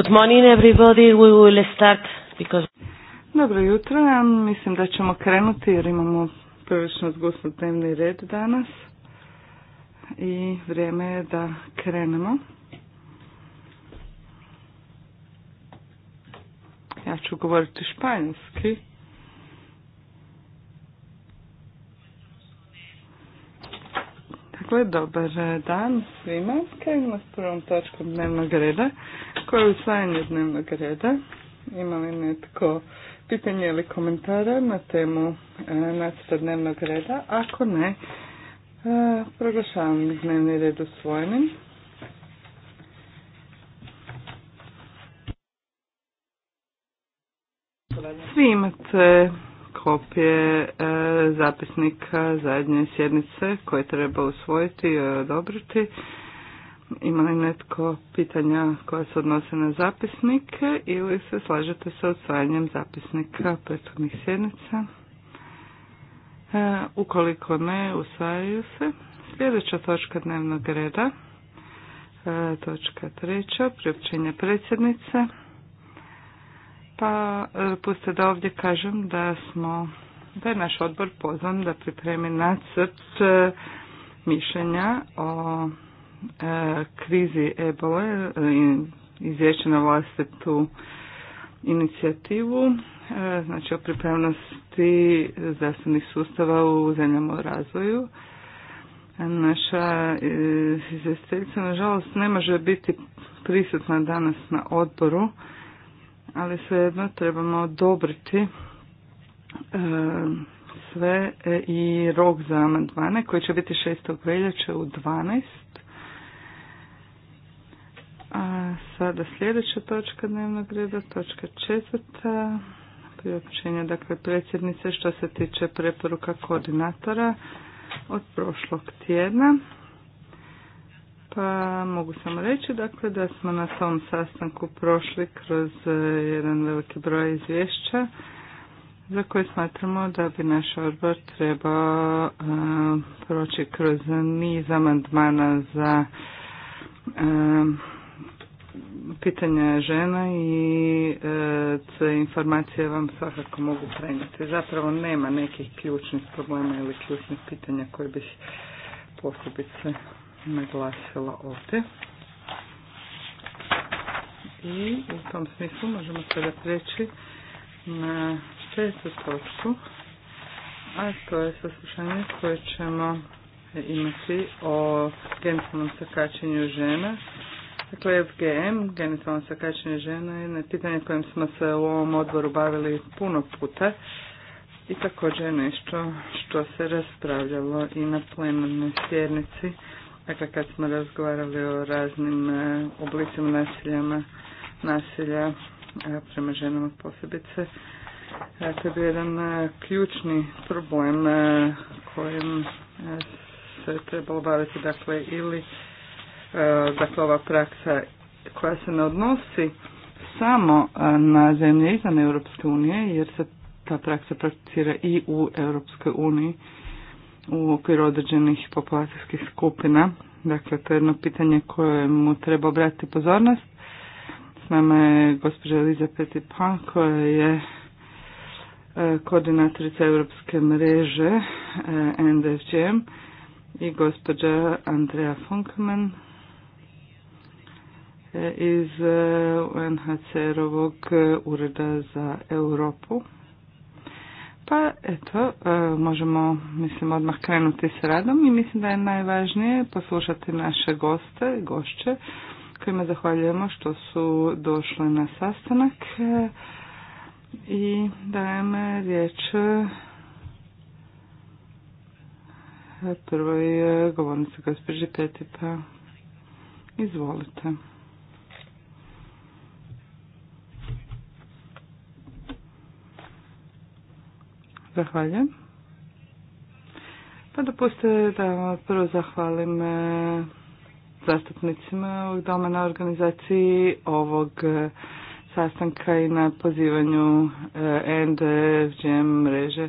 Good morning everybody, we will start because... Dobro jutro, ja mislim da ćemo krenuti jer imamo prilično zgusno dnevni red danas i vrijeme je da krenemo. Ja ću govoriti španjolski. Dakle, dobar e, dan svima. Krenimo s prvom točkom dnevnog reda, koje je usvajanje dnevnog reda. Ima li netko pitanje ili komentara na temu e, nacrta dnevnog reda? Ako ne, e, proglašavam dnevni red usvojenim. Svi imate kopije e, zapisnika zadnje sjednice koje treba usvojiti i odobriti. Ima li netko pitanja koja se odnose na zapisnike ili se slažete sa usvajanjem zapisnika prethodnih sjednica? E, ukoliko ne, usvajaju se. Sljedeća točka dnevnog reda, e, točka treća, priopćenje predsjednice. Pa e, puste da ovdje kažem da smo, da je naš odbor pozvan da pripremi nacrt e, mišljenja o e, krizi ebole izvješće na vlastitu inicijativu, znači o pripremnosti zdravstvenih sustava u zemljama razvoju. Naša izvjestiteljica nažalost ne može biti prisutna danas na odboru ali svejedno trebamo odobriti e, sve e, i rok za amandmane koji će biti 6. veljače u 12. A sada sljedeća točka dnevnog reda, točka četvrta, priopćenje dakle predsjednice što se tiče preporuka koordinatora od prošlog tjedna. Pa mogu samo reći dakle, da smo na samom sastanku prošli kroz e, jedan veliki broj izvješća za koje smatramo da bi naš odbor trebao e, proći kroz niz amandmana za e, pitanja žena i uh, te informacije vam svakako mogu prenijeti. Zapravo nema nekih ključnih problema ili ključnih pitanja koje bi posebice naglasila ovdje. I u tom smislu možemo sada preći na šestu točku, a to je saslušanje koje ćemo imati o genitalnom sakačenju žena. Dakle, FGM, genitalno sakačenje žena, je na pitanje kojim smo se u ovom odboru bavili puno puta i također nešto što se raspravljalo i na plenarnoj sjednici Dakle, kad smo razgovarali o raznim e, oblicima nasiljama, nasilja e, prema ženama posebice, e, to je bio jedan ključni problem kojim se trebalo baviti, dakle, ili dakle, ova praksa koja se ne odnosi samo na zemlje izvan Europske unije, jer se ta praksa prakticira i u Europskoj uniji, u okviru određenih populacijskih skupina. Dakle, to je jedno pitanje koje mu treba obratiti pozornost. S nama je gospođa Eliza Petipan koja je e, koordinatorica Europske mreže e, NDFGM i gospođa Andrea Funkman e, iz UNHCR-ovog ureda za Europu. Pa eto, e, možemo mislim odmah krenuti s radom i mislim da je najvažnije poslušati naše goste, gošće kojima zahvaljujemo što su došli na sastanak e, i dajem riječ e, prvoj govornici gospođi Petipa. Izvolite. Zahvaljujem. Pa dopustite da vam prvo zahvalim e, zastupnicima ovog doma na organizaciji ovog e, sastanka i na pozivanju END mreže.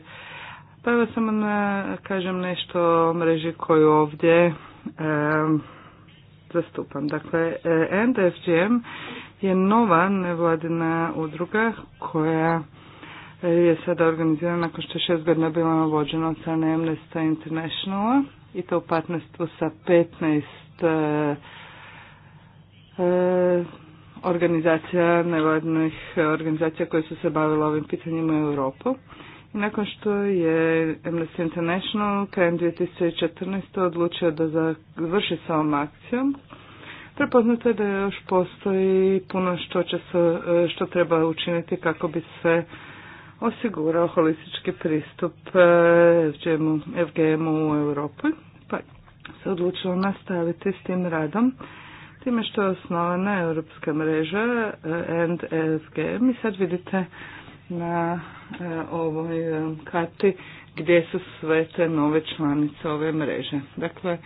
Pa evo samo na, kažem nešto o mreži koju ovdje e, zastupam. Dakle, END je nova nevladina udruga koja je sada organizirana nakon što je šest godina bila navođena od strane Amnesty Internationala i to u partnerstvu sa 15 e, e, organizacija, nevladnih organizacija koje su se bavile ovim pitanjima u Europu. I nakon što je Amnesty International krajem 2014. odlučio da završi sa ovom akcijom, prepoznato je da još postoji puno što, će se, e, što treba učiniti kako bi se osigurao holistički pristup e, FGM-u u Europi, pa se odlučilo nastaviti s tim radom. Time što je osnovana Europska mreža e, and FGM i sad vidite na e, ovoj karti gdje su sve te nove članice ove mreže. Dakle,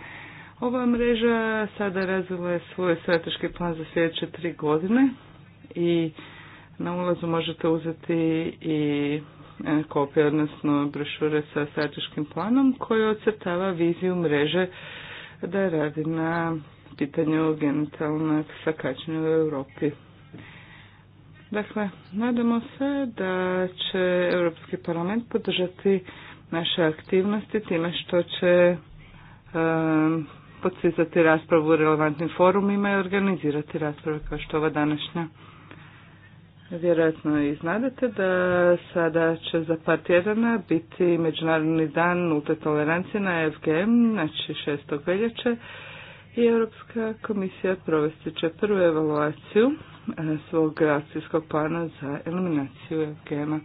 ova mreža sada razvila je svoj strateški plan za sljedeće tri godine i na ulazu možete uzeti i e, kopije, odnosno brošure sa strateškim planom koji ocrtava viziju mreže da radi na pitanju genitalnog sakačenja u Europi. Dakle, nadamo se da će Europski parlament podržati naše aktivnosti time što će um, raspravu u relevantnim forumima i organizirati rasprave kao što ova današnja. Vjerojatno i znadete da sada će za par tjedana biti Međunarodni dan nulte tolerancije na FGM, znači 6. veljače, i Europska komisija provesti će prvu evaluaciju e, svog akcijskog plana za eliminaciju FGM-a.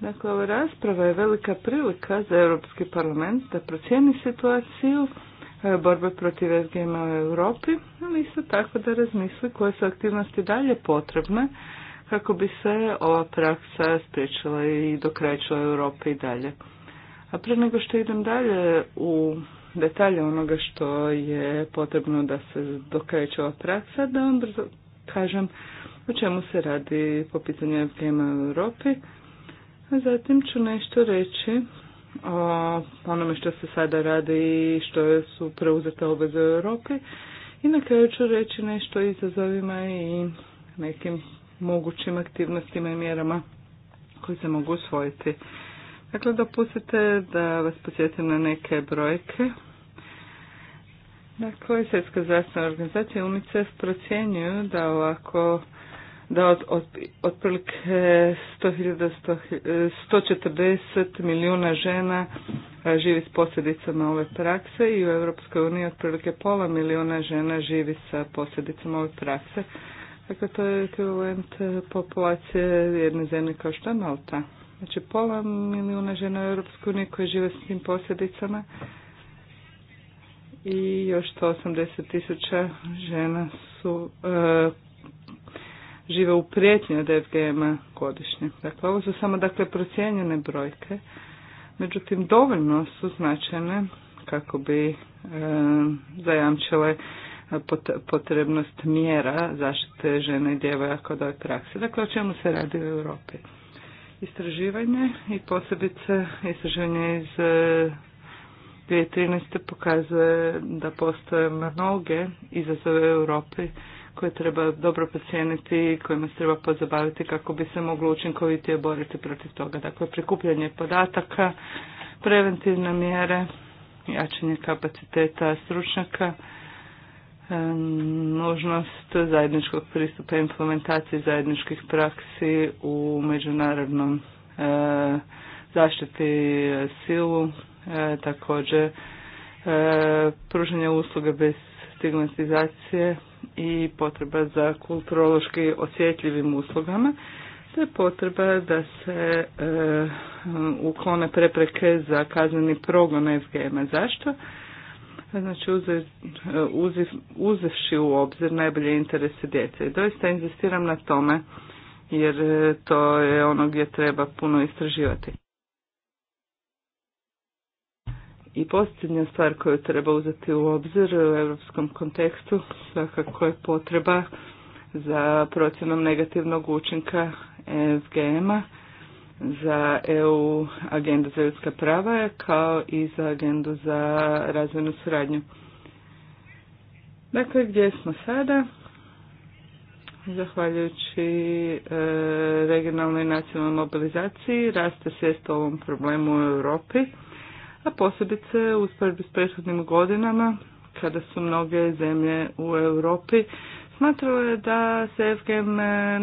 Dakle, ova rasprava je velika prilika za Europski parlament da procijeni situaciju E, borbe protiv SGM u Europi, ali isto tako da razmisli koje su aktivnosti dalje potrebne kako bi se ova praksa spriječila i u Europe i dalje. A pre nego što idem dalje u detalje onoga što je potrebno da se dokreće ova praksa, da vam brzo kažem o čemu se radi po pitanju FGM u Europi. Zatim ću nešto reći o onome što se sada radi i što su preuzete obveze u Europi. I na kraju ću reći nešto o izazovima i nekim mogućim aktivnostima i mjerama koje se mogu usvojiti. Dakle, dopustite da vas posjetim na neke brojke. Dakle, Svjetska zdravstvena organizacija UNICEF procjenjuju da ovako da od, od, otprilike 100, 140 milijuna žena živi s posljedicama ove prakse i u Europskoj uniji otprilike pola milijuna žena živi sa posljedicama ove prakse. Dakle, to je ekvivalent e, populacije jedne zemlje kao što je Malta. Znači, pola milijuna žena u Europskoj uniji koje žive s tim posljedicama i još 180 tisuća žena su e, žive u prijetnji od FGM-a godišnje. Dakle, ovo su samo dakle procijenjene brojke, međutim dovoljno su značajne kako bi e, zajamčile potrebnost mjera zaštite žene i djevojaka od ove prakse. Dakle, o čemu se radi u Europi? Istraživanje i posebice istraživanje iz 2013. E, pokazuje da postoje mnoge izazove u Europi koje treba dobro procijeniti i kojima se treba pozabaviti kako bi se moglo učinkovitije boriti protiv toga. Dakle, prikupljanje podataka, preventivne mjere, jačanje kapaciteta stručnjaka, nužnost zajedničkog pristupa implementaciji zajedničkih praksi u međunarodnom e, zaštiti silu, e, također e, pružanje usluge bez stigmatizacije i potreba za kulturološki osjetljivim uslugama, te potreba da se e, uklone prepreke za kazneni progon FGM-a. Zašto? Znači, uze, uzevši u obzir najbolje interese djece. I doista inzistiram na tome, jer e, to je ono gdje treba puno istraživati. I posljednja stvar koju treba uzeti u obzir u europskom kontekstu svakako je potreba za procjenom negativnog učinka ESGM-a za EU agendu za ljudska prava kao i za agendu za razvojnu suradnju. Dakle, gdje smo sada? Zahvaljujući e, regionalnoj i nacionalnoj mobilizaciji raste svijest o ovom problemu u Europi a posebice u s prethodnim godinama kada su mnoge zemlje u Europi smatrao je da se FGM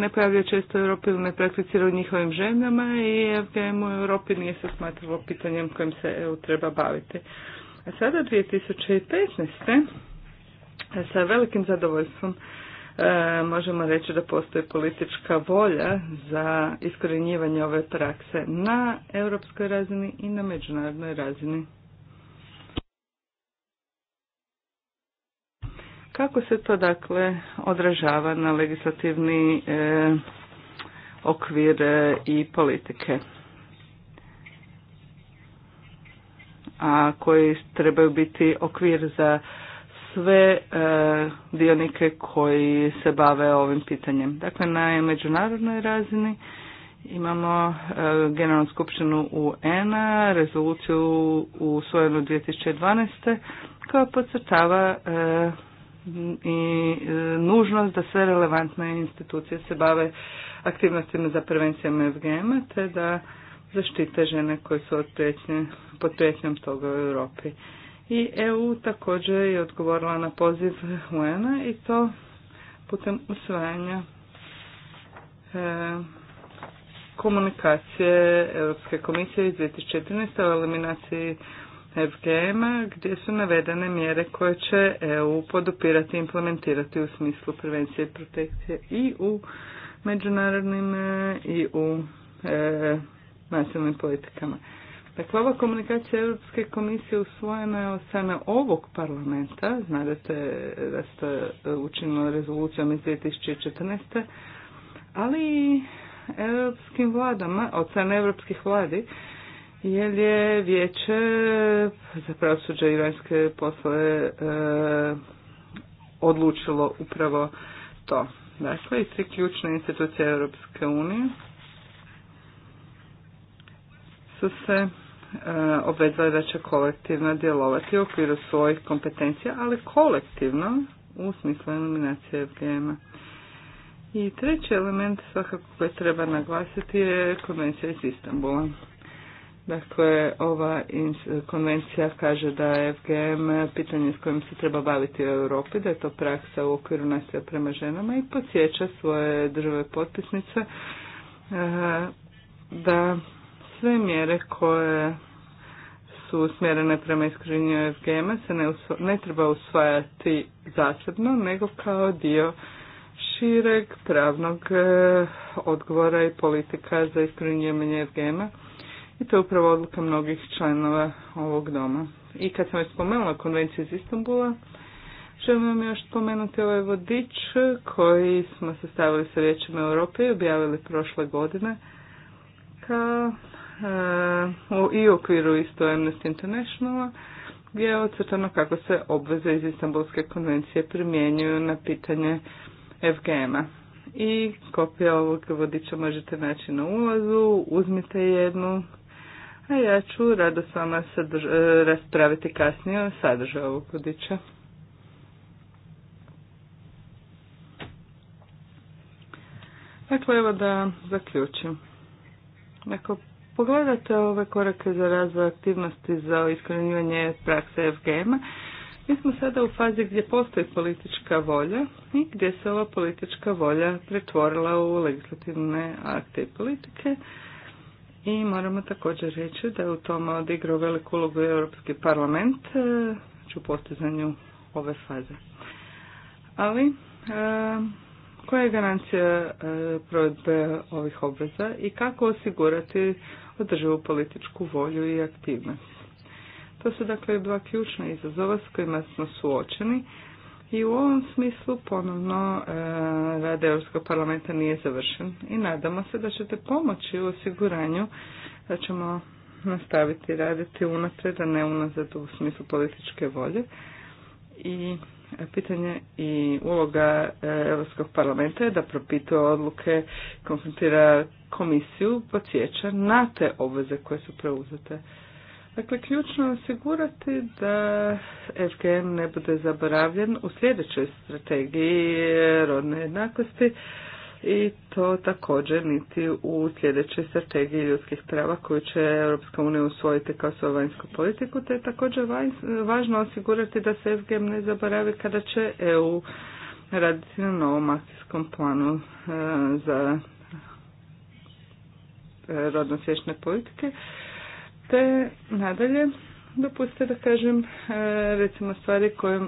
ne pojavlja često u Europi ili ne prakticira u njihovim željama i FGM u Europi nije se smatralo pitanjem kojim se EU treba baviti. A sada 2015. sa velikim zadovoljstvom E, možemo reći da postoji politička volja za iskorjenjivanje ove prakse na europskoj razini i na međunarodnoj razini. Kako se to dakle odražava na legislativni e, okvir e, i politike? A koji trebaju biti okvir za sve e, dionike koji se bave ovim pitanjem. Dakle, na međunarodnoj razini imamo e, Generalnu skupštinu UN-a, rezoluciju usvojenu 2012. koja podcrtava e, i nužnost da sve relevantne institucije se bave aktivnostima za prevencijom FGM-a te da zaštite žene koje su pod prijetnjom toga u Europi. I EU također je odgovorila na poziv un i to putem usvajanja e, komunikacije Europske komisije iz 2014. o eliminaciji FGM-a gdje su navedene mjere koje će EU podupirati i implementirati u smislu prevencije i protekcije i u međunarodnim e, i u e, nacionalnim politikama. Dakle, ova komunikacija Europske komisije usvojena je od strane ovog parlamenta, znate da ste učinili rezolucijom iz 2014. Ali europskim vladama, od strane europskih vladi, jer je vijeće za pravosuđe i vanjske poslove e, odlučilo upravo to. Dakle, i tri ključne institucije Europske unije su se Eh, obvezala da će kolektivno djelovati u okviru svojih kompetencija, ali kolektivno u smislu eliminacije FGM-a. I treći element svakako koji treba naglasiti je konvencija iz Istanbula. Dakle, ova konvencija kaže da je FGM pitanje s kojim se treba baviti u Europi, da je to praksa u okviru nasilja prema ženama i podsjeća svoje države potpisnice eh, da sve mjere koje su usmjerene prema iskrenju FGM-a se ne, treba usvajati zasebno, nego kao dio šireg pravnog e, odgovora i politika za iskorenjivanje FGM-a. I to je upravo odluka mnogih članova ovog doma. I kad sam već spomenula konvenciju iz Istanbula, želim vam još spomenuti ovaj vodič koji smo sastavili sa Vijećem Europe i objavili prošle godine kao u, i u okviru isto Amnesty Internationala gdje je ocrtano kako se obveze iz Istanbulske konvencije primjenjuju na pitanje FGM-a. I kopija ovog vodiča možete naći na ulazu, uzmite jednu, a ja ću rado s vama e, raspraviti kasnije o sadržaju ovog vodiča. Dakle, evo da zaključim. Dakle, pogledate ove korake za razvoj aktivnosti za iskrenjivanje prakse FGM-a, mi smo sada u fazi gdje postoji politička volja i gdje se ova politička volja pretvorila u legislativne akte i politike. I moramo također reći da je u tome odigrao veliku ulogu Europski parlament e, znači u postizanju ove faze. Ali, e, koja je garancija e, provedbe ovih obveza i kako osigurati održivu političku volju i aktivnost. To su dakle dva ključna izazova s kojima smo suočeni i u ovom smislu ponovno e, rad Europskog parlamenta nije završen i nadamo se da ćete pomoći u osiguranju da ćemo nastaviti raditi unaprijed, a ne unazad u smislu političke volje i pitanje i uloga e, Europskog parlamenta je da propituje odluke, konfrontira komisiju, podsjeća na te obveze koje su preuzete. Dakle, ključno je osigurati da FGM ne bude zaboravljen u sljedećoj strategiji rodne jednakosti, i to također niti u sljedećoj strategiji ljudskih prava koju će Europska unija usvojiti kao svoju vanjsku politiku, te je također važno osigurati da se FGM ne zaboravi kada će EU raditi na novom akcijskom planu e, za e, rodno svješne politike. Te nadalje dopustite da kažem e, recimo stvari koje,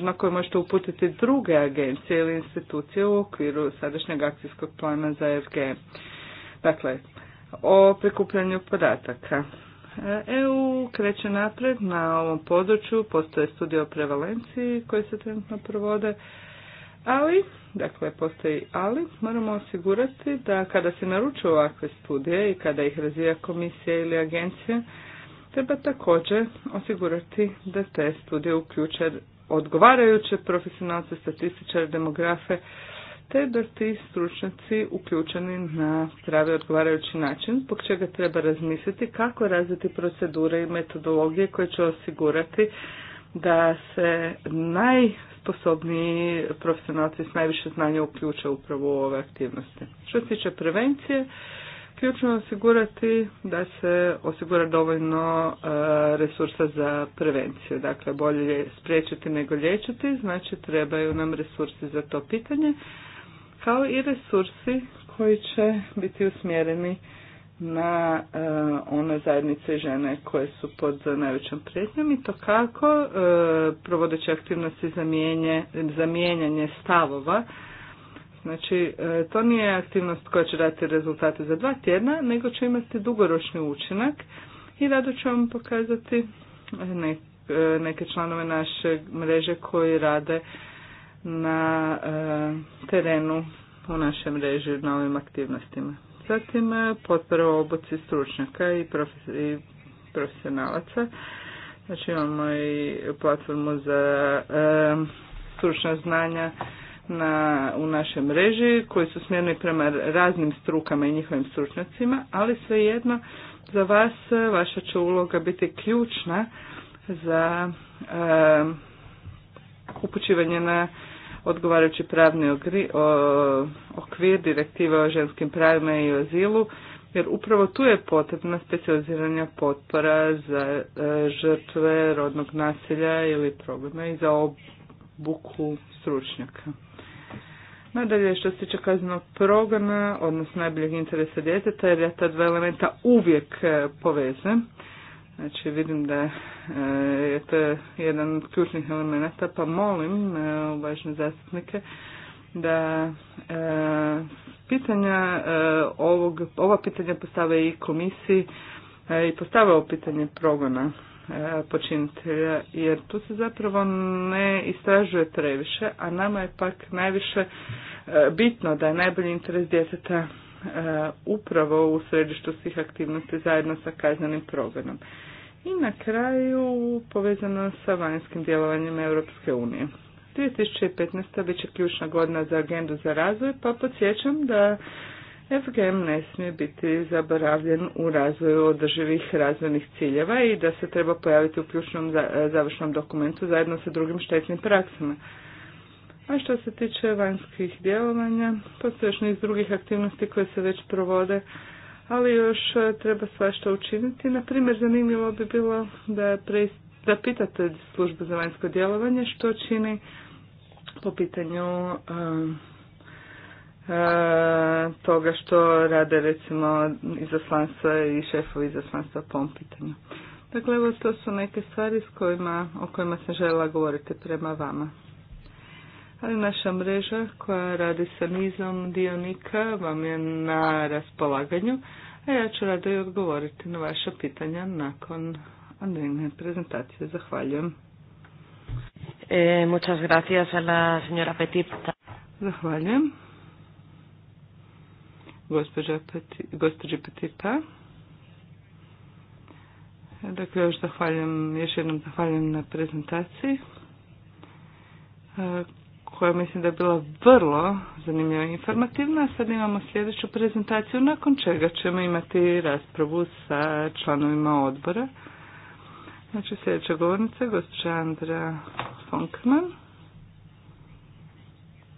na koje možete uputiti druge agencije ili institucije u okviru sadašnjeg akcijskog plana za FG. Dakle, o prikupljanju podataka. EU e kreće napred na ovom području, postoje studije o prevalenciji koje se trenutno provode, ali, dakle, postoji ali, moramo osigurati da kada se naručuju ovakve studije i kada ih razvija komisija ili agencija, Treba također osigurati da te studije uključe odgovarajuće profesionalce, statističare, demografe, te da ti stručnjaci uključeni na pravi odgovarajući način, zbog čega treba razmisliti kako razviti procedure i metodologije koje će osigurati da se najsposobniji profesionalci s najviše znanja uključe upravo u ove aktivnosti. Što se tiče prevencije, ključno osigurati da se osigura dovoljno e, resursa za prevenciju. Dakle, bolje je spriječiti nego liječiti, znači trebaju nam resursi za to pitanje, kao i resursi koji će biti usmjereni na e, one zajednice žene koje su pod najvećom prijetnjom i to kako e, provodeći aktivnosti za mijenjanje stavova Znači, e, to nije aktivnost koja će dati rezultate za dva tjedna, nego će imati dugoročni učinak i rado ću vam pokazati e, e, neke članove naše mreže koji rade na terenu u našoj mreži na ovim aktivnostima. Zatim potpora u obuci stručnjaka i profesionalaca. Znači imamo i platformu za stručna znanja na, u našoj mreži koji su smjerni prema raznim strukama i njihovim stručnjacima, ali svejedno za vas, vaša će uloga biti ključna za e, upućivanje na odgovarajući pravni okvir direktive o ženskim pravima i o azilu, jer upravo tu je potrebna specializiranja potpora za e, žrtve rodnog nasilja ili problema i za obuku stručnjaka. Nadalje, što se tiče kaznenog progona, odnosno najboljeg interesa djeteta, jer ja ta dva elementa uvijek e, poveze. Znači, vidim da e, je to jedan od ključnih elemenata, pa molim e, uvažne zastupnike da pitanja ovog, ova pitanja postave i komisiji i postave ovo pitanje progona počinitelja, jer tu se zapravo ne istražuje previše, a nama je pak najviše e, bitno da je najbolji interes djeteta e, upravo u središtu svih aktivnosti zajedno sa kaznenim progonom. I na kraju povezano sa vanjskim djelovanjem Europske unije. 2015. bit će ključna godina za agendu za razvoj, pa podsjećam da FGM ne smije biti zaboravljen u razvoju održivih razvojnih ciljeva i da se treba pojaviti u ključnom završnom dokumentu zajedno sa drugim štetnim praksama. A što se tiče vanjskih djelovanja, postoje još niz drugih aktivnosti koje se već provode, ali još e, treba svašta učiniti. Na primjer, zanimljivo bi bilo da, pre, pitate službu za vanjsko djelovanje što čini po pitanju e, E, toga što rade recimo izaslanstva i šefovi izaslanstva po ovom pitanju. Dakle, evo to su neke stvari s kojima, o kojima sam željela govoriti prema vama. Ali naša mreža koja radi sa nizom dionika vam je na raspolaganju, a ja ću rado i odgovoriti na vaša pitanja nakon Andrine prezentacije. Zahvaljujem. E, muchas gracias a la señora Petit. Zahvaljujem gospođa Petipa. Dakle, još zahvaljujem, još jednom zahvaljujem na prezentaciji e, koja mislim da je bila vrlo zanimljiva i informativna. Sad imamo sljedeću prezentaciju nakon čega ćemo imati raspravu sa članovima odbora. Znači sljedeća govornica je gospođa Andra Fonkman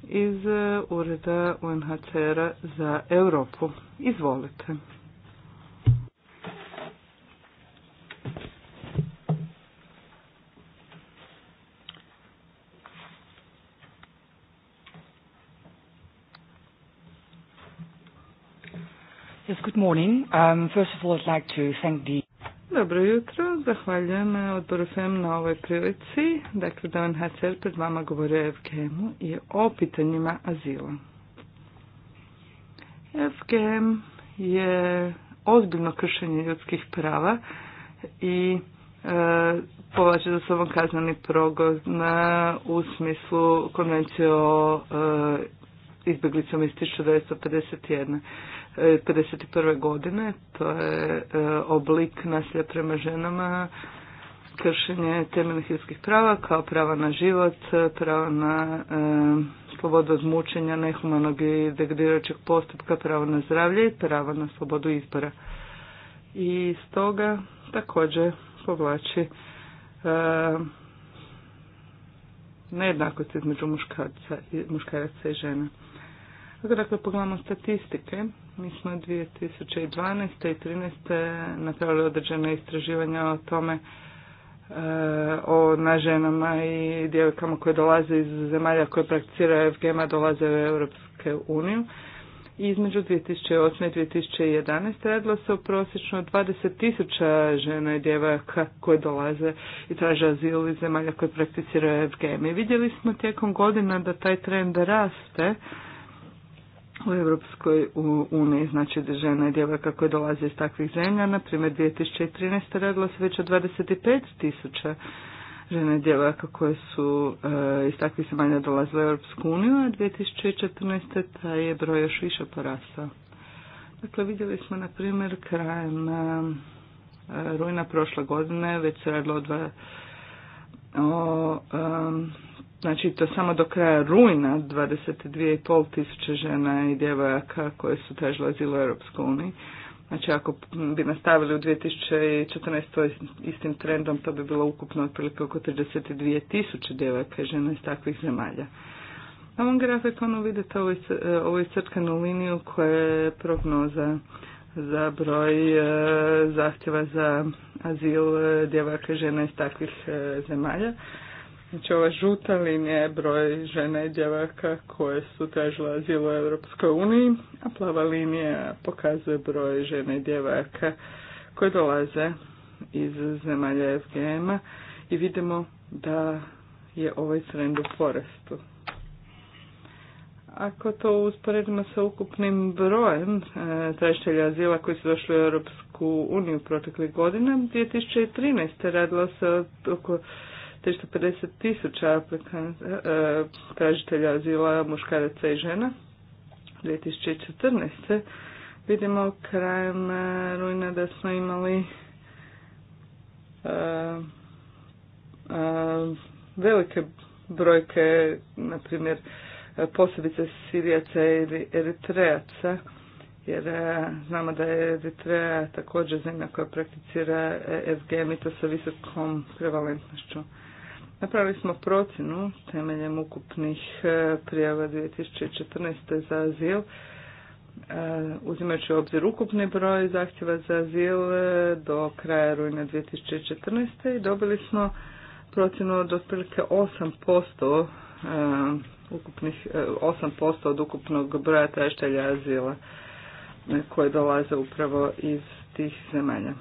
iz e, Ureda UNHCR-a za Europu. Izvolite. Yes, good morning. Um, first of all, I'd like to thank the dobro jutro, zahvaljujem odboru FEM na ovoj prilici. Dakle, da HCR pred vama govori o FGM-u i o pitanjima azila. FGM je ozbiljno kršenje ljudskih prava i e, za sobom kazneni progon e, u smislu konvencije o e, izbjeglicama iz 1951. 51. godine. To je e, oblik nasilja prema ženama, kršenje temeljnih ljudskih prava kao prava na život, prava na e, slobodu od mučenja, nehumanog i degradirajućeg postupka, pravo na zdravlje i pravo na slobodu izbora. I stoga također povlači e, nejednakost između muškaraca i žena. dakle pogledamo statistike, mi smo 2012. i 2013. napravili određene istraživanja o tome e, o na ženama i djevojkama koje dolaze iz zemalja koje prakticiraju FGM-a dolaze u Europske uniju. I između 2008. i 2011. radilo se u prosječno 20.000 tisuća žena i djevojaka koje dolaze i traže azil iz zemalja koje prakticiraju FGM. I vidjeli smo tijekom godina da taj trend raste u Europskoj uniji, znači žena i djevojka koje dolaze iz takvih zemlja. Na primjer, 2013. radilo se već od 25 tisuća žene i djevojaka koje su e, iz takvih zemalja dolazile u Europsku uniju, a 2014. taj je broj još više porastao. Dakle, vidjeli smo, na primjer, krajem e, rujna prošle godine, već se radilo o, dva, o e, Znači to samo do kraja rujna 22,5 tisuće žena i djevojaka koje su tražile azil u Europskoj uniji. Znači ako bi nastavili u 2014. istim trendom to bi bilo ukupno otprilike oko 32 tisuće djevojaka i žena iz takvih zemalja. Na ovom grafikonu vidite ovu iscrkanu e, liniju koja je prognoza za broj e, zahtjeva za azil e, djevojaka i žena iz takvih zemalja. Znači ova žuta linija je broj žena i djevaka koje su tražile azil u Europskoj uniji, a plava linija pokazuje broj žena i djevaka koje dolaze iz zemalja FGM-a i vidimo da je ovaj trend u porastu. Ako to usporedimo sa ukupnim brojem e, tražitelja azila koji su došli u Europsku uniju proteklih godina, 2013. radilo se oko 350 tisuća e, e, tražitelja azila muškaraca i žena 2014. Vidimo krajem e, rujna da smo imali velike brojke, na primjer, posebice Sirijaca i eritrejaca. jer znamo da je Eritreja također zemlja koja prakticira FGM i to sa visokom prevalentnošću. Napravili smo procjenu temeljem ukupnih e, prijava 2014. za azil. E, uzimajući u obzir ukupni broj zahtjeva za azil e, do kraja rujna 2014. i dobili smo procjenu od otprilike 8% ukupnih 8% od ukupnog broja tražitelja azila koje dolaze upravo iz tih zemalja,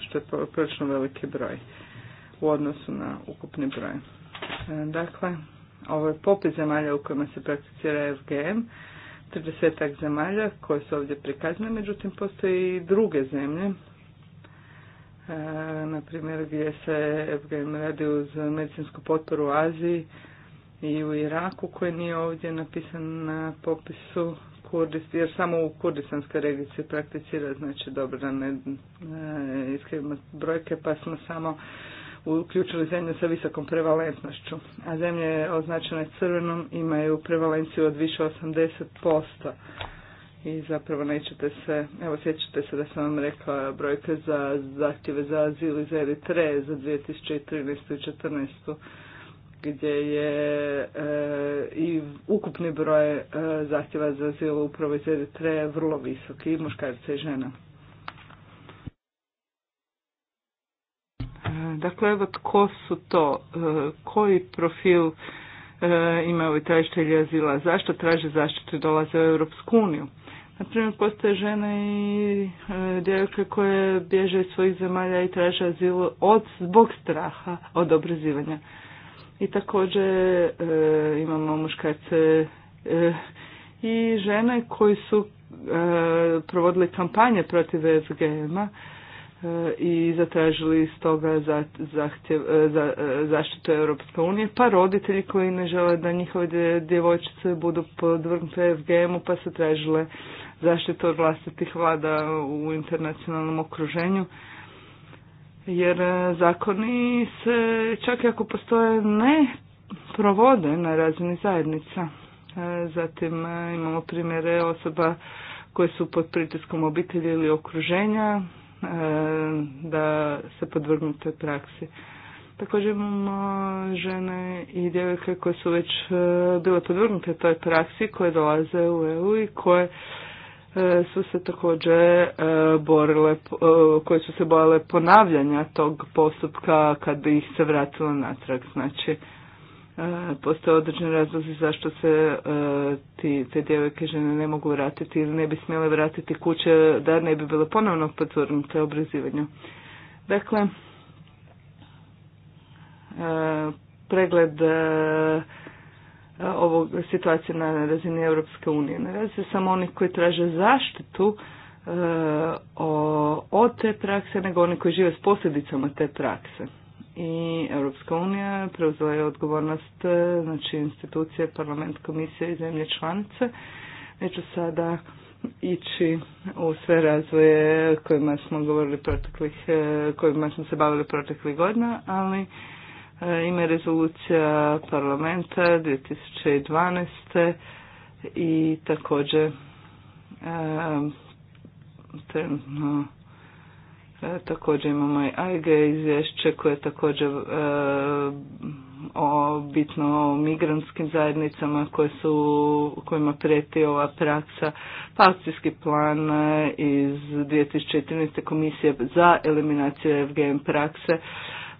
što je prilično veliki broj u odnosu na ukupni broj. E, dakle, ovo je popis zemalja u kojima se prakticira FGM, 30 zemalja koje su ovdje prikazane, međutim postoji i druge zemlje, e, na primjer gdje se FGM radi uz medicinsku potporu u Aziji i u Iraku koji nije ovdje napisan na popisu Kurdist jer samo u kurdistanskoj regiji se prakticira, znači dobro da ne e, brojke, pa smo samo uključili zemlje sa visokom prevalentnošću, a zemlje označene crvenom imaju prevalenciju od više 80%. I zapravo nećete se, evo sjećate se da sam vam rekla brojke za zahtjeve za azil iz Eritre za 2013. i 2014 gdje je e, i ukupni broj e, zahtjeva za azil upravo iz Eritreje vrlo visok i muškarca i žena. Dakle, evo tko su to, e, koji profil e, imaju tražitelji azila, zašto traže zaštitu i dolaze u Europsku uniju. Naprimjer, postoje žene i e, djevojke koje bježe iz svojih zemalja i traže azil od, zbog straha od obrazivanja. I također imamo muškarce i žene koji su provodili kampanje protiv SGM-a i zatražili stoga za, zahtjev, e, za, e, zaštitu Europske unije, pa roditelji koji ne žele da njihove djevojčice budu podvrgnute FGM-u pa su tražile zaštitu od vlastitih vlada u internacionalnom okruženju. Jer e, zakoni se, čak i ako postoje, ne provode na razini zajednica. Zatim imamo primjere osoba koje su pod pritiskom obitelji ili okruženja, E, da se podvrgnu toj praksi. Također imamo žene i djevojke koje su već e, bile podvrgnute toj praksi, koje dolaze u EU i koje e, su se također borile, koje su se bojale ponavljanja tog postupka kad bi ih se vratilo natrag. Znači, postoje određeni razlozi zašto se e, te djevojke žene ne mogu vratiti ili ne bi smjele vratiti kuće da ne bi bilo ponovno podvrgnute obrazivanju. Dakle, e, pregled e, ovog situacije na razini Europske unije. Ne radi samo oni koji traže zaštitu od te prakse, nego oni koji žive s posljedicama te prakse i Europska unija preuzela je odgovornost, e, znači institucije, parlament, komisija i zemlje članice. Neću sada ići u sve razvoje kojima smo govorili proteklih, e, kojima smo se bavili proteklih godina, ali e, ima rezolucija parlamenta 2012. i također trenutno E, također imamo i AIG izvješće koje je također e, o bitno o migrantskim zajednicama koje su, kojima preti ova praksa. Pa plan e, iz 2014. komisije za eliminaciju FGM prakse.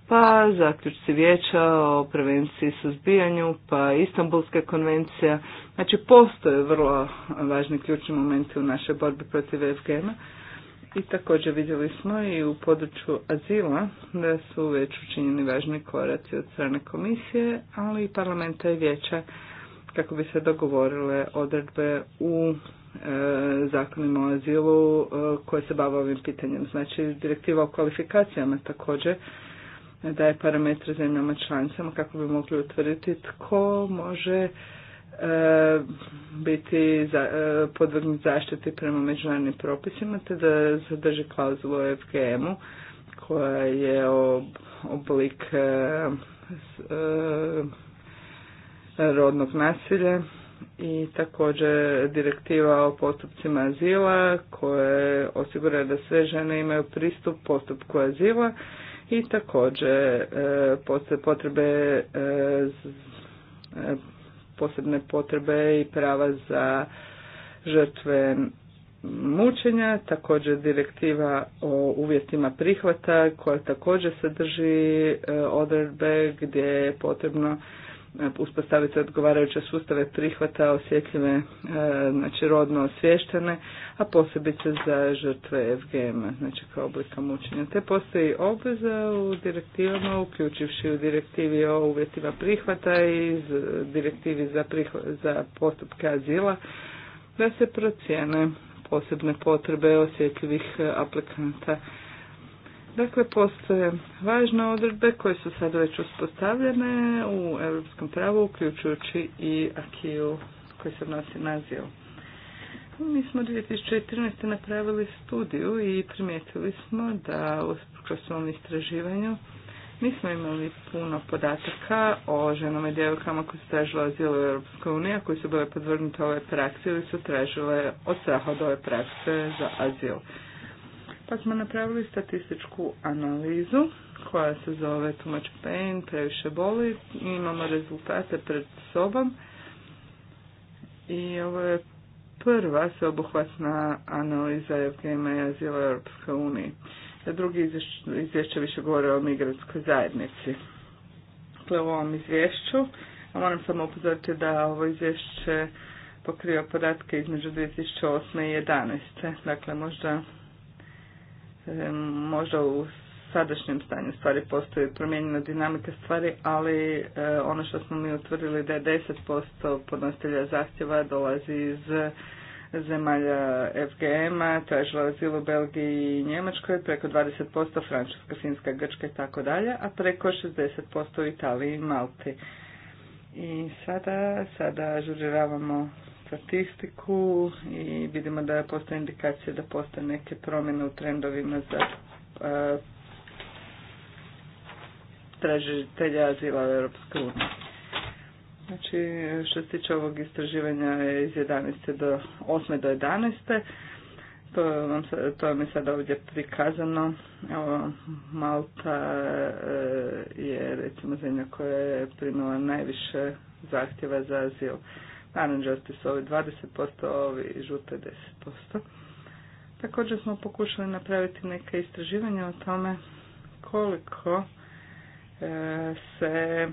Pa zaključci vijeća o prevenciji i suzbijanju, pa Istanbulska konvencija. Znači postoje vrlo važni ključni momenti u našoj borbi protiv FGM-a. I također vidjeli smo i u području azila da su već učinjeni važni koraci od strane komisije, ali i parlamenta i vijeća kako bi se dogovorile odredbe u e, zakonima o azilu e, koje se bave ovim pitanjem. Znači, direktiva o kvalifikacijama također daje parametre zemljama članicama kako bi mogli utvrditi tko može E, biti za, e, podvrgnut zaštiti prema međunarodnim propisima te da zadrži klauzulu o FGM-u koja je oblik e, rodnog nasilja i također direktiva o postupcima azila koja osigura da sve žene imaju pristup postupku azila i također potrebe posebne potrebe i prava za žrtve mučenja, također direktiva o uvjetima prihvata koja također sadrži e, odredbe gdje je potrebno uspostaviti odgovarajuće sustave prihvata osjetljive, e, znači rodno osvještene, a posebice za žrtve fgm znači kao oblika mučenja. Te postoji obveza u direktivama, uključivši u direktivi o uvjetima prihvata i direktivi za, za postupke azila, da se procijene posebne potrebe osjetljivih e, aplikanta Dakle, postoje važne odredbe koje su sad već uspostavljene u europskom pravu, uključujući i akiju koji se odnosi na Mi smo 2014. napravili studiju i primijetili smo da kroz svom istraživanju nismo imali puno podataka o ženama i koje su tražile azil u EU, a koji su bile podvrgnute ove praksi ili su tražile od straha od ove prakse za azil pa smo napravili statističku analizu koja se zove Too much pain, previše boli. Imamo rezultate pred sobom i ovo je prva sveobuhvatna analiza Evgema i azila Europske unije. Drugi izvješće više govore o migratskoj zajednici. Dakle, u ovom izvješću, a moram samo upozoriti da ovo izvješće pokriva podatke između 2008. i 2011. Dakle, možda možda u sadašnjem stanju stvari postoji promijenjena dinamika stvari, ali e, ono što smo mi utvrdili da je 10% podnositelja zahtjeva dolazi iz zemalja FGM-a, tražila u Belgiji i Njemačkoj, preko 20% Francuska, Finska, Grčka i tako dalje, a preko 60% u Italiji i Malti. I sada, sada ažuriravamo statistiku i vidimo da postoje indikacije da postoje neke promjene u trendovima za e, tražitelja azila u Europskoj Znači, što se tiče ovog istraživanja iz 11. do 8. do 11. To, vam, to je sada ovdje prikazano. Evo, Malta e, je recimo zemlja koja je primila najviše zahtjeva za azil. Naranđasti justice ovi 20%, ovi žute 10%. Također smo pokušali napraviti neka istraživanja o tome koliko e, se e,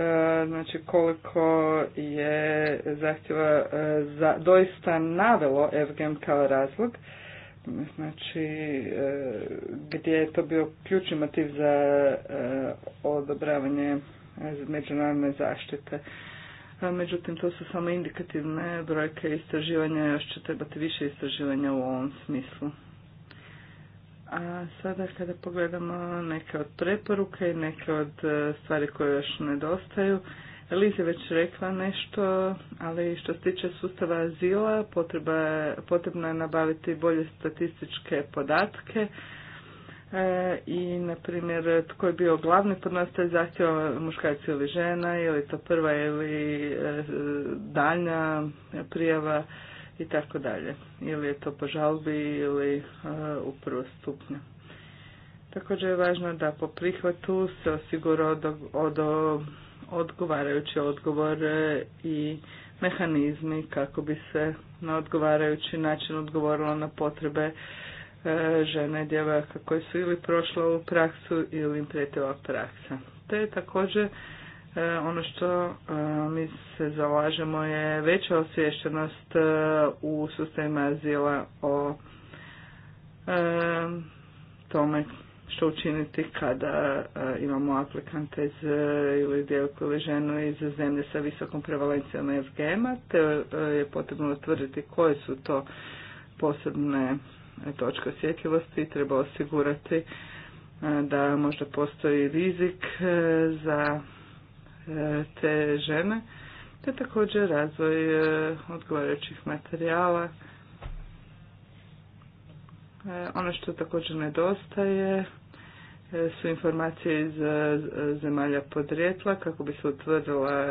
e, znači koliko je zahtjeva za, doista navelo FGM kao razlog znači gdje je to bio ključni motiv za odobravanje međunarodne zaštite. Međutim, to su samo indikativne brojke istraživanja, još će trebati više istraživanja u ovom smislu. A sada kada pogledamo neke od preporuka i neke od e, stvari koje još nedostaju, Liz je već rekla nešto, ali što se tiče sustava azila, potreba, potrebno je nabaviti bolje statističke podatke, E, i na primjer tko je bio glavni podnositelj zahtjeva muškarci ili žena ili to prva ili e, daljnja prijava i tako dalje ili je to po žalbi ili e, u prvo stupnju. Također je važno da po prihvatu se osigura od, od, odgovarajući odgovor i mehanizmi kako bi se na odgovarajući način odgovorilo na potrebe E, žene i djevojaka koje su ili prošle u praksu ili im prijetila praksa. Te također e, ono što e, mi se zalažemo je veća osviještenost u sustavima azila o tome što učiniti kada imamo aplikante iz, ili djevojku ili ženu iz zemlje sa visokom prevalencijom FGM-a, te je potrebno utvrditi koje su to posebne E, točke osjetljivosti treba osigurati e, da možda postoji rizik e, za te žene, te također razvoj odgovarajućih materijala. Ono što također nedostaje su informacije iz zemalja podrijetla kako bi se utvrdila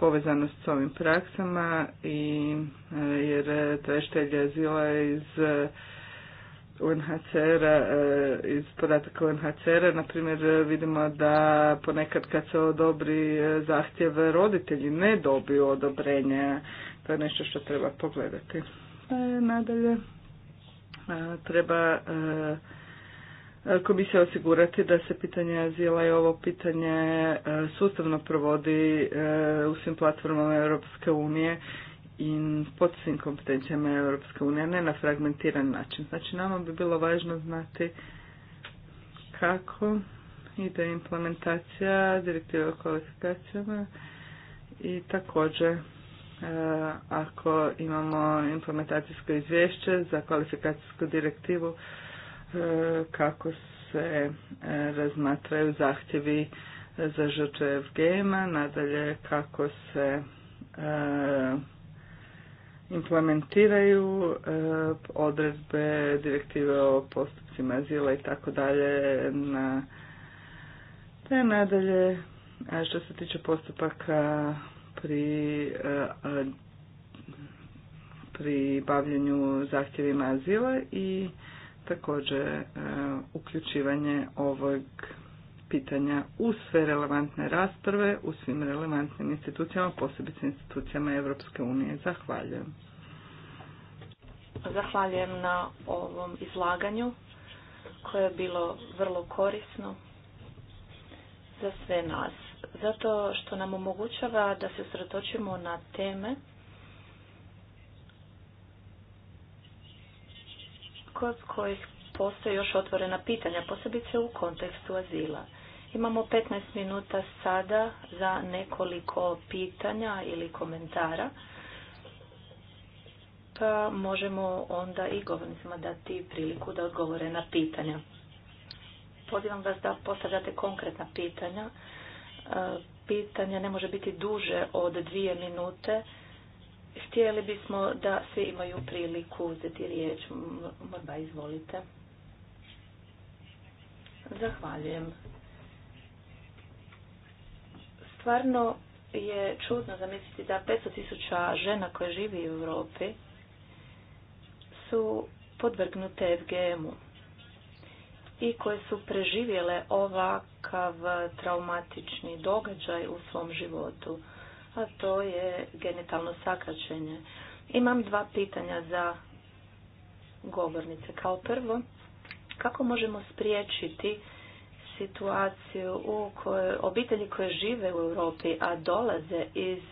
povezanost s ovim praksama i e, jer e, tražitelji azila iz e, UNHCR-a, iz podataka UNHCR-a, na primjer vidimo da ponekad kad se odobri zahtjev roditelji ne dobiju odobrenja. to je nešto što treba pogledati. Nadalje, treba E, komisija osigurati da se pitanje azila i ovo pitanje e, sustavno provodi e, u svim platformama Europske unije i pod svim kompetencijama Europske unije, ne na fragmentiran način. Znači nama bi bilo važno znati kako ide implementacija direktive o kvalifikacijama i također ako imamo implementacijsko izvješće za kvalifikacijsku direktivu kako se e, razmatraju zahtjevi za žrtve FGM-a, nadalje kako se e, implementiraju e, odredbe direktive o postupcima azila i tako dalje na te nadalje što se tiče postupaka pri pri bavljenju zahtjevima azila i također e, uključivanje ovog pitanja u sve relevantne rasprave, u svim relevantnim institucijama, posebice institucijama Europske unije. Zahvaljujem. Zahvaljujem na ovom izlaganju koje je bilo vrlo korisno za sve nas. Zato što nam omogućava da se sretočimo na teme kod kojih postoje još otvorena pitanja, posebice u kontekstu azila. Imamo 15 minuta sada za nekoliko pitanja ili komentara, pa možemo onda i govornicima dati priliku da odgovore na pitanja. Pozivam vas da postavljate konkretna pitanja. E, pitanja ne može biti duže od dvije minute Htjeli bismo da svi imaju priliku uzeti riječ. Morba, izvolite. Zahvaljujem. Stvarno je čudno zamisliti da 500 tisuća žena koje živi u Europi su podvrgnute FGM-u i koje su preživjele ovakav traumatični događaj u svom životu a to je genitalno sakačenje. Imam dva pitanja za govornice. Kao prvo, kako možemo spriječiti situaciju u kojoj obitelji koje žive u Europi, a dolaze iz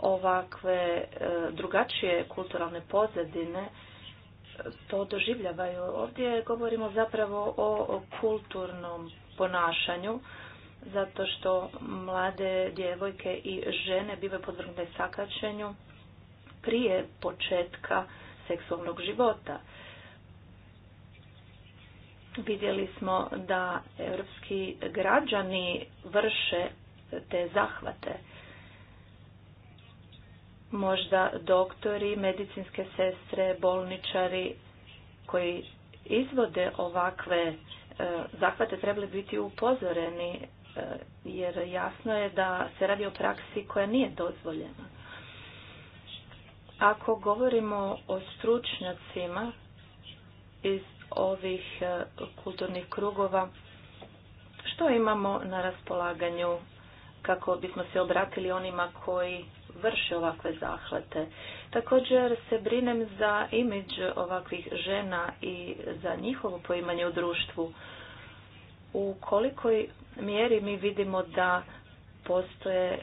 ovakve e, drugačije kulturalne pozadine, to doživljavaju. Ovdje govorimo zapravo o kulturnom ponašanju zato što mlade djevojke i žene bive podvrgnute sakačenju prije početka seksualnog života. Vidjeli smo da europski građani vrše te zahvate. Možda doktori, medicinske sestre, bolničari koji izvode ovakve eh, zahvate trebali biti upozoreni jer jasno je da se radi o praksi koja nije dozvoljena. Ako govorimo o stručnjacima iz ovih e, kulturnih krugova, što imamo na raspolaganju kako bismo se obratili onima koji vrše ovakve zahvate. Također se brinem za imidž ovakvih žena i za njihovo poimanje u društvu u kolikoj mjeri mi vidimo da postoje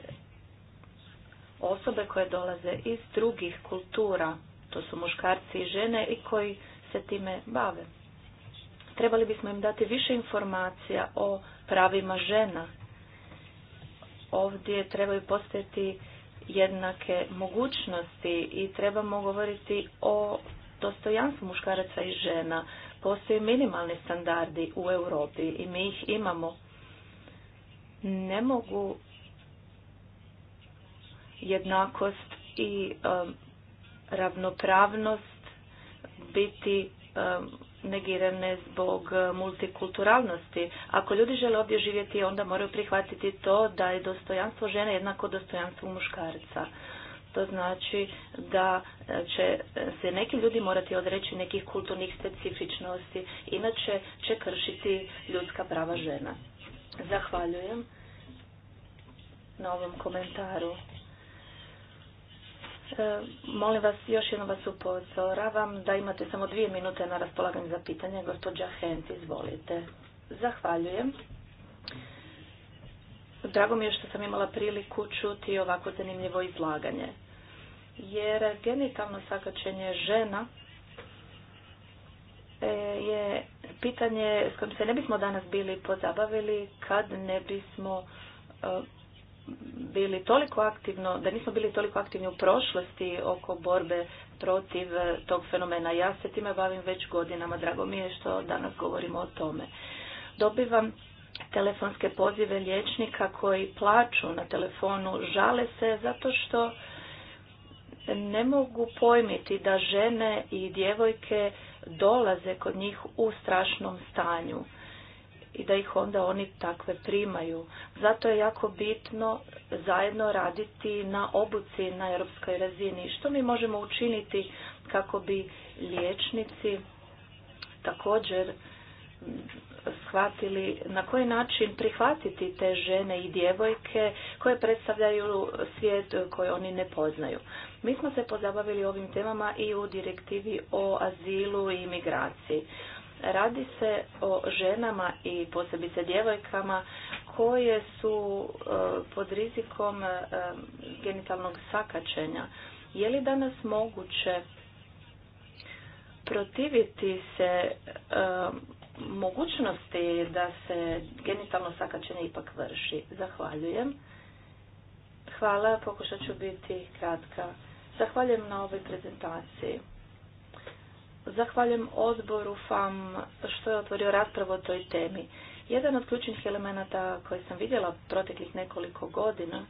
osobe koje dolaze iz drugih kultura, to su muškarci i žene i koji se time bave. Trebali bismo im dati više informacija o pravima žena. Ovdje trebaju postojati jednake mogućnosti i trebamo govoriti o dostojanstvu muškaraca i žena. Postoje minimalni standardi u Europi i mi ih imamo. Ne mogu jednakost i um, ravnopravnost biti um, negirane zbog uh, multikulturalnosti. Ako ljudi žele ovdje živjeti, onda moraju prihvatiti to da je dostojanstvo žene jednako dostojanstvu muškarca. To znači da e, će se neki ljudi morati odreći nekih kulturnih specifičnosti, inače će kršiti ljudska prava žena. Zahvaljujem na ovom komentaru. E, molim vas, još jednom vas upozoravam da imate samo dvije minute na raspolaganju za pitanje. Gospođa Hent, izvolite. Zahvaljujem. Drago mi je što sam imala priliku čuti ovako zanimljivo izlaganje. Jer genitalno sakačenje žena e, je pitanje s kojim se ne bismo danas bili pozabavili kad ne bismo e, bili toliko aktivno, da nismo bili toliko aktivni u prošlosti oko borbe protiv e, tog fenomena. Ja se time bavim već godinama, drago mi je što danas govorimo o tome. Dobivam telefonske pozive liječnika koji plaču na telefonu, žale se zato što ne mogu pojmiti da žene i djevojke dolaze kod njih u strašnom stanju i da ih onda oni takve primaju. Zato je jako bitno zajedno raditi na obuci na europskoj razini. Što mi možemo učiniti kako bi liječnici također shvatili na koji način prihvatiti te žene i djevojke koje predstavljaju svijet koji oni ne poznaju. Mi smo se pozabavili ovim temama i u direktivi o azilu i imigraciji. Radi se o ženama i posebice djevojkama koje su e, pod rizikom e, genitalnog sakačenja. Je li danas moguće protiviti se e, mogućnosti da se genitalno sakačenje ipak vrši. Zahvaljujem. Hvala, pokušat ću biti kratka. Zahvaljujem na ovoj prezentaciji. Zahvaljujem odboru FAM što je otvorio raspravu o toj temi. Jedan od ključnih elemenata koje sam vidjela proteklih nekoliko godina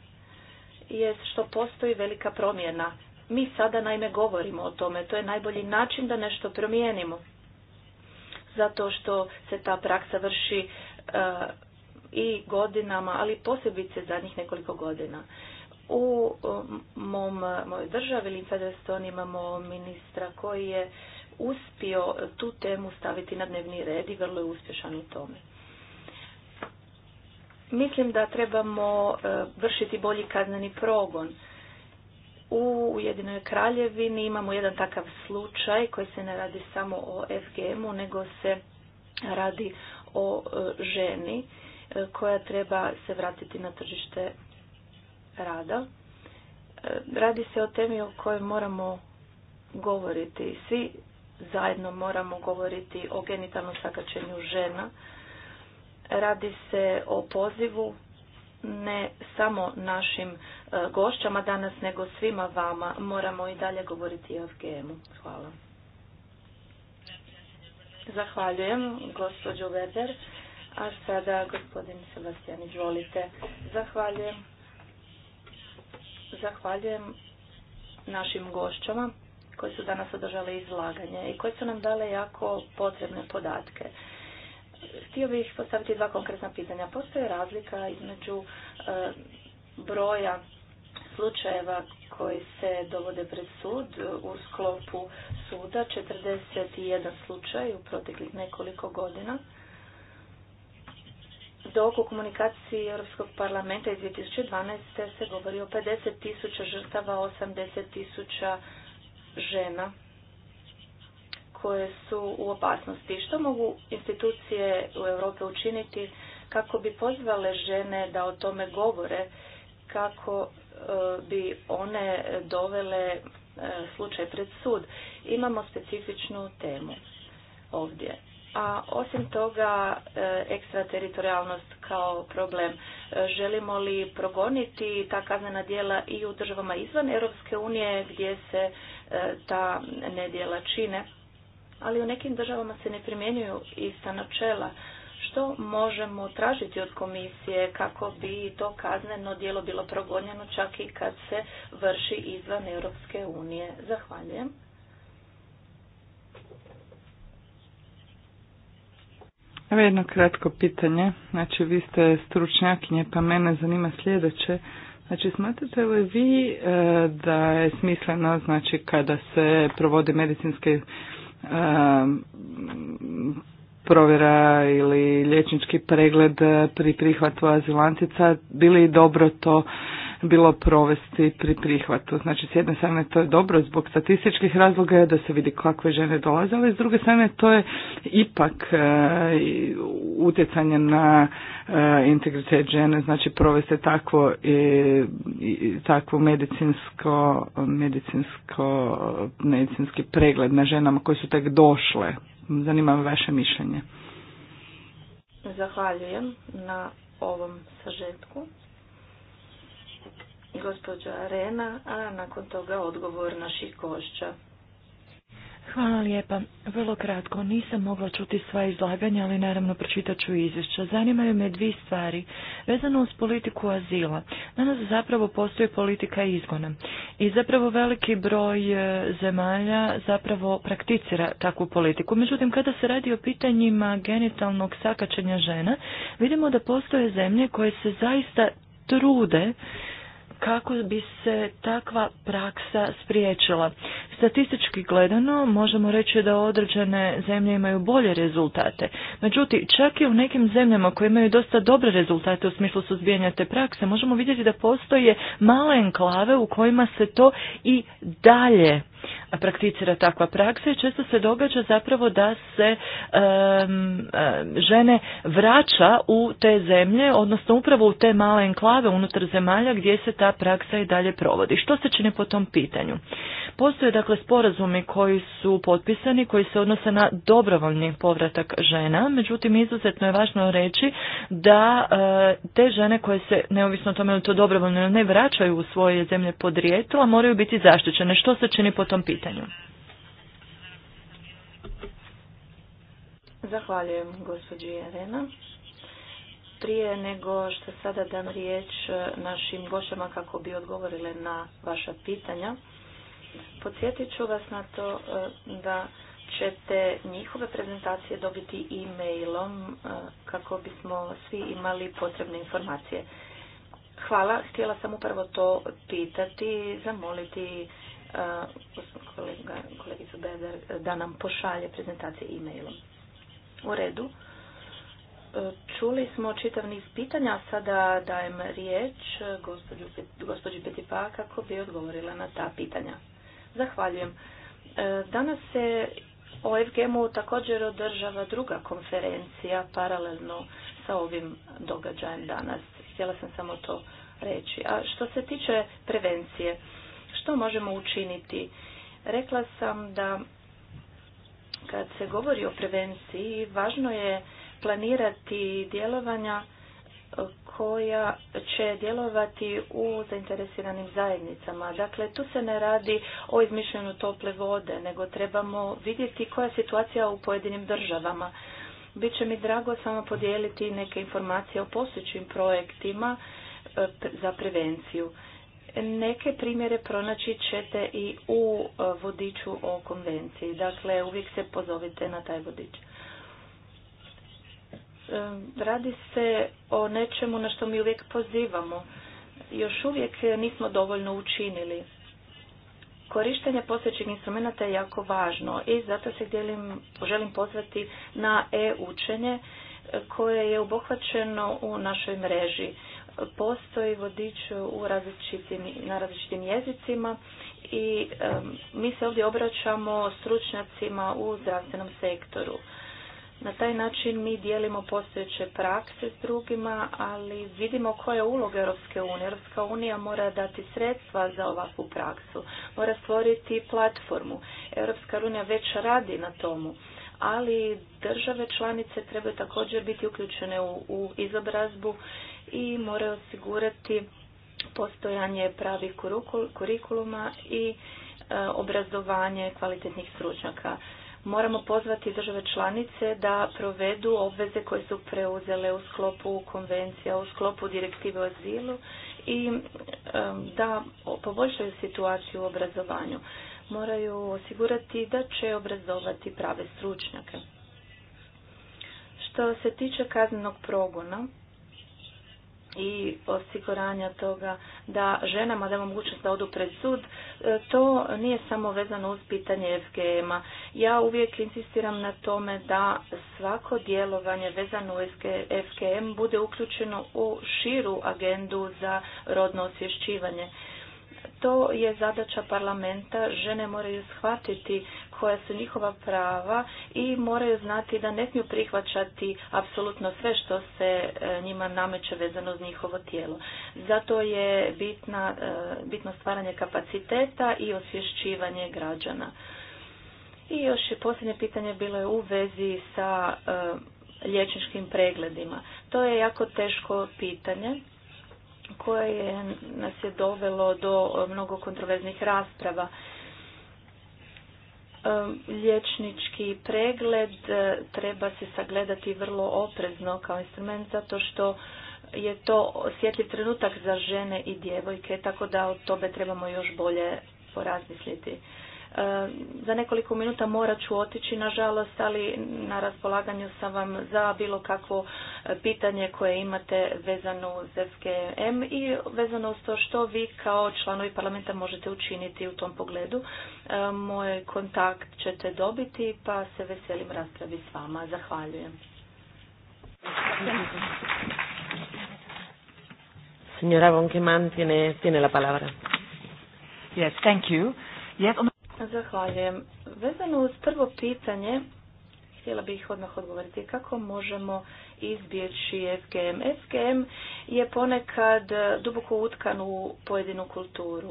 je što postoji velika promjena. Mi sada naime govorimo o tome, to je najbolji način da nešto promijenimo zato što se ta praksa vrši e, i godinama, ali posebice zadnjih nekoliko godina. U e, mom, mojoj državi, on imamo ministra koji je uspio tu temu staviti na dnevni red i vrlo je uspješan u tome. Mislim da trebamo e, vršiti bolji kazneni progon u Ujedinoj Kraljevini imamo jedan takav slučaj koji se ne radi samo o FGM-u, nego se radi o e, ženi e, koja treba se vratiti na tržište rada. E, radi se o temi o kojoj moramo govoriti. Svi zajedno moramo govoriti o genitalnom sakačenju žena. Radi se o pozivu ne samo našim E, gošćama danas nego svima vama. Moramo i dalje govoriti o FGM-u. Hvala. Zahvaljujem, gospođu Weber. A sada, gospodin Sebastian, izvolite. Zahvaljujem. Zahvaljujem našim gošćama koji su danas održali izlaganje i koji su nam dale jako potrebne podatke. Htio bih postaviti dva konkretna pitanja. Postoje razlika između e, broja slučajeva koji se dovode pred sud u sklopu suda, 41 slučaj u proteklih nekoliko godina. Dok u komunikaciji Europskog parlamenta iz 2012. se govori o 50 tisuća žrtava, 80 tisuća žena koje su u opasnosti. Što mogu institucije u Europi učiniti kako bi pozvale žene da o tome govore, kako bi one dovele e, slučaj pred sud. Imamo specifičnu temu ovdje. A osim toga, e, ekstrateritorijalnost kao problem. E, želimo li progoniti ta kaznena djela i u državama izvan Europske unije gdje se ta nedjela čine? Ali u nekim državama se ne primjenjuju ista načela što možemo tražiti od komisije kako bi to kazneno djelo bilo progonjeno čak i kad se vrši izvan Europske unije. Zahvaljujem. Evo jedno kratko pitanje. Znači, vi ste stručnjakinje, pa mene zanima sljedeće. Znači, smatrate li vi e, da je smisleno, znači, kada se provode medicinske e, provjera ili liječnički pregled pri prihvatu azilantica, bili dobro to bilo provesti pri prihvatu. Znači, s jedne strane to je dobro zbog statističkih razloga da se vidi kakve žene dolaze, ali s druge strane to je ipak e, utjecanje na e, integritet žene, znači provesti takvo, e, medicinsko, medicinsko, medicinski pregled na ženama koje su tek došle zanima me vaše mišljenje. Zahvaljujem na ovom sažetku. Gospođa Arena, a nakon toga odgovor naših košća. Hvala lijepa. Vrlo kratko, nisam mogla čuti sva izlaganja, ali naravno pročitat ću izvješća. Zanimaju me dvije stvari. Vezano uz politiku azila. Danas zapravo postoji politika izgona. I zapravo veliki broj e, zemalja zapravo prakticira takvu politiku. Međutim, kada se radi o pitanjima genitalnog sakačenja žena, vidimo da postoje zemlje koje se zaista trude kako bi se takva praksa spriječila. Statistički gledano možemo reći da određene zemlje imaju bolje rezultate. Međutim, čak i u nekim zemljama koje imaju dosta dobre rezultate u smislu suzbijanja te prakse, možemo vidjeti da postoje male enklave u kojima se to i dalje prakticira takva praksa i često se događa zapravo da se žene vraća u te zemlje, odnosno upravo u te male enklave unutar zemalja gdje se ta praksa i dalje provodi. Što se čini po tom pitanju? Postoje dakle sporazumi koji su potpisani, koji se odnose na dobrovoljni povratak žena, međutim izuzetno je važno reći da eh, te žene koje se, neovisno o tome li to dobrovoljno ne, vraćaju u svoje zemlje a moraju biti zaštićene. Što se čini po tom pitanju. Zahvaljujem gospođi Arena. Prije nego što sada dam riječ e, našim gošama kako bi odgovorile na vaša pitanja, podsjetit ću vas na to e, da ćete njihove prezentacije dobiti e-mailom e, kako bismo svi imali potrebne informacije. Hvala, htjela sam upravo to pitati, zamoliti kolega, kolegica Bezer eh, da nam pošalje prezentacije e-mailom. U redu. Eh, čuli smo čitav niz pitanja, sada dajem riječ eh, gospođi Petipa kako bi odgovorila na ta pitanja. Zahvaljujem. Danas se o FGM-u također održava druga konferencija paralelno sa ovim događajem danas. Htjela sam samo to reći. A što se tiče prevencije, što možemo učiniti? Rekla sam da kad se govori o prevenciji, važno je planirati djelovanja koja će djelovati u zainteresiranim zajednicama. Dakle, tu se ne radi o izmišljenju tople vode, nego trebamo vidjeti koja je situacija u pojedinim državama. Biće mi drago samo podijeliti neke informacije o postojećim projektima e, za prevenciju. Neke primjere pronaći ćete i u e, vodiču o konvenciji. Dakle, uvijek se pozovite na taj vodič. E, radi se o nečemu na što mi uvijek pozivamo. Još uvijek nismo dovoljno učinili. Korištenje postojećih instrumenta je jako važno i zato se želim pozvati na e-učenje e, koje je obuhvaćeno u našoj mreži postoji vodič u različitim, na različitim jezicima i mi se ovdje obraćamo stručnjacima u zdravstvenom sektoru. Na taj način mi dijelimo postojeće prakse s drugima, ali vidimo koja je uloga Europske unije. Europska unija mora dati sredstva za ovakvu praksu, mora stvoriti platformu. Europska unija već radi na tomu, ali države članice trebaju također biti uključene u, u izobrazbu i moraju osigurati postojanje pravih kurikuluma i e, obrazovanje kvalitetnih stručnjaka. Moramo pozvati države članice da provedu obveze koje su preuzele u sklopu konvencija, u sklopu direktive o azilu i e, da poboljšaju situaciju u obrazovanju. Moraju osigurati da će obrazovati prave stručnjake. Što se tiče kaznenog progona, i osiguranja toga da ženama da mogućnost da odu pred sud, e, to nije samo vezano uz pitanje FGM-a. Ja uvijek insistiram na tome da svako djelovanje vezano uz FGM bude uključeno u širu agendu za rodno osvješćivanje. To je zadaća parlamenta, žene moraju shvatiti koja su njihova prava i moraju znati da ne smiju prihvaćati apsolutno sve što se e, njima nameće vezano uz njihovo tijelo. Zato je bitna, e, bitno stvaranje kapaciteta i osvješćivanje građana. I još je posljednje pitanje bilo je u vezi sa e, liječničkim pregledima. To je jako teško pitanje koje je, nas je dovelo do mnogo kontroverznih rasprava Liječnički pregled e, treba se sagledati vrlo oprezno kao instrument zato što je to osjetljiv trenutak za žene i djevojke, tako da o tome trebamo još bolje porazmisliti. Eh, za nekoliko minuta morat ću otići, nažalost, ali na raspolaganju sam vam za bilo kakvo eh, pitanje koje imate vezano uz FGM i vezano uz to što vi kao članovi parlamenta možete učiniti u tom pogledu. Eh, moj kontakt ćete dobiti pa se veselim raspravi s vama. Zahvaljujem. Signora tiene, tiene la palabra. Yes, thank you. Yes, Zahvaljujem. Vezano uz prvo pitanje, htjela bih odmah odgovoriti kako možemo izbjeći FGM. FGM je ponekad duboko utkan u pojedinu kulturu.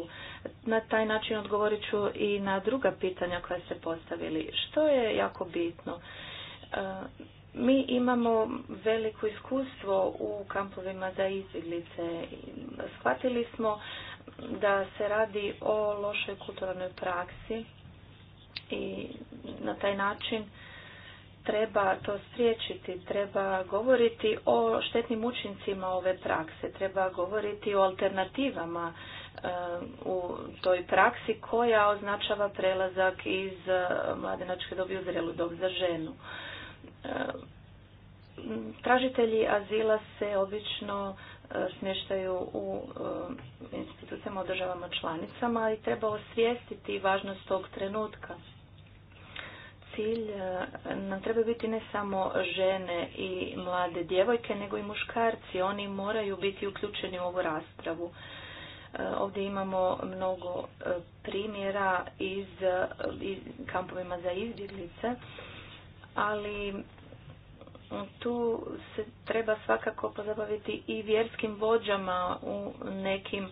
Na taj način odgovorit ću i na druga pitanja koja ste postavili. Što je jako bitno? E, mi imamo veliko iskustvo u kampovima za izbjeglice. Shvatili smo da se radi o lošoj kulturnoj praksi i na taj način treba to spriječiti, treba govoriti o štetnim učincima ove prakse, treba govoriti o alternativama e, u toj praksi koja označava prelazak iz e, mladenačke dobi u zrelu dob za ženu. E, tražitelji azila se obično smještaju u e, institucijama u državama članicama i treba osvijestiti važnost tog trenutka. Cilj e, nam treba biti ne samo žene i mlade djevojke, nego i muškarci. Oni moraju biti uključeni u ovu raspravu. E, ovdje imamo mnogo primjera iz, iz kampovima za izbjeglice, ali tu se treba svakako pozabaviti i vjerskim vođama u nekim e,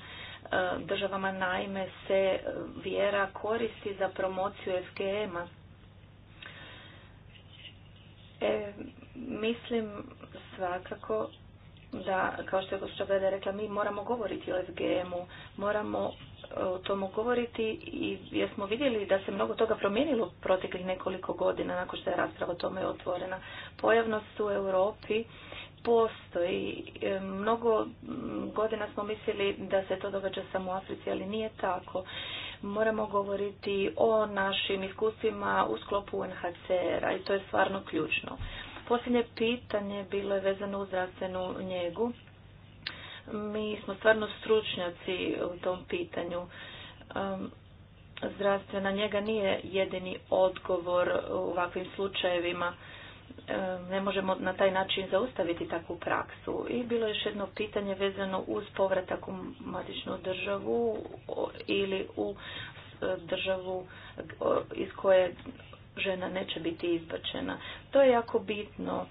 državama naime se e, vjera koristi za promociju FGM-a. E, mislim svakako da, kao što je gospođa Beda rekla, mi moramo govoriti o FGM-u, moramo e, o tomu govoriti i jer smo vidjeli da se mnogo toga promijenilo proteklih nekoliko godina nakon što je rasprava o tome otvorena. Pojavnost u Europi postoji. E, mnogo godina smo mislili da se to događa samo u Africi, ali nije tako. Moramo govoriti o našim iskustvima u sklopu UNHCR-a i to je stvarno ključno. Posljednje pitanje bilo je vezano u zdravstvenu njegu. Mi smo stvarno stručnjaci u tom pitanju. Zdravstvena njega nije jedini odgovor u ovakvim slučajevima. Ne možemo na taj način zaustaviti takvu praksu. I bilo je još jedno pitanje vezano uz povratak u matičnu državu ili u državu iz koje žena neće biti izbačena. To je jako bitno.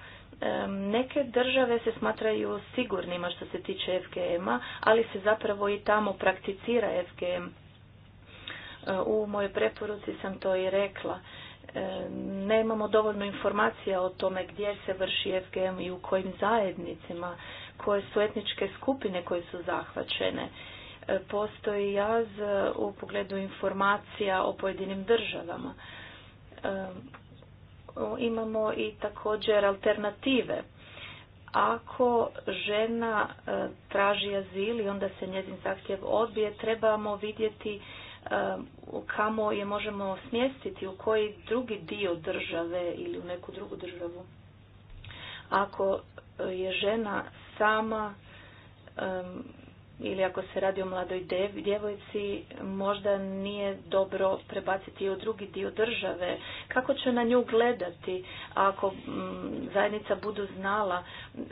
Neke države se smatraju sigurnima što se tiče FGM-a, ali se zapravo i tamo prakticira FGM. E, u mojoj preporuci sam to i rekla. E, nemamo dovoljno informacija o tome gdje se vrši FGM i u kojim zajednicima, koje su etničke skupine koje su zahvaćene. E, postoji jaz u pogledu informacija o pojedinim državama imamo i također alternative. Ako žena e, traži azil i onda se njezin zahtjev odbije, trebamo vidjeti e, kamo je možemo smjestiti, u koji drugi dio države ili u neku drugu državu. Ako e, je žena sama ili ako se radi o mladoj djevojci, možda nije dobro prebaciti u drugi dio države. Kako će na nju gledati ako mm, zajednica budu znala,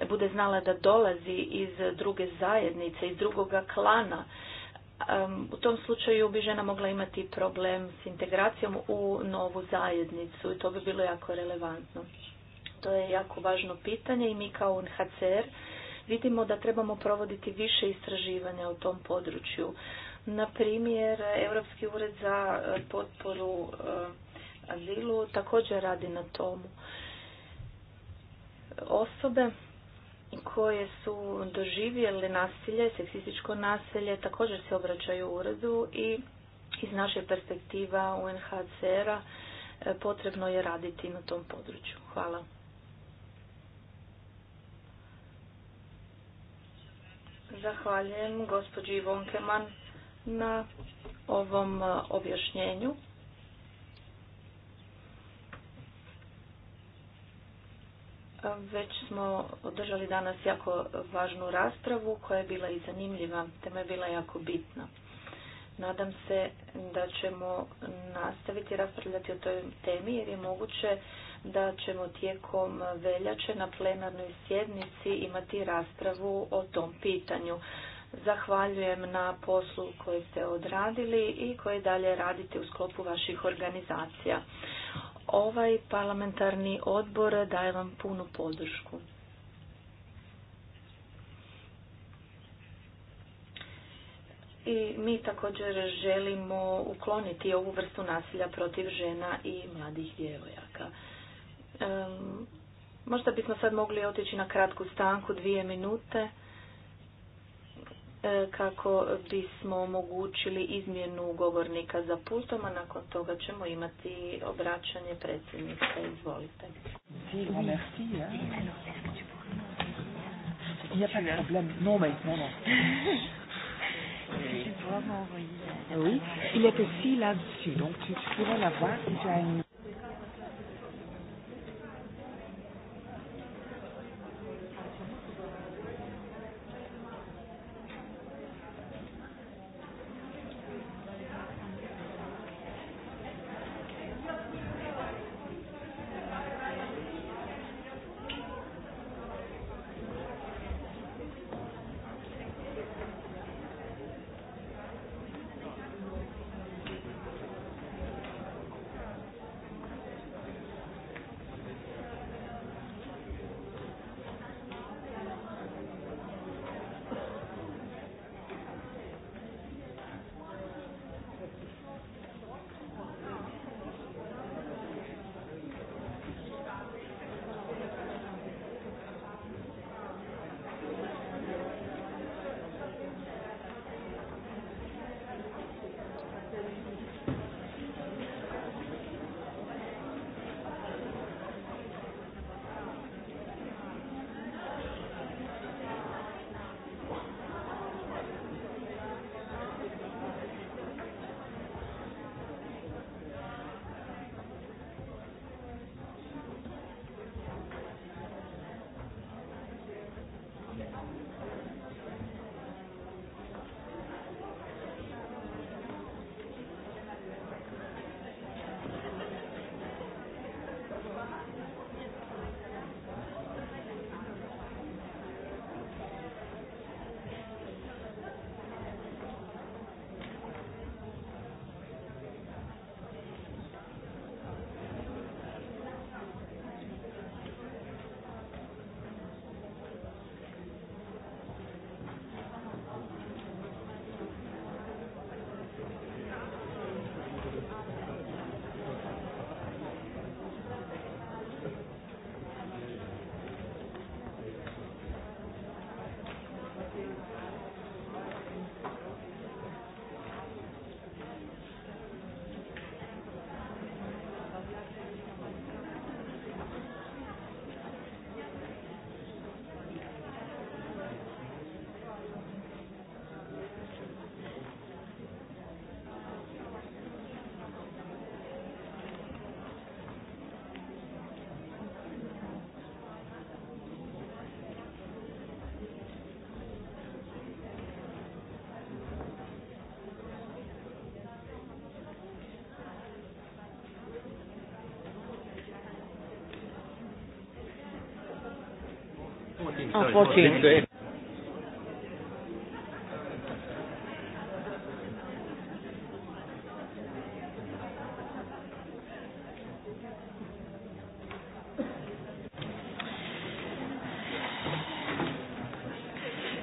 bude znala da dolazi iz druge zajednice, iz drugoga klana? U tom slučaju bi žena mogla imati problem s integracijom u novu zajednicu i to bi bilo jako relevantno. To je jako važno pitanje i mi kao UNHCR vidimo da trebamo provoditi više istraživanja u tom području. Na primjer, Europski ured za e, potporu e, azilu također radi na tomu. Osobe koje su doživjele nasilje, seksističko nasilje, također se obraćaju u uredu i iz naše perspektiva UNHCR-a e, potrebno je raditi na tom području. Hvala. Zahvaljujem gospođi Vonkeman na ovom e, objašnjenju. E, već smo održali danas jako važnu raspravu koja je bila i zanimljiva, tema je bila jako bitna. Nadam se da ćemo nastaviti raspravljati o toj temi jer je moguće da ćemo tijekom veljače na plenarnoj sjednici imati raspravu o tom pitanju. Zahvaljujem na poslu koji ste odradili i koje dalje radite u sklopu vaših organizacija. Ovaj parlamentarni odbor daje vam punu podršku. I mi također želimo ukloniti ovu vrstu nasilja protiv žena i mladih djevojaka možda bismo sad mogli otići na kratku stanku, dvije minute, e, kako bismo omogućili izmjenu govornika za pultom, a nakon toga ćemo imati obraćanje predsjednika. Izvolite. Oui, il donc tu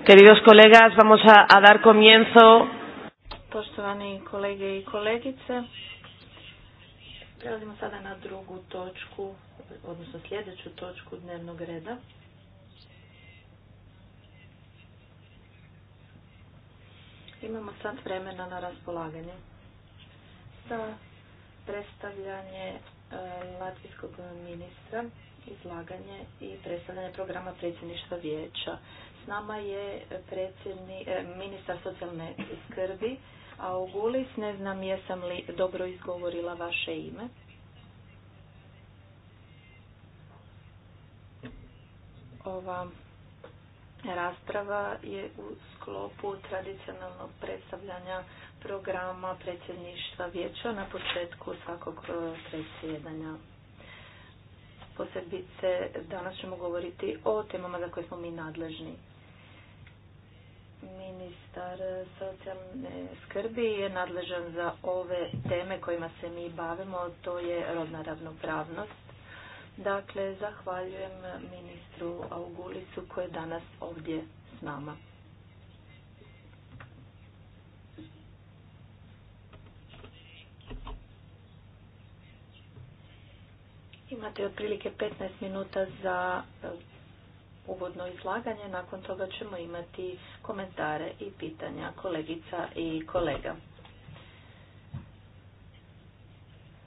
Queridos colegas, vamos a, a dar comienzo. Poštovani kolege i kolegice, prelazimo sada na drugu točku, odnosno sljedeću točku dnevnog reda. sat vremena na raspolaganje za predstavljanje e, latvijskog ministra, izlaganje i predstavljanje programa predsjedništva vijeća. S nama je predsjedni, e, ministar socijalne skrbi Augulis. Ne znam jesam li dobro izgovorila vaše ime. Ova Rasprava je u sklopu tradicionalnog predstavljanja programa predsjedništva vijeća na početku svakog e, predsjedanja. Posebice danas ćemo govoriti o temama za koje smo mi nadležni. Ministar socijalne skrbi je nadležan za ove teme kojima se mi bavimo, to je rodna ravnopravnost Dakle, zahvaljujem ministru Augulicu koji je danas ovdje s nama. Imate otprilike 15 minuta za e, uvodno izlaganje, nakon toga ćemo imati komentare i pitanja kolegica i kolega.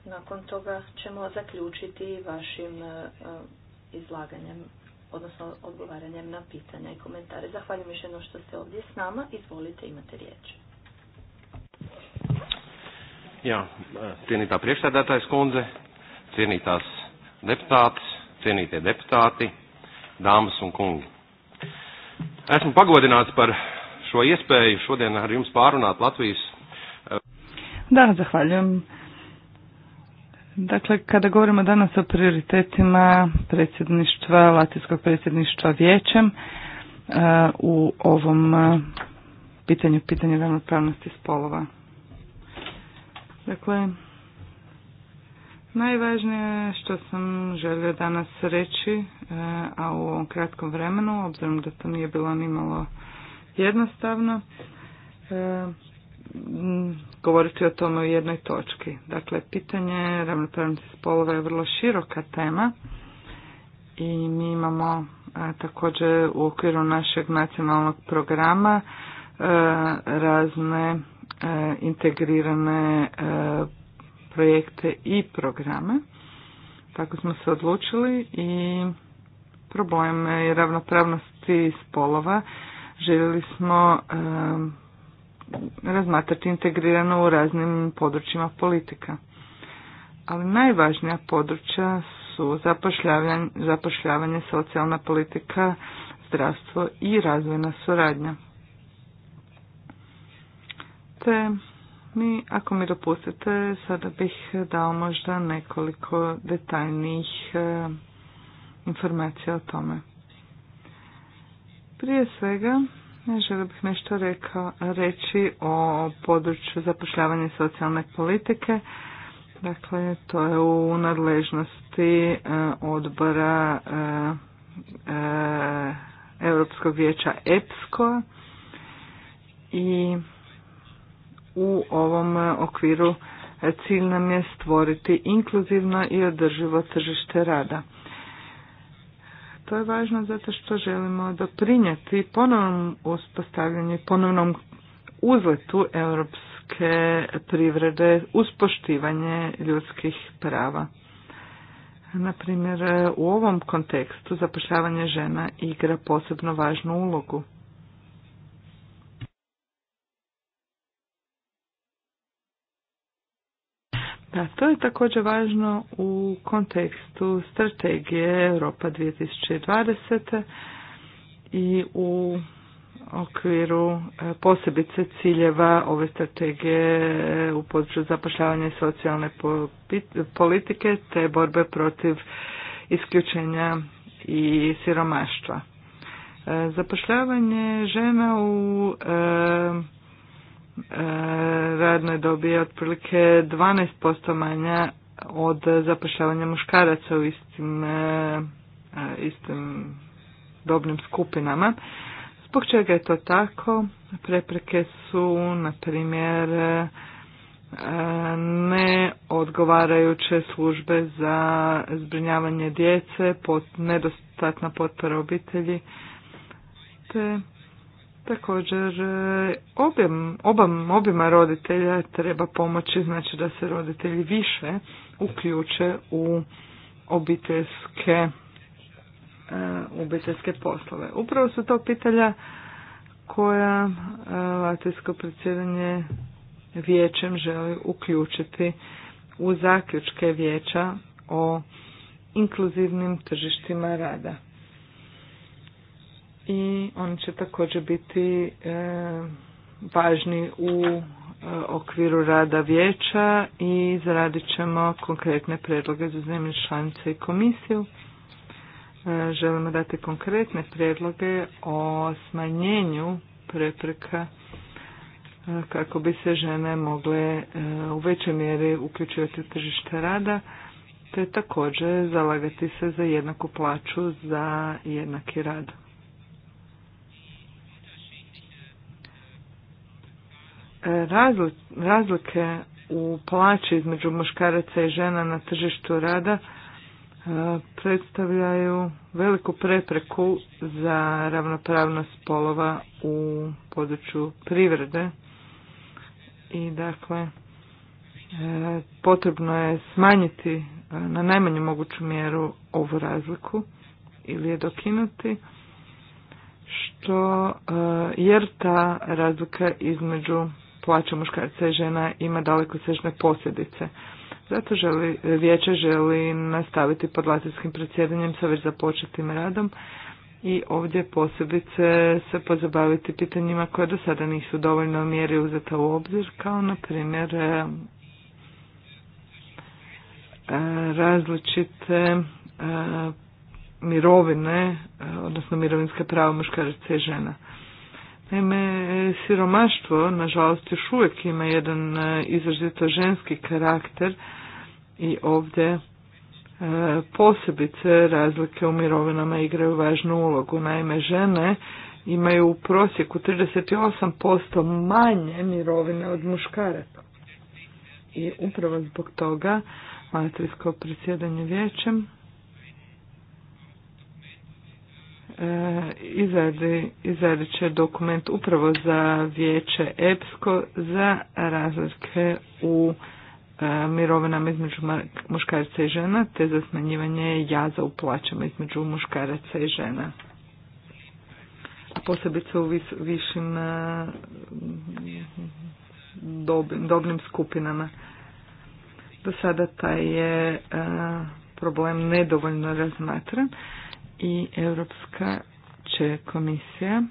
nakon toga ćemo zaključiti vašim e, izlaganjem, odnosno odgovaranjem na pitanja i komentare. Zahvaljujem još jednom što ste ovdje s nama. Izvolite, imate riječ. Ja, e, cijenita iz kundze, cijenitas deputat, cijenite deputāti, dāmas un kungi. Esmu pagodināts par šo iespēju šodien ar jums pārunāt Latvijas. E, da, zahvaljujem. Dakle, kada govorimo danas o prioritetima predsjedništva, latinskog predsjedništva vijećem e, u ovom e, pitanju, pitanju ravnopravnosti spolova. Dakle, najvažnije što sam želio danas reći, e, a u ovom kratkom vremenu, obzirom da to nije bilo malo jednostavno, govoriti o tome u jednoj točki. Dakle, pitanje ravnopravnosti spolova je vrlo široka tema i mi imamo e, također u okviru našeg nacionalnog programa e, razne e, integrirane projekte i programe. Tako smo se odlučili i problem je ravnopravnosti spolova. Željeli smo razmatrati integrirano u raznim područjima politika. Ali najvažnija područja su zapošljavanje, zapošljavanje socijalna politika, zdravstvo i razvojna suradnja. Te mi, ako mi dopustite, sada bih dao možda nekoliko detaljnijih e, informacija o tome. Prije svega, ne bih nešto reći o području zapošljavanja socijalne politike. Dakle, to je u nadležnosti e, odbora e, e, Europskog vijeća EPSCO i u ovom okviru cilj nam je stvoriti inkluzivno i održivo tržište rada. To je važno zato što želimo doprinijeti ponovnom uspostavljanju i ponovnom uzletu europske privrede uz poštivanje ljudskih prava. Na primjer, u ovom kontekstu zapošljavanje žena igra posebno važnu ulogu. to je također važno u kontekstu strategije Europa 2020. i u okviru e, posebice ciljeva ove strategije e, u području zapošljavanja socijalne politike te borbe protiv isključenja i siromaštva. E, zapošljavanje žena u E, radnoj dobi je otprilike 12% manja od zapošljavanja muškaraca u istim, e, e, istim dobnim skupinama. Zbog čega je to tako? Prepreke su, na primjer, odgovarajuće službe za zbrinjavanje djece, nedostatna potpora obitelji, te Također, e, objem, obam, obima roditelja treba pomoći, znači da se roditelji više uključe u obiteljske, e, obiteljske poslove. Upravo su to pitanja koja uh, predsjedanje vijećem želi uključiti u zaključke vijeća o inkluzivnim tržištima rada i oni će također biti e, važni u e, okviru rada vijeća i zaradit ćemo konkretne predloge za zemlje članice i komisiju. E, želimo dati konkretne predloge o smanjenju prepreka kako bi se žene mogle u većoj mjeri uključivati u tržište rada, te također zalagati se za jednaku plaću za jednaki rad. razlike u plaći između muškaraca i žena na tržištu rada e, predstavljaju veliku prepreku za ravnopravnost spolova u području privrede i dakle e, potrebno je smanjiti e, na najmanju moguću mjeru ovu razliku ili je dokinuti što jer ta razlika između plaća muškarca i žena ima daleko sežne posljedice. Zato želi, vijeće želi nastaviti pod latinskim predsjedanjem sa već započetim radom i ovdje posebice se pozabaviti pitanjima koje do sada nisu dovoljno u mjeri uzeta u obzir, kao na primjer e, e, različite e, mirovine, odnosno mirovinska prava muškarca i žena. Naime, siromaštvo, nažalost, još uvijek ima jedan e, izrazito ženski karakter i ovdje e, posebice razlike u mirovinama igraju važnu ulogu. Naime, žene imaju u prosjeku 38% manje mirovine od muškaraca. I upravo zbog toga matrijsko predsjedanje vijećem E, izradi, izradit će dokument upravo za vijeće EPSKO za razlike u e, mirovinama između muškaraca i žena te za smanjivanje jaza u plaćama između muškaraca i žena. A posebice u višim e, dobnim skupinama. Do sada taj je problem nedovoljno razmatran i Europska će komisija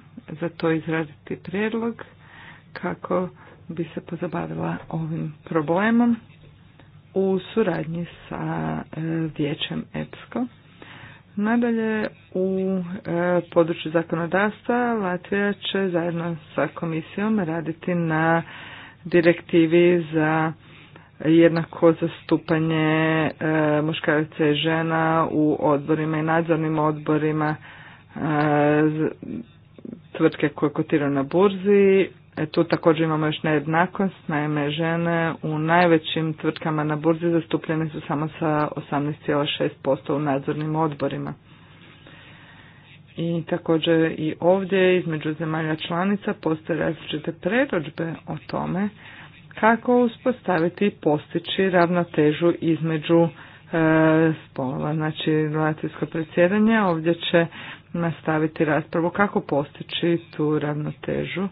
za to izraditi prijedlog kako bi se pozabavila ovim problemom u suradnji sa e, vijećem EPSCO. Nadalje, u e, području zakonodavstva Latvija će zajedno sa komisijom raditi na direktivi za jednako zastupanje e, muškaraca i žena u odborima i nadzornim odborima e, tvrtke koje kotiraju na burzi. E, tu također imamo još nejednakost, naime žene u najvećim tvrtkama na burzi zastupljene su samo sa 18,6% u nadzornim odborima. I također i ovdje između zemalja članica postoje različite prerođbe o tome, kako uspostaviti i postići ravnotežu između e, spolova. Znači, relacijsko predsjedanje ovdje će nastaviti raspravu kako postići tu ravnotežu.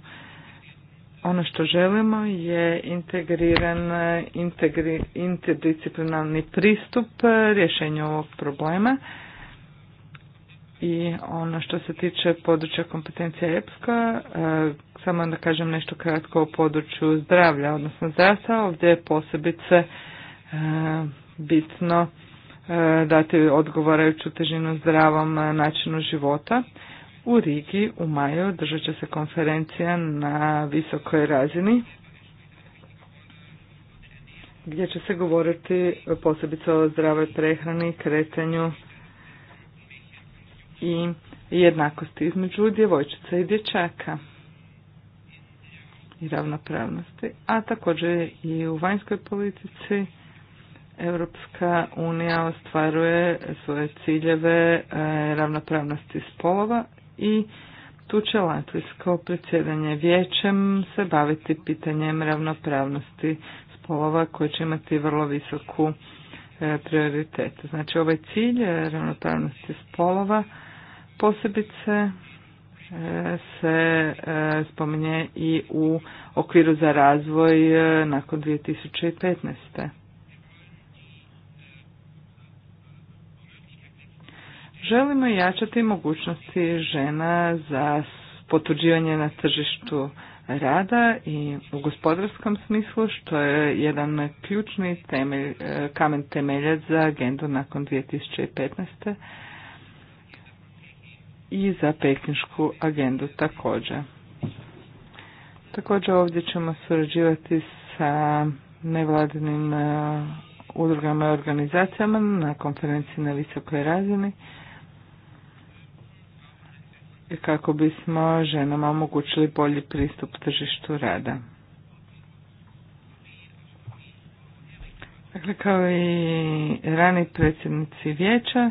Ono što želimo je integriran, integri, interdisciplinarni pristup rješenju ovog problema i ono što se tiče područja kompetencija EPSKA, e, samo da kažem nešto kratko o području zdravlja, odnosno zdravstva, ovdje je posebice e, bitno e, dati odgovarajuću težinu zdravom načinu života. U Rigi u maju držat će se konferencija na visokoj razini gdje će se govoriti posebice o zdravoj prehrani, kretanju, i jednakosti između djevojčica i dječaka i ravnopravnosti, a također i u vanjskoj politici Europska unija ostvaruje svoje ciljeve e, ravnopravnosti spolova i tu će latvijsko predsjedanje vijećem se baviti pitanjem ravnopravnosti spolova koji će imati vrlo visoku e, prioritet. Znači ovaj cilj e, ravnopravnosti spolova posebice e, se e, spominje i u okviru za razvoj e, nakon 2015. Želimo jačati mogućnosti žena za potuđivanje na tržištu rada i u gospodarskom smislu, što je jedan ključni temelj, kamen temeljac za agendu nakon 2015 i za pekinšku agendu također. Također ovdje ćemo surađivati sa nevladinim e, udrugama i organizacijama na konferenciji na visokoj razini kako bismo ženama omogućili bolji pristup tržištu rada. Dakle, kao i rani predsjednici vijeća,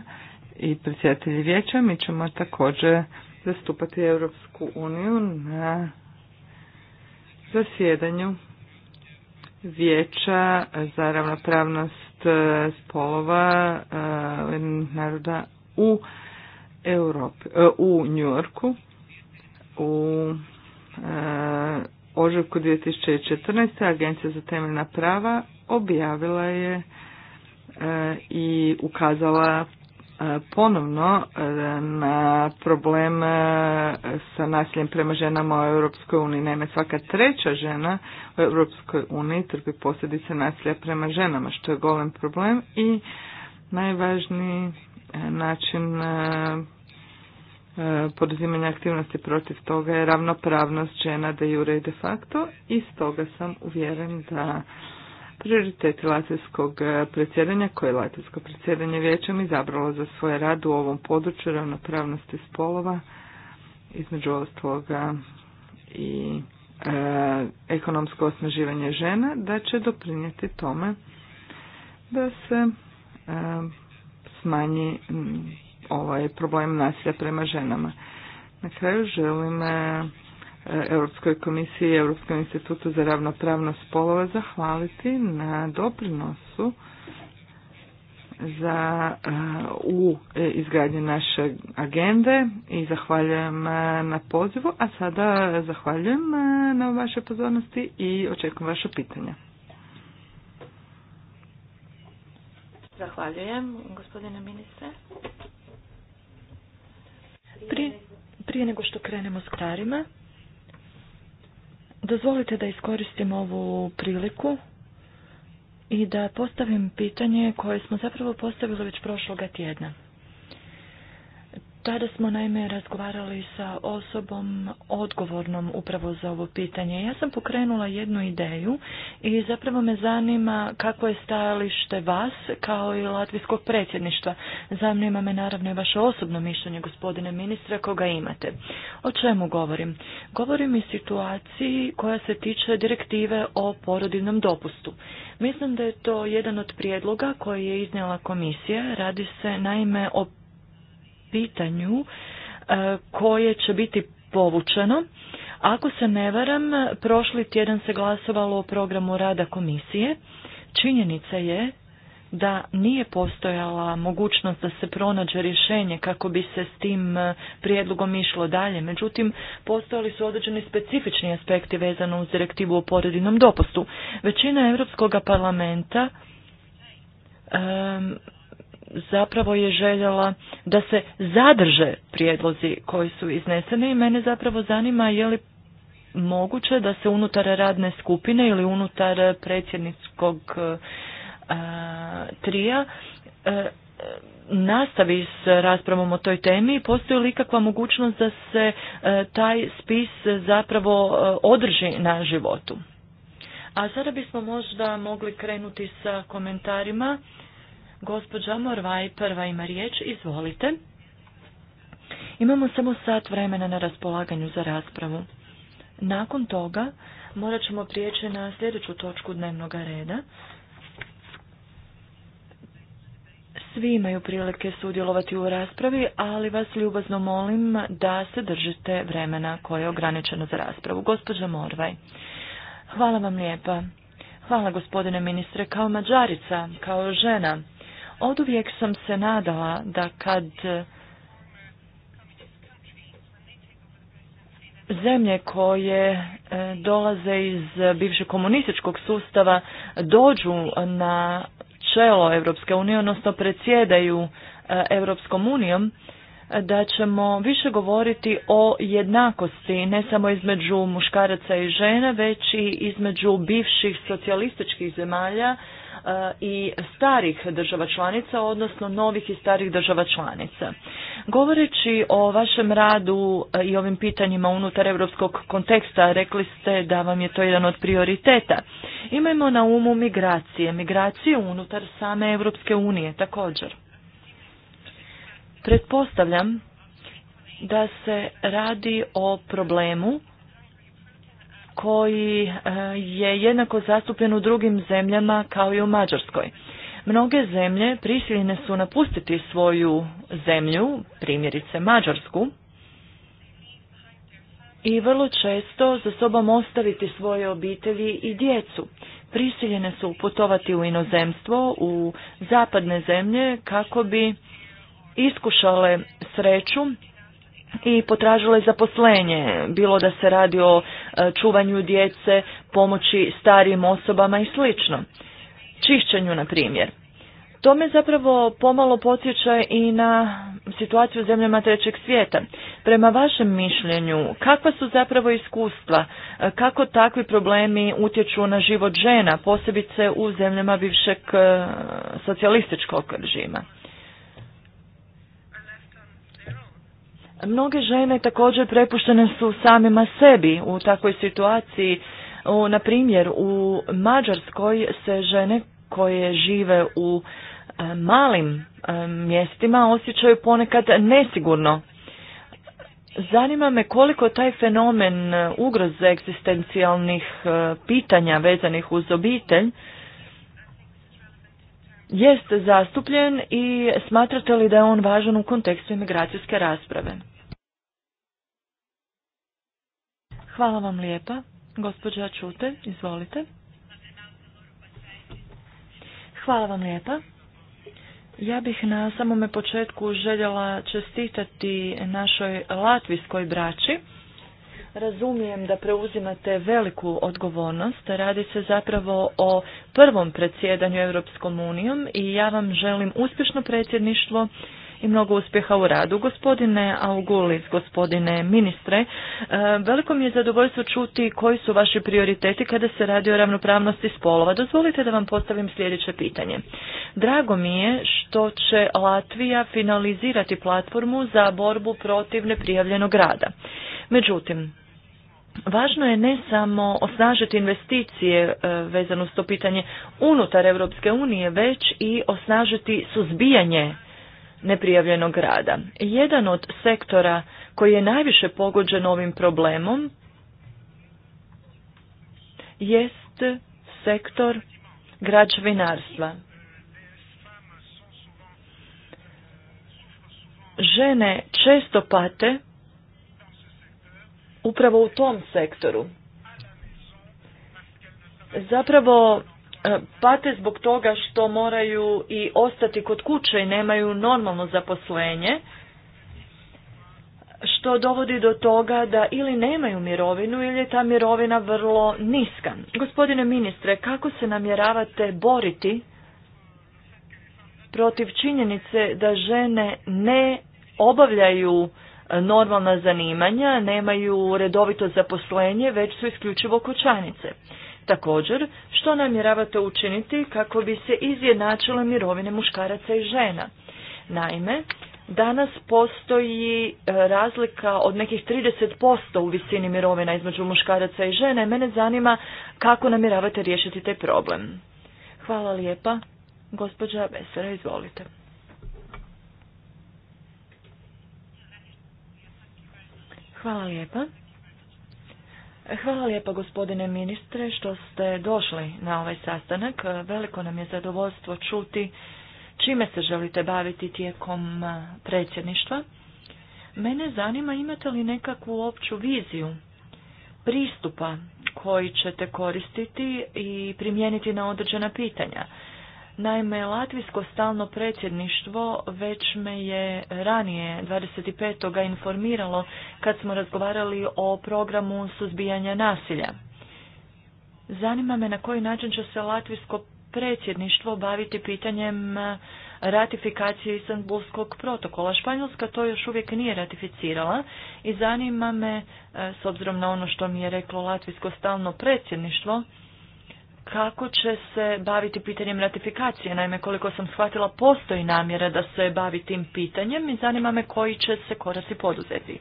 i predsjedatelji vijeća, mi ćemo također zastupati Europsku uniju na zasjedanju vijeća za ravnopravnost e, spolova e, naroda u Europi, e, u Yorku u ožujku 2014. Agencija za temeljna prava objavila je i ukazala E, ponovno e, na problem e, sa nasiljem prema ženama u Europskoj uniji. Naime, svaka treća žena u Europskoj uniji trpi posljedice nasilja prema ženama, što je golem problem i najvažniji način poduzimanja aktivnosti protiv toga je ravnopravnost žena de jure i de facto i stoga sam uvjeren da prioriteti latinskog e, predsjedanja koje je latinsko predsjedanje vijećem izabralo za svoj rad u ovom području ravnopravnosti spolova između ostaloga i e, ekonomsko osnaživanje žena da će doprinijeti tome da se e, smanji ovaj problem nasilja prema ženama. Na kraju želim e, Europskoj komisiji i Europskom institutu za ravnopravnost spolova zahvaliti na doprinosu za e, u izgradnji naše agende i zahvaljujem e, na pozivu, a sada zahvaljujem e, na vašoj pozornosti i očekujem vaše pitanja. Zahvaljujem, gospodine ministre. Prije, prije nego što krenemo s karima, Dozvolite da iskoristim ovu priliku i da postavim pitanje koje smo zapravo postavili već prošloga tjedna. Tada smo naime razgovarali sa osobom odgovornom upravo za ovo pitanje. Ja sam pokrenula jednu ideju i zapravo me zanima kako je stajalište vas kao i latvijskog predsjedništva. Zanima me naravno i vaše osobno mišljenje gospodine ministre koga imate. O čemu govorim? Govorim i situaciji koja se tiče direktive o porodiljnom dopustu. Mislim da je to jedan od prijedloga koji je iznijela komisija. Radi se naime o pitanju e, koje će biti povučeno. Ako se ne varam, prošli tjedan se glasovalo o programu rada komisije. Činjenica je da nije postojala mogućnost da se pronađe rješenje kako bi se s tim e, prijedlogom išlo dalje. Međutim, postojali su određeni specifični aspekti vezano uz direktivu o poredinom dopustu. Većina Europskog parlamenta e, zapravo je željela da se zadrže prijedlozi koji su izneseni i mene zapravo zanima je li moguće da se unutar radne skupine ili unutar predsjedničkog e, trija e, nastavi s raspravom o toj temi i postoji li ikakva mogućnost da se e, taj spis zapravo održi na životu. A sada bismo možda mogli krenuti sa komentarima Gospođa Morvaj prva ima riječ, izvolite. Imamo samo sat vremena na raspolaganju za raspravu. Nakon toga morat ćemo prijeći na sljedeću točku dnevnog reda. Svi imaju prilike sudjelovati u raspravi, ali vas ljubazno molim da se držite vremena koje je ograničeno za raspravu. Gospođa Morvaj, hvala vam lijepa. Hvala gospodine ministre, kao mađarica, kao žena. Od uvijek sam se nadala da kad zemlje koje e, dolaze iz bivšeg komunističkog sustava dođu na čelo Europske unije, odnosno predsjedaju Europskom unijom, da ćemo više govoriti o jednakosti ne samo između muškaraca i žena već i između bivših socijalističkih zemalja i starih država članica, odnosno novih i starih država članica. Govoreći o vašem radu e, i ovim pitanjima unutar europskog konteksta, rekli ste da vam je to jedan od prioriteta. Imajmo na umu migracije, migracije unutar same Europske unije također. Pretpostavljam da se radi o problemu koji e, je jednako zastupljen u drugim zemljama kao i u Mađarskoj. Mnoge zemlje prisiljene su napustiti svoju zemlju, primjerice Mađarsku, i vrlo često za sobom ostaviti svoje obitelji i djecu. Prisiljene su putovati u inozemstvo, u zapadne zemlje, kako bi iskušale sreću i potražile zaposlenje, bilo da se radi o e, čuvanju djece, pomoći starijim osobama i sl. Čišćenju, na primjer. To me zapravo pomalo potječa i na situaciju u zemljama trećeg svijeta. Prema vašem mišljenju, kakva su zapravo iskustva, e, kako takvi problemi utječu na život žena, posebice u zemljama bivšeg e, socijalističkog režima? Mnoge žene također prepuštene su samima sebi u takvoj situaciji. na primjer, u Mađarskoj se žene koje žive u e, malim e, mjestima osjećaju ponekad nesigurno. Zanima me koliko taj fenomen ugroze egzistencijalnih e, pitanja vezanih uz obitelj jest zastupljen i smatrate li da je on važan u kontekstu imigracijske rasprave? Hvala vam lijepa. Gospođa Čute, izvolite. Hvala vam lijepa. Ja bih na samome početku željela čestitati našoj latvijskoj braći Razumijem da preuzimate veliku odgovornost. Radi se zapravo o prvom predsjedanju Europskom unijom i ja vam želim uspješno predsjedništvo i mnogo uspjeha u radu. Gospodine Augulis, gospodine ministre, e, veliko mi je zadovoljstvo čuti koji su vaši prioriteti kada se radi o ravnopravnosti spolova. Dozvolite da vam postavim sljedeće pitanje. Drago mi je što će Latvija finalizirati platformu za borbu protiv neprijavljenog rada. Međutim, Važno je ne samo osnažiti investicije e, vezano s to pitanje unutar Europske unije, već i osnažiti suzbijanje neprijavljenog rada. Jedan od sektora koji je najviše pogođen ovim problemom jest sektor građevinarstva. Žene često pate upravo u tom sektoru. Zapravo e, pate zbog toga što moraju i ostati kod kuće i nemaju normalno zaposlenje, što dovodi do toga da ili nemaju mirovinu ili je ta mirovina vrlo niska. Gospodine ministre, kako se namjeravate boriti protiv činjenice da žene ne obavljaju normalna zanimanja, nemaju redovito zaposlenje, već su isključivo kućanice. Također, što namjeravate učiniti kako bi se izjednačile mirovine muškaraca i žena? Naime, danas postoji e, razlika od nekih 30% u visini mirovina između muškaraca i žena i Mene zanima kako namjeravate riješiti taj problem. Hvala lijepa. Gospođa Besera izvolite. Hvala lijepa. Hvala lijepa gospodine ministre što ste došli na ovaj sastanak. Veliko nam je zadovoljstvo čuti čime se želite baviti tijekom predsjedništva. Mene zanima imate li nekakvu opću viziju pristupa koji ćete koristiti i primijeniti na određena pitanja. Naime, Latvijsko stalno predsjedništvo već me je ranije 25. informiralo kad smo razgovarali o programu suzbijanja nasilja. Zanima me na koji način će se Latvijsko predsjedništvo baviti pitanjem ratifikacije Istanbulskog protokola. Španjolska to još uvijek nije ratificirala i zanima me, e, s obzirom na ono što mi je reklo Latvijsko stalno predsjedništvo, kako će se baviti pitanjem ratifikacije. Naime, koliko sam shvatila, postoji namjera da se bavi tim pitanjem i zanima me koji će se koraci poduzeti.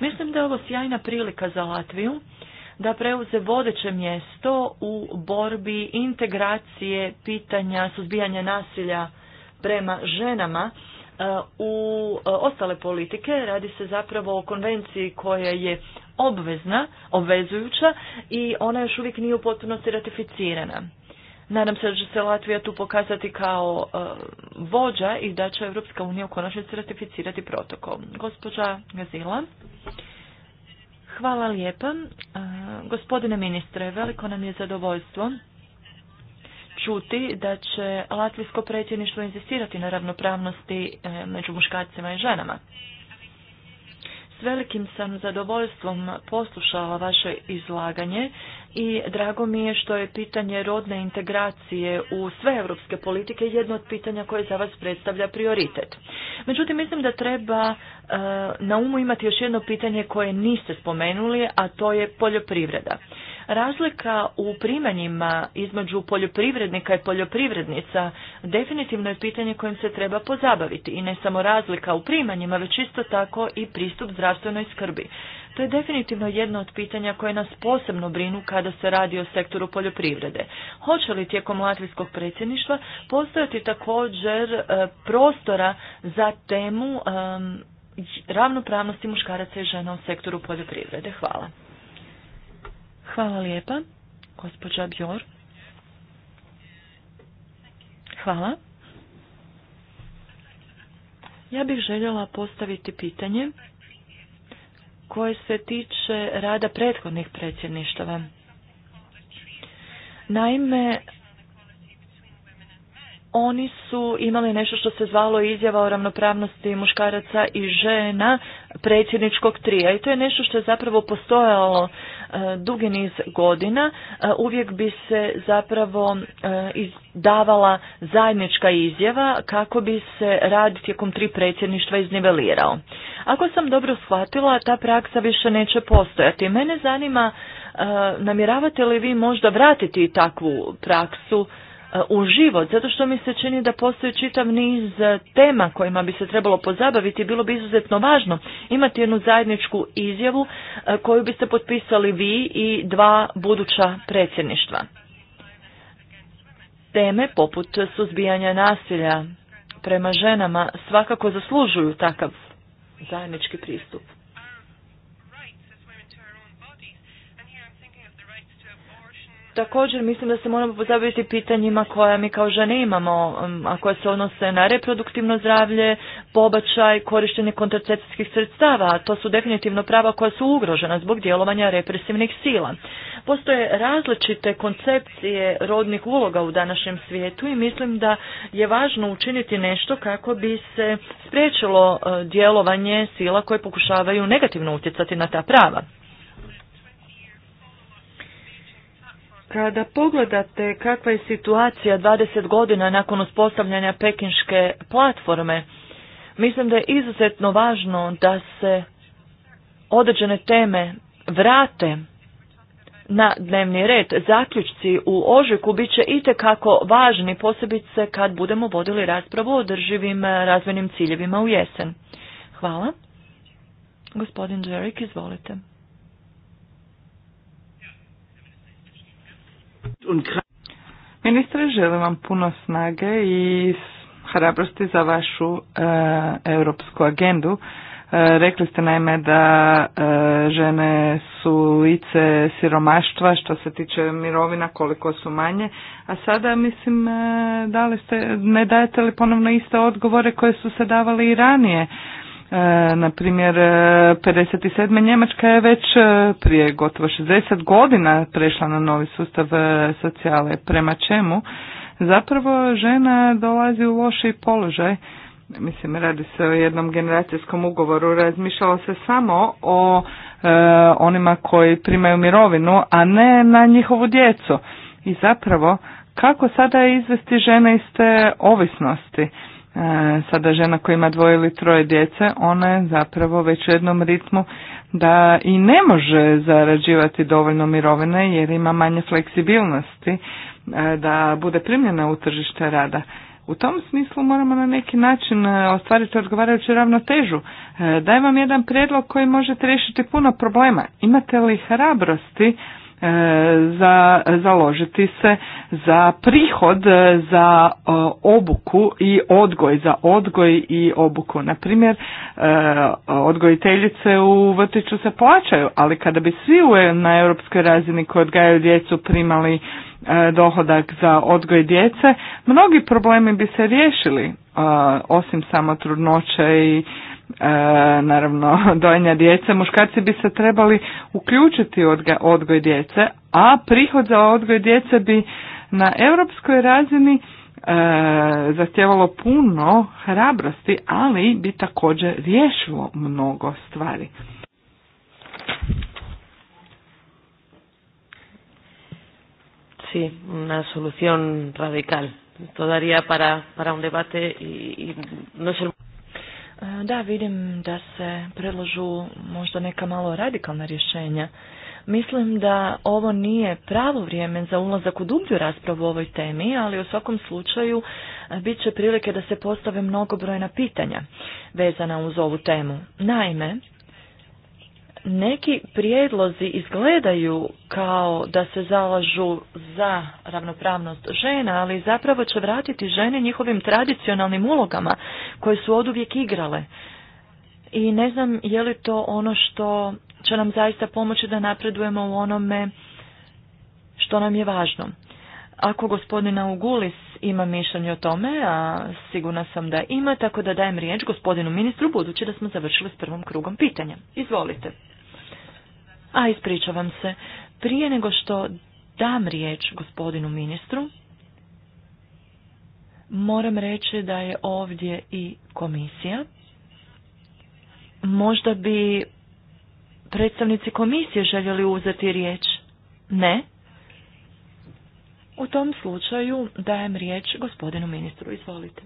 Mislim da je ovo sjajna prilika za Latviju da preuze vodeće mjesto u borbi integracije pitanja suzbijanja nasilja prema ženama E, u e, ostale politike. Radi se zapravo o konvenciji koja je obvezna, obvezujuća i ona još uvijek nije u potpunosti ratificirana. Nadam se da će se Latvija tu pokazati kao e, vođa i da će Europska unija u konačnici ratificirati protokol. Gospođa Gazila. Hvala lijepa. Gospodine ministre, veliko nam je zadovoljstvo čuti da će latvijsko predsjedništvo insistirati na ravnopravnosti e, među muškarcima i ženama. S velikim sam zadovoljstvom poslušala vaše izlaganje i drago mi je što je pitanje rodne integracije u sve europske politike jedno od pitanja koje za vas predstavlja prioritet. Međutim, mislim da treba e, na umu imati još jedno pitanje koje niste spomenuli, a to je poljoprivreda. Razlika u primanjima između poljoprivrednika i poljoprivrednica definitivno je pitanje kojim se treba pozabaviti i ne samo razlika u primanjima, već isto tako i pristup zdravstvenoj skrbi. To je definitivno jedno od pitanja koje nas posebno brinu kada se radi o sektoru poljoprivrede. Hoće li tijekom latvijskog predsjedništva postojati također e, prostora za temu ravnopravnosti muškaraca i žena u sektoru poljoprivrede? Hvala. Hvala lijepa, gospođa Bjor. Hvala. Ja bih željela postaviti pitanje koje se tiče rada prethodnih predsjedništava. Naime, oni su imali nešto što se zvalo izjava o ravnopravnosti muškaraca i žena predsjedničkog trija i to je nešto što je zapravo postojalo E, dugi niz godina e, uvijek bi se zapravo e, davala zajednička izjava kako bi se rad tijekom tri predsjedništva iznivelirao. Ako sam dobro shvatila, ta praksa više neće postojati. Mene zanima namjeravate li vi možda vratiti takvu praksu E, u život, zato što mi se čini da postoji čitav niz e, tema kojima bi se trebalo pozabaviti, bilo bi izuzetno važno imati jednu zajedničku izjavu e, koju biste potpisali vi i dva buduća predsjedništva. Teme poput suzbijanja nasilja prema ženama svakako zaslužuju takav zajednički pristup. Također mislim da se moramo pozabaviti pitanjima koja mi kao žene imamo, um, a koja se odnose na reproduktivno zdravlje, pobačaj, korištenje kontracepcijskih sredstava, a to su definitivno prava koja su ugrožena zbog djelovanja represivnih sila. Postoje različite koncepcije rodnih uloga u današnjem svijetu i mislim da je važno učiniti nešto kako bi se spriječilo uh, djelovanje sila koje pokušavaju negativno utjecati na ta prava. Kada pogledate kakva je situacija 20 godina nakon uspostavljanja pekinške platforme, mislim da je izuzetno važno da se određene teme vrate na dnevni red. Zaključci u ožujku bit će itekako važni, posebice kad budemo vodili raspravu o održivim eh, razvojnim ciljevima u jesen. Hvala. Gospodin Džerik, izvolite. Ministre, želim vam puno snage i hrabrosti za vašu e, europsku agendu. E, rekli ste naime da e, žene su lice siromaštva što se tiče mirovina koliko su manje, a sada mislim da ste, ne dajete li ponovno iste odgovore koje su se davali i ranije E, na primjer, 57. E, Njemačka je već e, prije gotovo 60 godina prešla na novi sustav socijale, prema čemu zapravo žena dolazi u loši položaj. Mislim, radi se o jednom generacijskom ugovoru. Razmišljalo se samo o onima koji primaju mirovinu, a ne na njihovu djecu. I zapravo, kako sada izvesti žene iz te ovisnosti? E, sada žena koja ima dvoje ili troje djece, ona je zapravo već u jednom ritmu da i ne može zarađivati dovoljno mirovine jer ima manje fleksibilnosti e, da bude primljena u tržište rada. U tom smislu moramo na neki način e, ostvariti odgovarajuću ravnotežu. Daj vam jedan prijedlog koji možete riješiti puno problema. Imate li hrabrosti E, za, založiti se za prihod e, za e, obuku i odgoj, za odgoj i obuku. Na primjer, odgojiteljice u vrtiću se plaćaju, ali kada bi svi na europskoj razini koji odgajaju djecu primali dohodak za odgoj djece, mnogi problemi bi se riješili, osim samo trudnoće i E, naravno dojenja djece, muškarci bi se trebali uključiti u odga, odgoj djece, a prihod za odgoj djece bi na europskoj razini e, zahtjevalo puno hrabrosti, ali bi također riješilo mnogo stvari. Sí, una solución radical. Todavía para, para un debate y no es el... Da, vidim da se predlažu možda neka malo radikalna rješenja. Mislim da ovo nije pravo vrijeme za ulazak u dublju raspravu o ovoj temi, ali u svakom slučaju e, bit će prilike da se postave mnogobrojna pitanja vezana uz ovu temu. Naime, neki prijedlozi izgledaju kao da se zalažu za ravnopravnost žena, ali zapravo će vratiti žene njihovim tradicionalnim ulogama koje su oduvijek igrale. I ne znam je li to ono što će nam zaista pomoći da napredujemo u onome što nam je važno. Ako gospodina Ugulis ima mišljenje o tome, a sigurna sam da ima, tako da dajem riječ gospodinu ministru, budući da smo završili s prvom krugom pitanja. Izvolite. A, ispričavam se. Prije nego što dam riječ gospodinu ministru, Moram reći da je ovdje i komisija. Možda bi predstavnici komisije željeli uzeti riječ? Ne? U tom slučaju dajem riječ gospodinu ministru. Izvolite.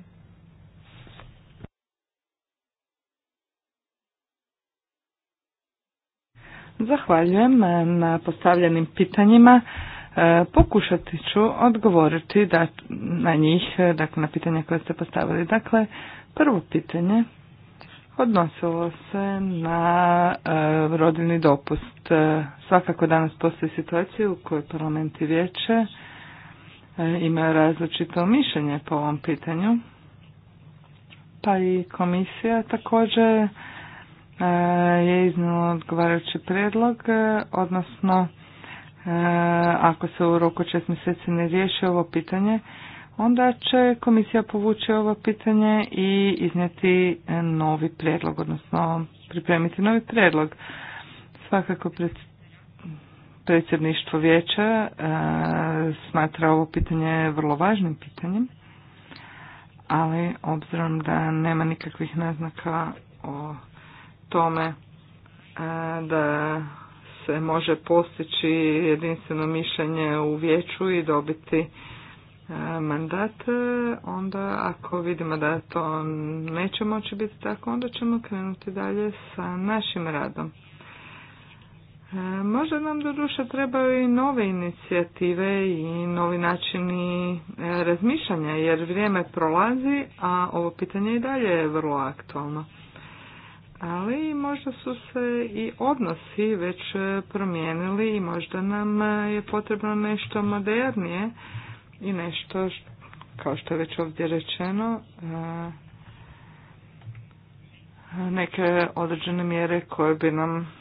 Zahvaljujem na postavljenim pitanjima. E, pokušati ću odgovoriti da, na njih, e, dakle na pitanja koje ste postavili. Dakle, prvo pitanje odnosilo se na e, rodilni dopust. Svakako danas postoji situacija u kojoj parlament i vijeće imaju različito mišljenje po ovom pitanju. Pa i komisija također je iznijela odgovarajući prijedlog, odnosno E, ako se u roku šest mjeseci ne riješi ovo pitanje, onda će komisija povući ovo pitanje i iznijeti e, novi prijedlog, odnosno pripremiti novi prijedlog. Svakako predsjedništvo vijeća e, smatra ovo pitanje vrlo važnim pitanjem, ali obzirom da nema nikakvih naznaka o tome da se može postići jedinstveno mišljenje u vijeću i dobiti e, mandat, e, onda ako vidimo da to neće moći biti tako, onda ćemo krenuti dalje sa našim radom. E, možda nam doduše trebaju i nove inicijative i novi načini razmišljanja jer vrijeme prolazi, a ovo pitanje i dalje je vrlo aktualno ali možda su se i odnosi već promijenili i možda nam je potrebno nešto modernije i nešto, kao što je već ovdje rečeno, neke određene mjere koje bi nam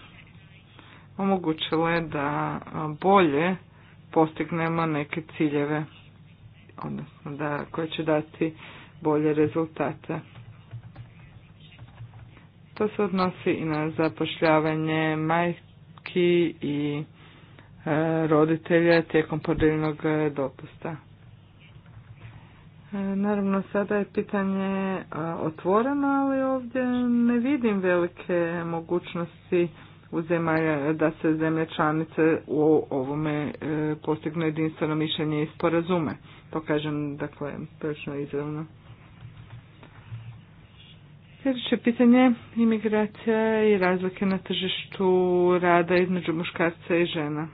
omogućile da bolje postignemo neke ciljeve, odnosno da koje će dati bolje rezultate. To se odnosi i na zapošljavanje majki i e, roditelja tijekom podeljnog e, dopusta. E, naravno, sada je pitanje otvoreno, ali ovdje ne vidim velike mogućnosti zemalja, da se zemlje članice u ovome postignu jedinstveno mišljenje i sporazume. To kažem, dakle, prilično izravno. Sljedeće pitanje, imigracija i razlike na tržištu rada između muškarca i žena.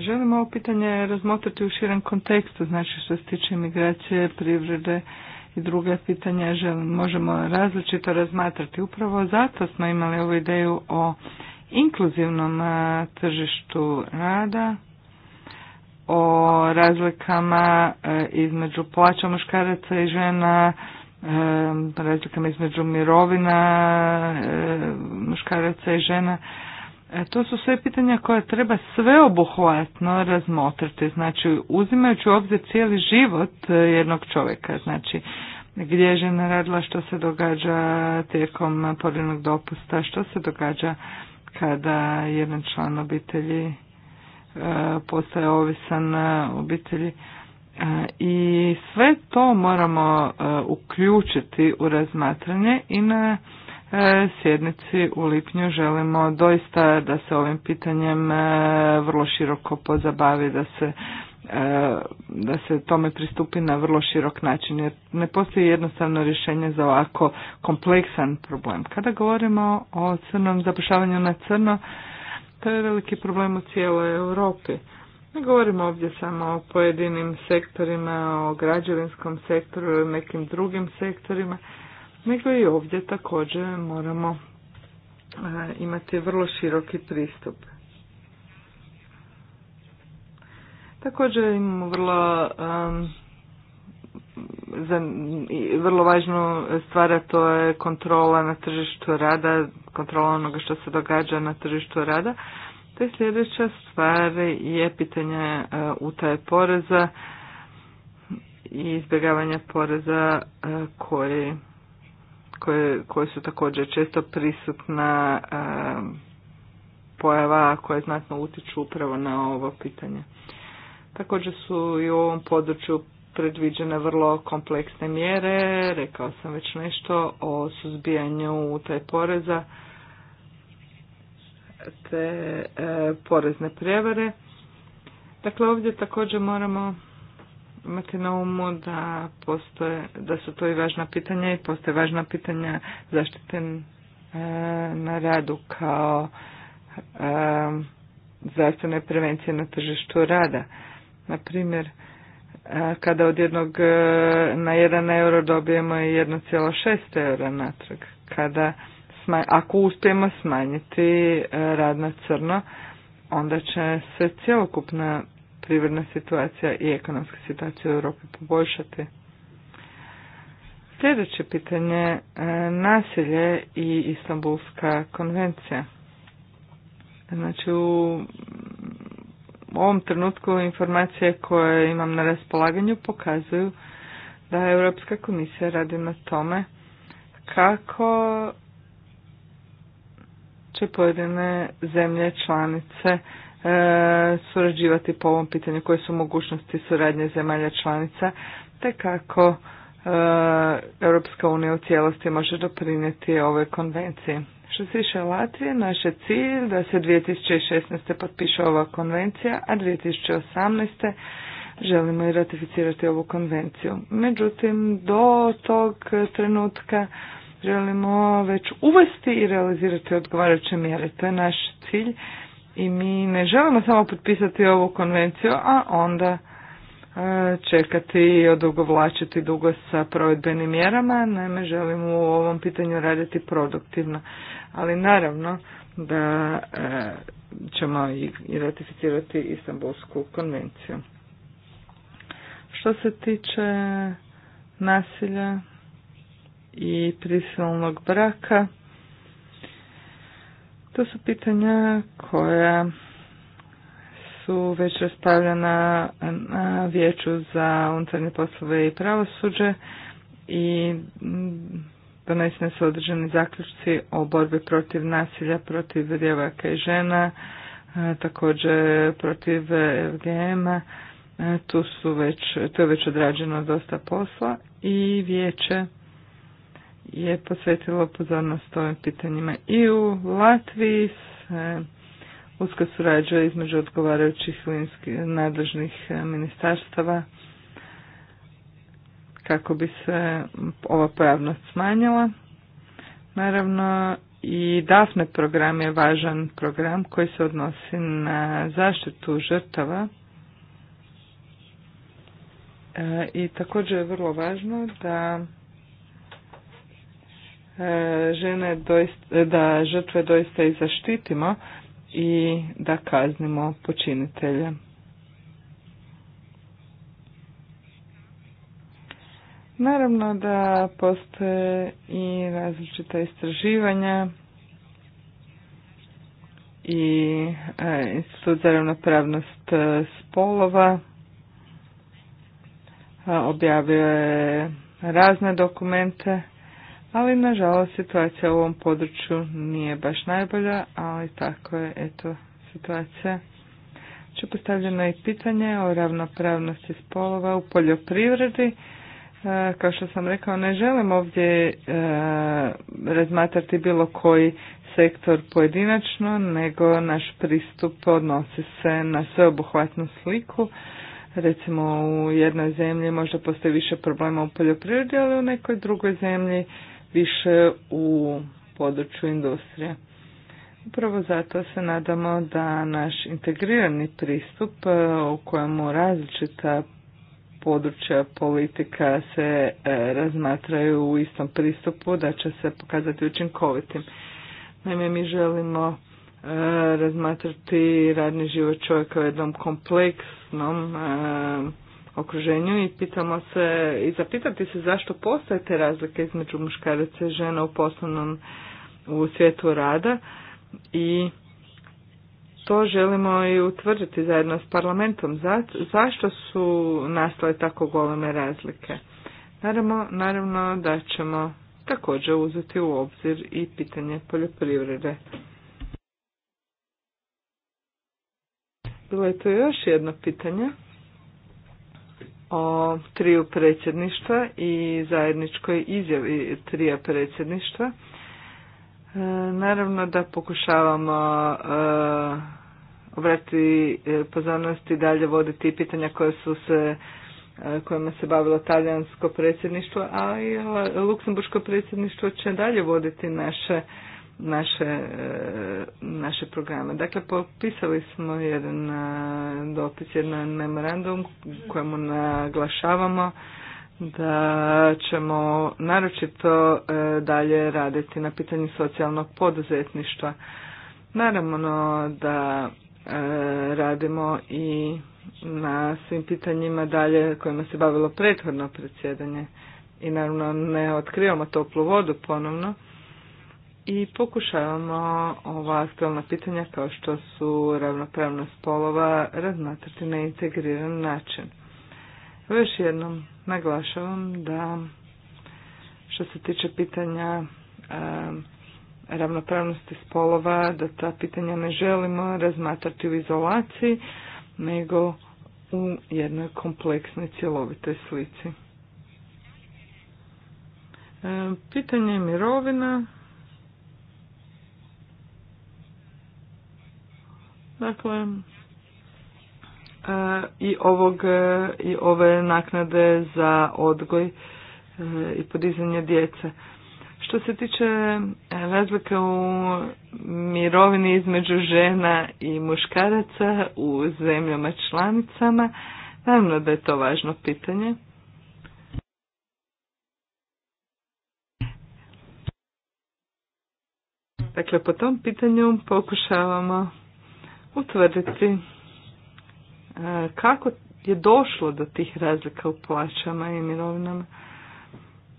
želim ovo pitanje razmotriti u širem kontekstu, znači što se tiče imigracije, privrede i druga pitanja želim, možemo različito razmatrati. Upravo zato smo imali ovu ideju o inkluzivnom eh, tržištu rada, o razlikama e, između plaća muškaraca i žena, e, razlikama između mirovina e, muškaraca i žena. To su sve pitanja koja treba sveobuhvatno razmotriti, znači uzimajući u obzir cijeli život jednog čovjeka, znači gdje je žena radila, što se događa tijekom porodiljnog dopusta, što se događa kada jedan član obitelji postaje ovisan e, obitelji. E, I sve to moramo e, uključiti u razmatranje i na sjednici u lipnju želimo doista da se ovim pitanjem vrlo široko pozabavi, da se da se tome pristupi na vrlo širok način jer ne postoji jednostavno rješenje za ovako kompleksan problem. Kada govorimo o crnom zapošljavanju na crno to je veliki problem u cijeloj Europi. Ne govorimo ovdje samo o pojedinim sektorima, o građevinskom sektoru ili nekim drugim sektorima, nego i ovdje također moramo e, imati vrlo široki pristup. Također imamo vrlo za, vrlo važnu stvar, a to je kontrola na tržištu rada, kontrola onoga što se događa na tržištu rada. Te sljedeća stvar je pitanje e, utaje poreza i izbjegavanja poreza e, koji koje, koje su također često prisutna e, pojava koje znatno utiču upravo na ovo pitanje. Također su i u ovom području predviđene vrlo kompleksne mjere, rekao sam već nešto o suzbijanju taj poreza te e, porezne prijevare. Dakle, ovdje također moramo imati na umu da postoje, da su to i važna pitanja i postoje važna pitanja zaštite e, na radu kao e, zdravstvene prevencije na tržištu rada. Na primjer, kada od jednog e, na jedan euro dobijemo 1,6 eura natrag. Kada ako uspijemo smanjiti e, rad na crno, onda će se cjelokupna privredna situacija i ekonomska situacija u Europi poboljšati. Sljedeće pitanje, e, nasilje i Istanbulska konvencija. Znači u u ovom trenutku informacije koje imam na raspolaganju pokazuju da Europska komisija radi na tome kako će pojedine zemlje članice e, surađivati po ovom pitanju koje su mogućnosti suradnje zemalja članica te kako e, Europska unija u cijelosti može doprinijeti ove konvencije. Što se tiče Latvije, naš je cilj da se 2016. potpiše ova konvencija, a 2018. želimo i ratificirati ovu konvenciju. Međutim, do tog trenutka želimo već uvesti i realizirati odgovarajuće mjere. To je naš cilj i mi ne želimo samo potpisati ovu konvenciju, a onda e, čekati i odugovlačiti dugo sa provedbenim mjerama, naime želimo u ovom pitanju raditi produktivno ali naravno da e, ćemo i ratificirati Istanbulsku konvenciju. Što se tiče nasilja i prisilnog braka, to su pitanja koja su već raspravljena na vijeću za unutarnje poslove i pravosuđe i donesene su određeni zaključci o borbi protiv nasilja, protiv djevojaka i žena, e, također protiv FGM-a. E, tu su već, tu je već odrađeno dosta posla i vijeće je posvetilo pozornost ovim pitanjima. I u Latviji se uska surađuje između odgovarajućih nadležnih ministarstava kako bi se ova pojavnost smanjila. Naravno i DAFNE program je važan program koji se odnosi na zaštitu žrtava e, i također je vrlo važno da e, žene doista, da žrtve doista i zaštitimo i da kaznimo počinitelje. Naravno da postoje i različita istraživanja i e, Institut za ravnopravnost e, spolova e, objavio je razne dokumente, ali nažalost situacija u ovom području nije baš najbolja, ali tako je eto situacija. Če postavljeno i pitanje o ravnopravnosti spolova u poljoprivredi E, kao što sam rekao, ne želim ovdje e, razmatrati bilo koji sektor pojedinačno, nego naš pristup odnosi se na sveobuhvatnu sliku. Recimo u jednoj zemlji možda postoji više problema u poljoprivredi, ali u nekoj drugoj zemlji više u području industrije. Upravo zato se nadamo da naš integrirani pristup e, u kojemu različita područja politika se e, razmatraju u istom pristupu da će se pokazati učinkovitim. Naime, mi želimo e, razmatrati radni život čovjeka u jednom kompleksnom e, okruženju i pitamo se i zapitati se zašto postoje te razlike između muškaraca i žena u poslovnom u svijetu rada i to želimo i utvrditi zajedno s parlamentom. zašto su nastale tako goleme razlike? Naravno, naravno da ćemo također uzeti u obzir i pitanje poljoprivrede. Bilo je to još jedno pitanje o triju predsjedništva i zajedničkoj izjavi trija predsjedništva. E, naravno da pokušavamo e, obratiti e, pozornost i dalje voditi pitanja koje su se kojima se bavilo talijansko predsjedništvo, a i luksemburško predsjedništvo će dalje voditi naše, naše, naše programe. Dakle, popisali smo jedan dopis, jedan memorandum kojemu naglašavamo da ćemo naročito e, dalje raditi na pitanju socijalnog poduzetništva. Naravno da e, radimo i na svim pitanjima dalje kojima se bavilo prethodno predsjedanje i naravno ne otkrivamo toplu vodu ponovno i pokušavamo ova aktualna pitanja kao što su ravnopravnost spolova razmatrati na integriran način. Još jednom naglašavam da što se tiče pitanja e, ravnopravnosti spolova, da ta pitanja ne želimo razmatrati u izolaciji, nego u jednoj kompleksnoj cjelovitoj slici. E, pitanje mirovina. Dakle, i ovog e, i ove naknade za odgoj e, i podizanje djece. Što se tiče e, razlike u mirovini između žena i muškaraca u zemljama članicama, naravno da je to važno pitanje. Dakle, po tom pitanju pokušavamo utvrditi kako je došlo do tih razlika u plaćama i mirovinama.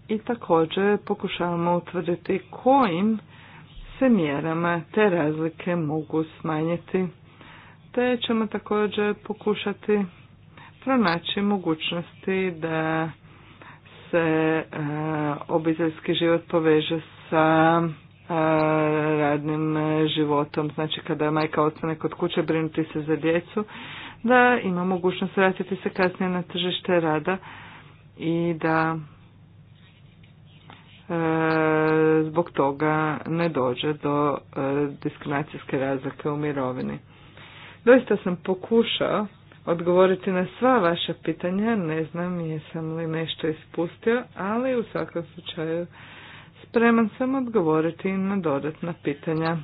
I također pokušavamo utvrditi kojim se mjerama te razlike mogu smanjiti. Te ćemo također pokušati pronaći mogućnosti da se e, obiteljski život poveže sa e, radnim životom. Znači kada majka ostane kod kuće brinuti se za djecu da ima mogućnost vratiti se kasnije na tržište rada i da e, zbog toga ne dođe do e, diskriminacijske razlike u mirovini. Doista sam pokušao odgovoriti na sva vaša pitanja, ne znam jesam li nešto ispustio, ali u svakom slučaju spreman sam odgovoriti na dodatna pitanja.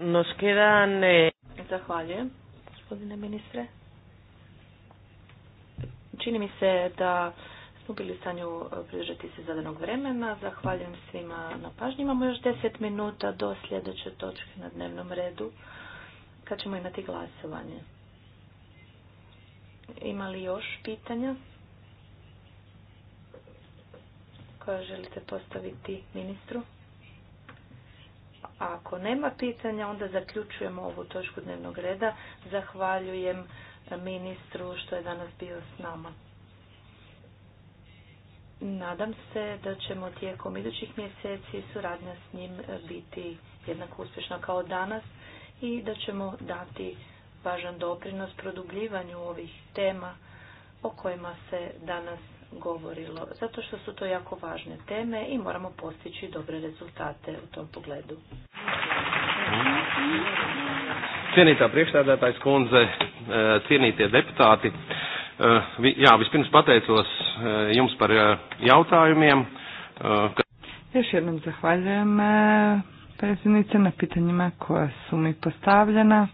Nos eh, Zahvaljujem gospodine ministre. Čini mi se da smo bili u stanju e, pridržati se zadanog vremena. Zahvaljujem svima na pažnji. Imamo još deset minuta do sljedeće točke na dnevnom redu kad ćemo imati glasovanje. Ima li još pitanja koja želite postaviti ministru? ako nema pitanja, onda zaključujemo ovu točku dnevnog reda. Zahvaljujem ministru što je danas bio s nama. Nadam se da ćemo tijekom idućih mjeseci suradnja s njim biti jednako uspješna kao danas i da ćemo dati važan doprinos produbljivanju ovih tema o kojima se danas govorilo, zato što su to jako važne teme i moramo postići dobre rezultate u tom pogledu. Cienītā priekšstādātājs kundze, e, deputati ja e, jā, vispirms pateicos e, jums par jautājumiem. Još jednom zahvaljujem predsjednice na pitanjima koja su mi postavljena.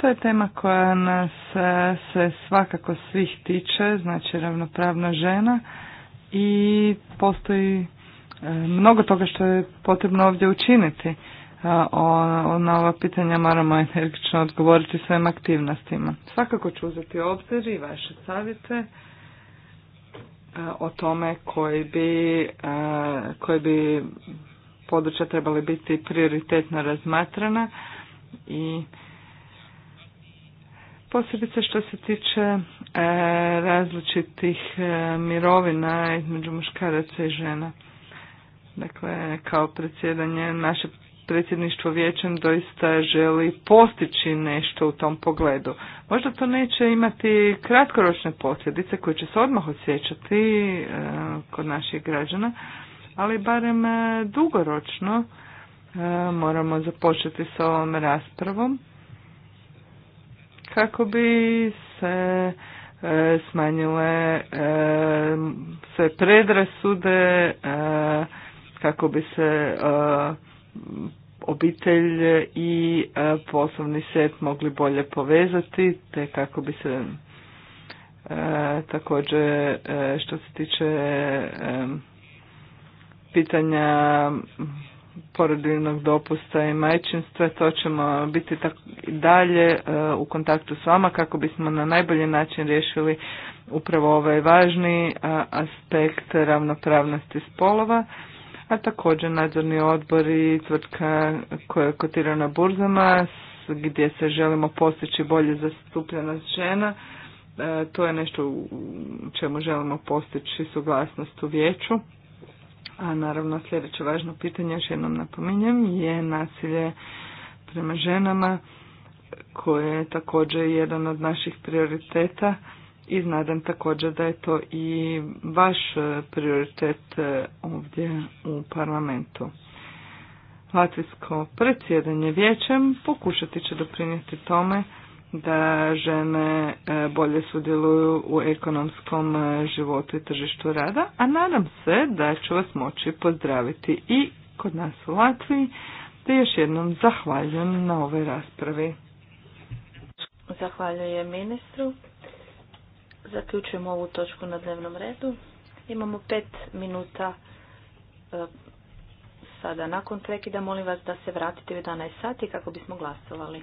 To je tema koja nas e, se svakako svih tiče, znači ravnopravna žena i postoji e, mnogo toga što je potrebno ovdje učiniti. E, o, na ova pitanja moramo energično odgovoriti svojim aktivnostima. Svakako ću uzeti obzir i vaše savjete o tome koji bi, koji bi područja trebali biti prioritetno razmatrana i posebice što se tiče e, različitih e, mirovina između muškaraca i žena. Dakle, kao predsjedanje naše predsjedništvo vijećem doista želi postići nešto u tom pogledu. Možda to neće imati kratkoročne posljedice koje će se odmah osjećati e, kod naših građana, ali barem dugoročno moramo započeti s ovom raspravom kako bi se e, smanjile e, sve predrasude, e, kako bi se obitelj i poslovni set mogli bolje povezati, te kako bi se također što se tiče pitanja porodiljnog dopusta i majčinstva. To ćemo biti tako i dalje e, u kontaktu s vama kako bismo na najbolji način riješili upravo ovaj važni e, aspekt ravnopravnosti spolova. A također nadzorni odbor i tvrtka koja je kotirana na burzama gdje se želimo postići bolje zastupljenost žena. E, to je nešto u čemu želimo postići suglasnost u vijeću a naravno sljedeće važno pitanje, još jednom napominjem, je nasilje prema ženama koje je također jedan od naših prioriteta i nadam također da je to i vaš prioritet e, ovdje u parlamentu. Latvijsko predsjedanje vijećem pokušati će doprinijeti tome da žene e, bolje sudjeluju u ekonomskom e, životu i tržištu rada, a nadam se da ću vas moći pozdraviti i kod nas u Latviji, te još jednom zahvaljujem na ovoj raspravi. Zahvaljujem ministru. Zaključujem ovu točku na dnevnom redu. Imamo pet minuta e, sada nakon prekida. Molim vas da se vratite u 11 sati kako bismo glasovali.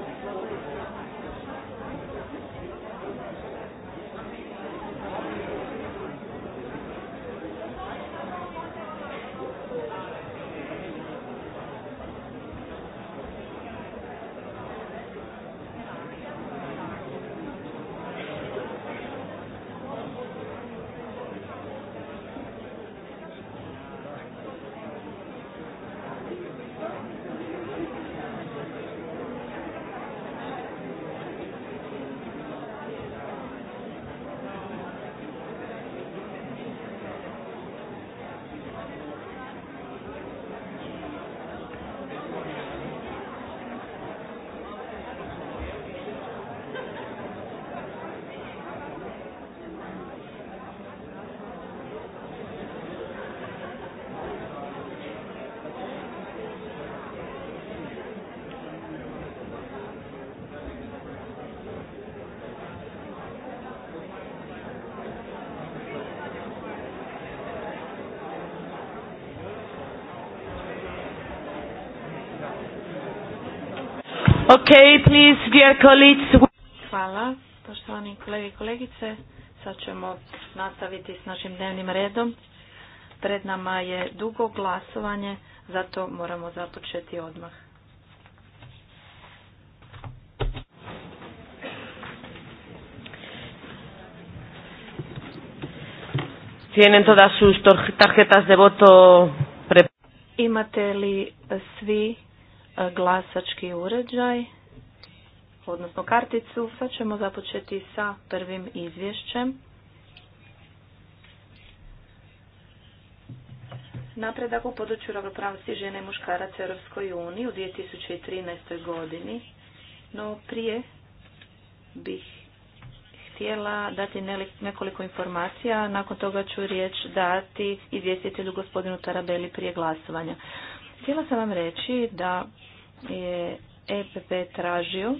hvala Okay, please, dear colleagues. Hvala, poštovani kolege i kolegice. Sad ćemo nastaviti s našim dnevnim redom. Pred nama je dugo glasovanje, zato moramo započeti odmah. Tienen todas sus tarjetas de voto. Imate li svi glasački uređaj, odnosno karticu. Sad ćemo započeti sa prvim izvješćem. Napredak u području ravnopravnosti žene i muškaraca Europskoj uniji u 2013. godini, no prije bih htjela dati nekoliko informacija, nakon toga ću riječ dati izvjestitelju gospodinu Tarabeli prije glasovanja. Htjela sam vam reći da je EPP tražio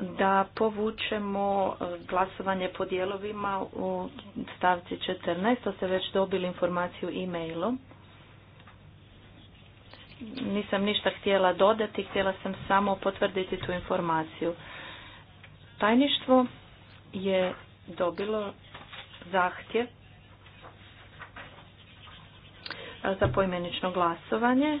da povučemo e, glasovanje po dijelovima u stavci 14. To ste već dobili informaciju e-mailom. Nisam ništa htjela dodati, htjela sam samo potvrditi tu informaciju. Tajništvo je dobilo zahtjev za poimenično glasovanje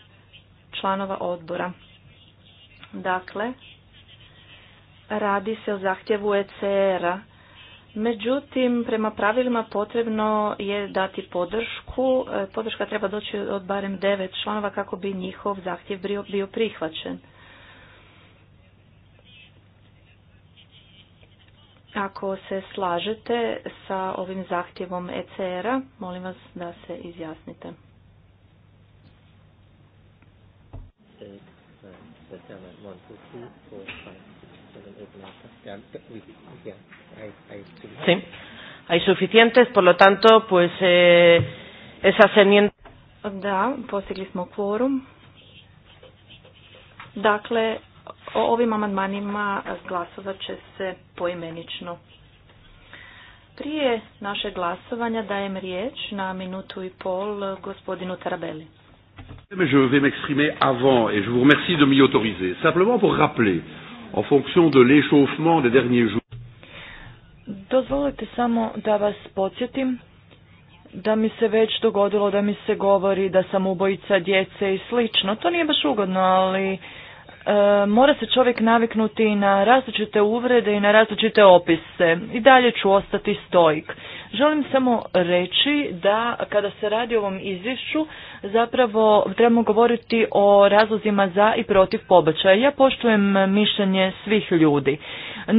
članova odbora. Dakle, radi se o zahtjevu ECR-a. Međutim, prema pravilima potrebno je dati podršku. E, podrška treba doći od barem devet članova kako bi njihov zahtjev bio prihvaćen. Ako se slažete sa ovim zahtjevom ECR-a, molim vas da se izjasnite. sí. Hay suficientes, por lo tanto, pues eh, Da, postigli smo kvorum. Dakle, o ovim amandmanima glasovat će se poimenično. Prije naše glasovanja dajem riječ na minutu i pol gospodinu Tarabeli. Mais je vais m'exprimer avant et je vous remercie de m'y autoriser. Simplement pour rappeler, en fonction de l'échauffement des derniers jours. Dozvolite samo da vas podsjetim da mi se već dogodilo da mi se govori da sam ubojica djece i slično. To nije baš ugodno, ali uh, E, mora se čovjek naviknuti na različite uvrede i na različite opise. I dalje ću ostati stojik. Želim samo reći da kada se radi o ovom izvješću zapravo trebamo govoriti o razlozima za i protiv pobačaja. Ja poštujem mišljenje svih ljudi.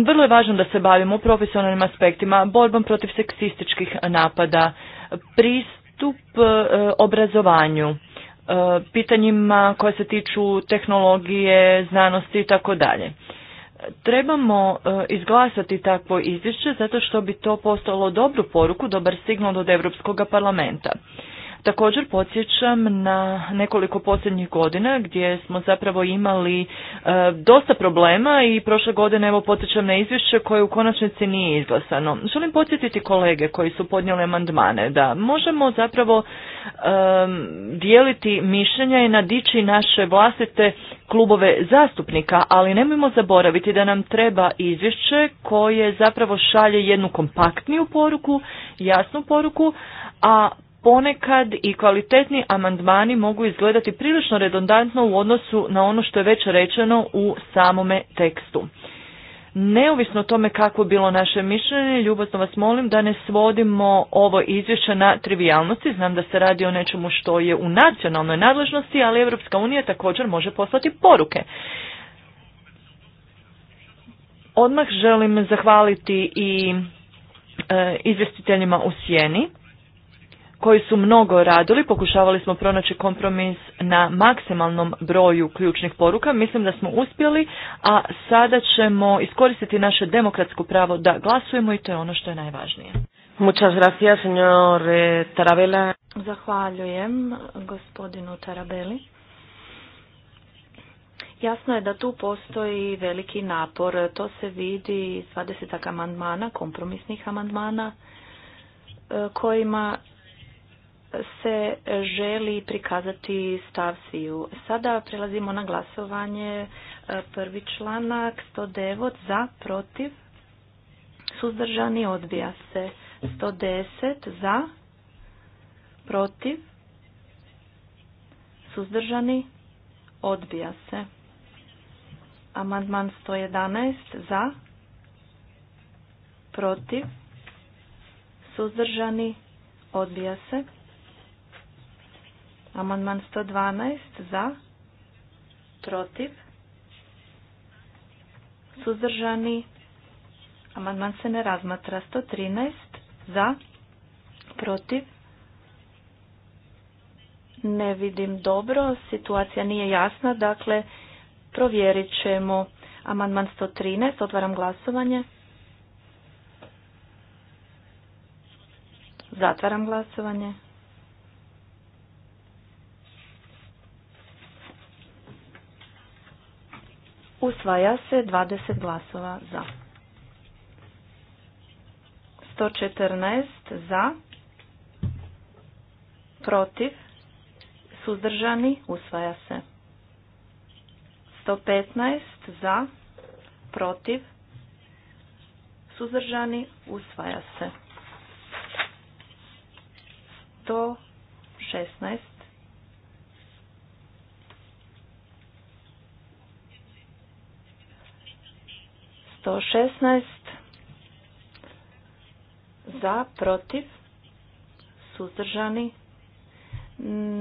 Vrlo je važno da se bavimo profesionalnim aspektima, borbom protiv seksističkih napada, pristup e, obrazovanju E, pitanjima koje se tiču tehnologije, znanosti i tako dalje. Trebamo e, izglasati takvo izvješće zato što bi to postalo dobru poruku, dobar signal od Europskog parlamenta. Također podsjećam na nekoliko posljednjih godina gdje smo zapravo imali e, dosta problema i prošle godine evo podsjećam na izvješće koje u konačnici nije izglasano. Želim podsjetiti kolege koji su podnijeli amandmane da možemo zapravo dijeliti mišljenja i nadići naše vlastite klubove zastupnika, ali nemojmo zaboraviti da nam treba izvješće koje zapravo šalje jednu kompaktniju poruku, jasnu poruku, a ponekad i kvalitetni amandmani mogu izgledati prilično redundantno u odnosu na ono što je već rečeno u samome tekstu. Neovisno o tome kako je bilo naše mišljenje, ljubazno vas molim da ne svodimo ovo izvješće na trivialnosti. Znam da se radi o nečemu što je u nacionalnoj nadležnosti, ali Europska unija također može poslati poruke. Odmah želim zahvaliti i e, izvjestiteljima u Sjeni koji su mnogo radili, pokušavali smo pronaći kompromis na maksimalnom broju ključnih poruka. Mislim da smo uspjeli, a sada ćemo iskoristiti naše demokratsko pravo da glasujemo i to je ono što je najvažnije. Muchas gracias, eh, Zahvaljujem gospodinu Tarabeli. Jasno je da tu postoji veliki napor. To se vidi iz 20 amandmana, kompromisnih amandmana, eh, kojima se želi prikazati stav Sada prelazimo na glasovanje. E, prvi članak 109 za, protiv, suzdržani, odbija se. 110 za, protiv, suzdržani, odbija se. Amandman 111 za, protiv, suzdržani, odbija se. Amandman 112 za, protiv, suzdržani, amandman se ne razmatra. 113 za, protiv, ne vidim dobro, situacija nije jasna, dakle provjerit ćemo amandman 113, otvaram glasovanje. Zatvaram glasovanje. usvaja se 20 glasova za. 114 za, protiv, suzdržani, usvaja se. 115 za, protiv, suzdržani, usvaja se. 116 116 za, protiv, suzdržani.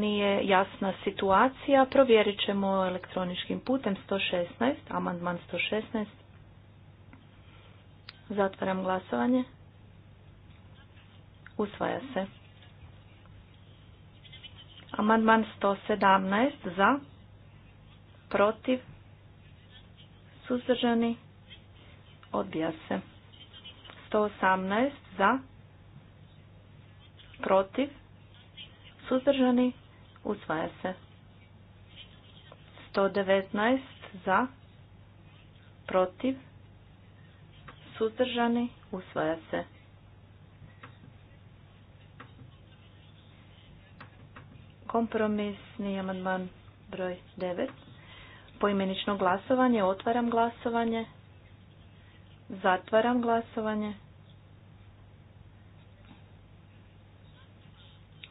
Nije jasna situacija. Provjerit ćemo elektroničkim putem 116, amandman 116. Zatvaram glasovanje. Usvaja se. Amandman 117 za, protiv, suzdržani. Odbija se. 118 za. Protiv. Suzdržani. Usvaja se. 119 za. Protiv. Suzdržani. Usvaja se. Kompromisni amandman broj 9. Poimenično glasovanje. Otvaram glasovanje. Zatvaram glasovanje.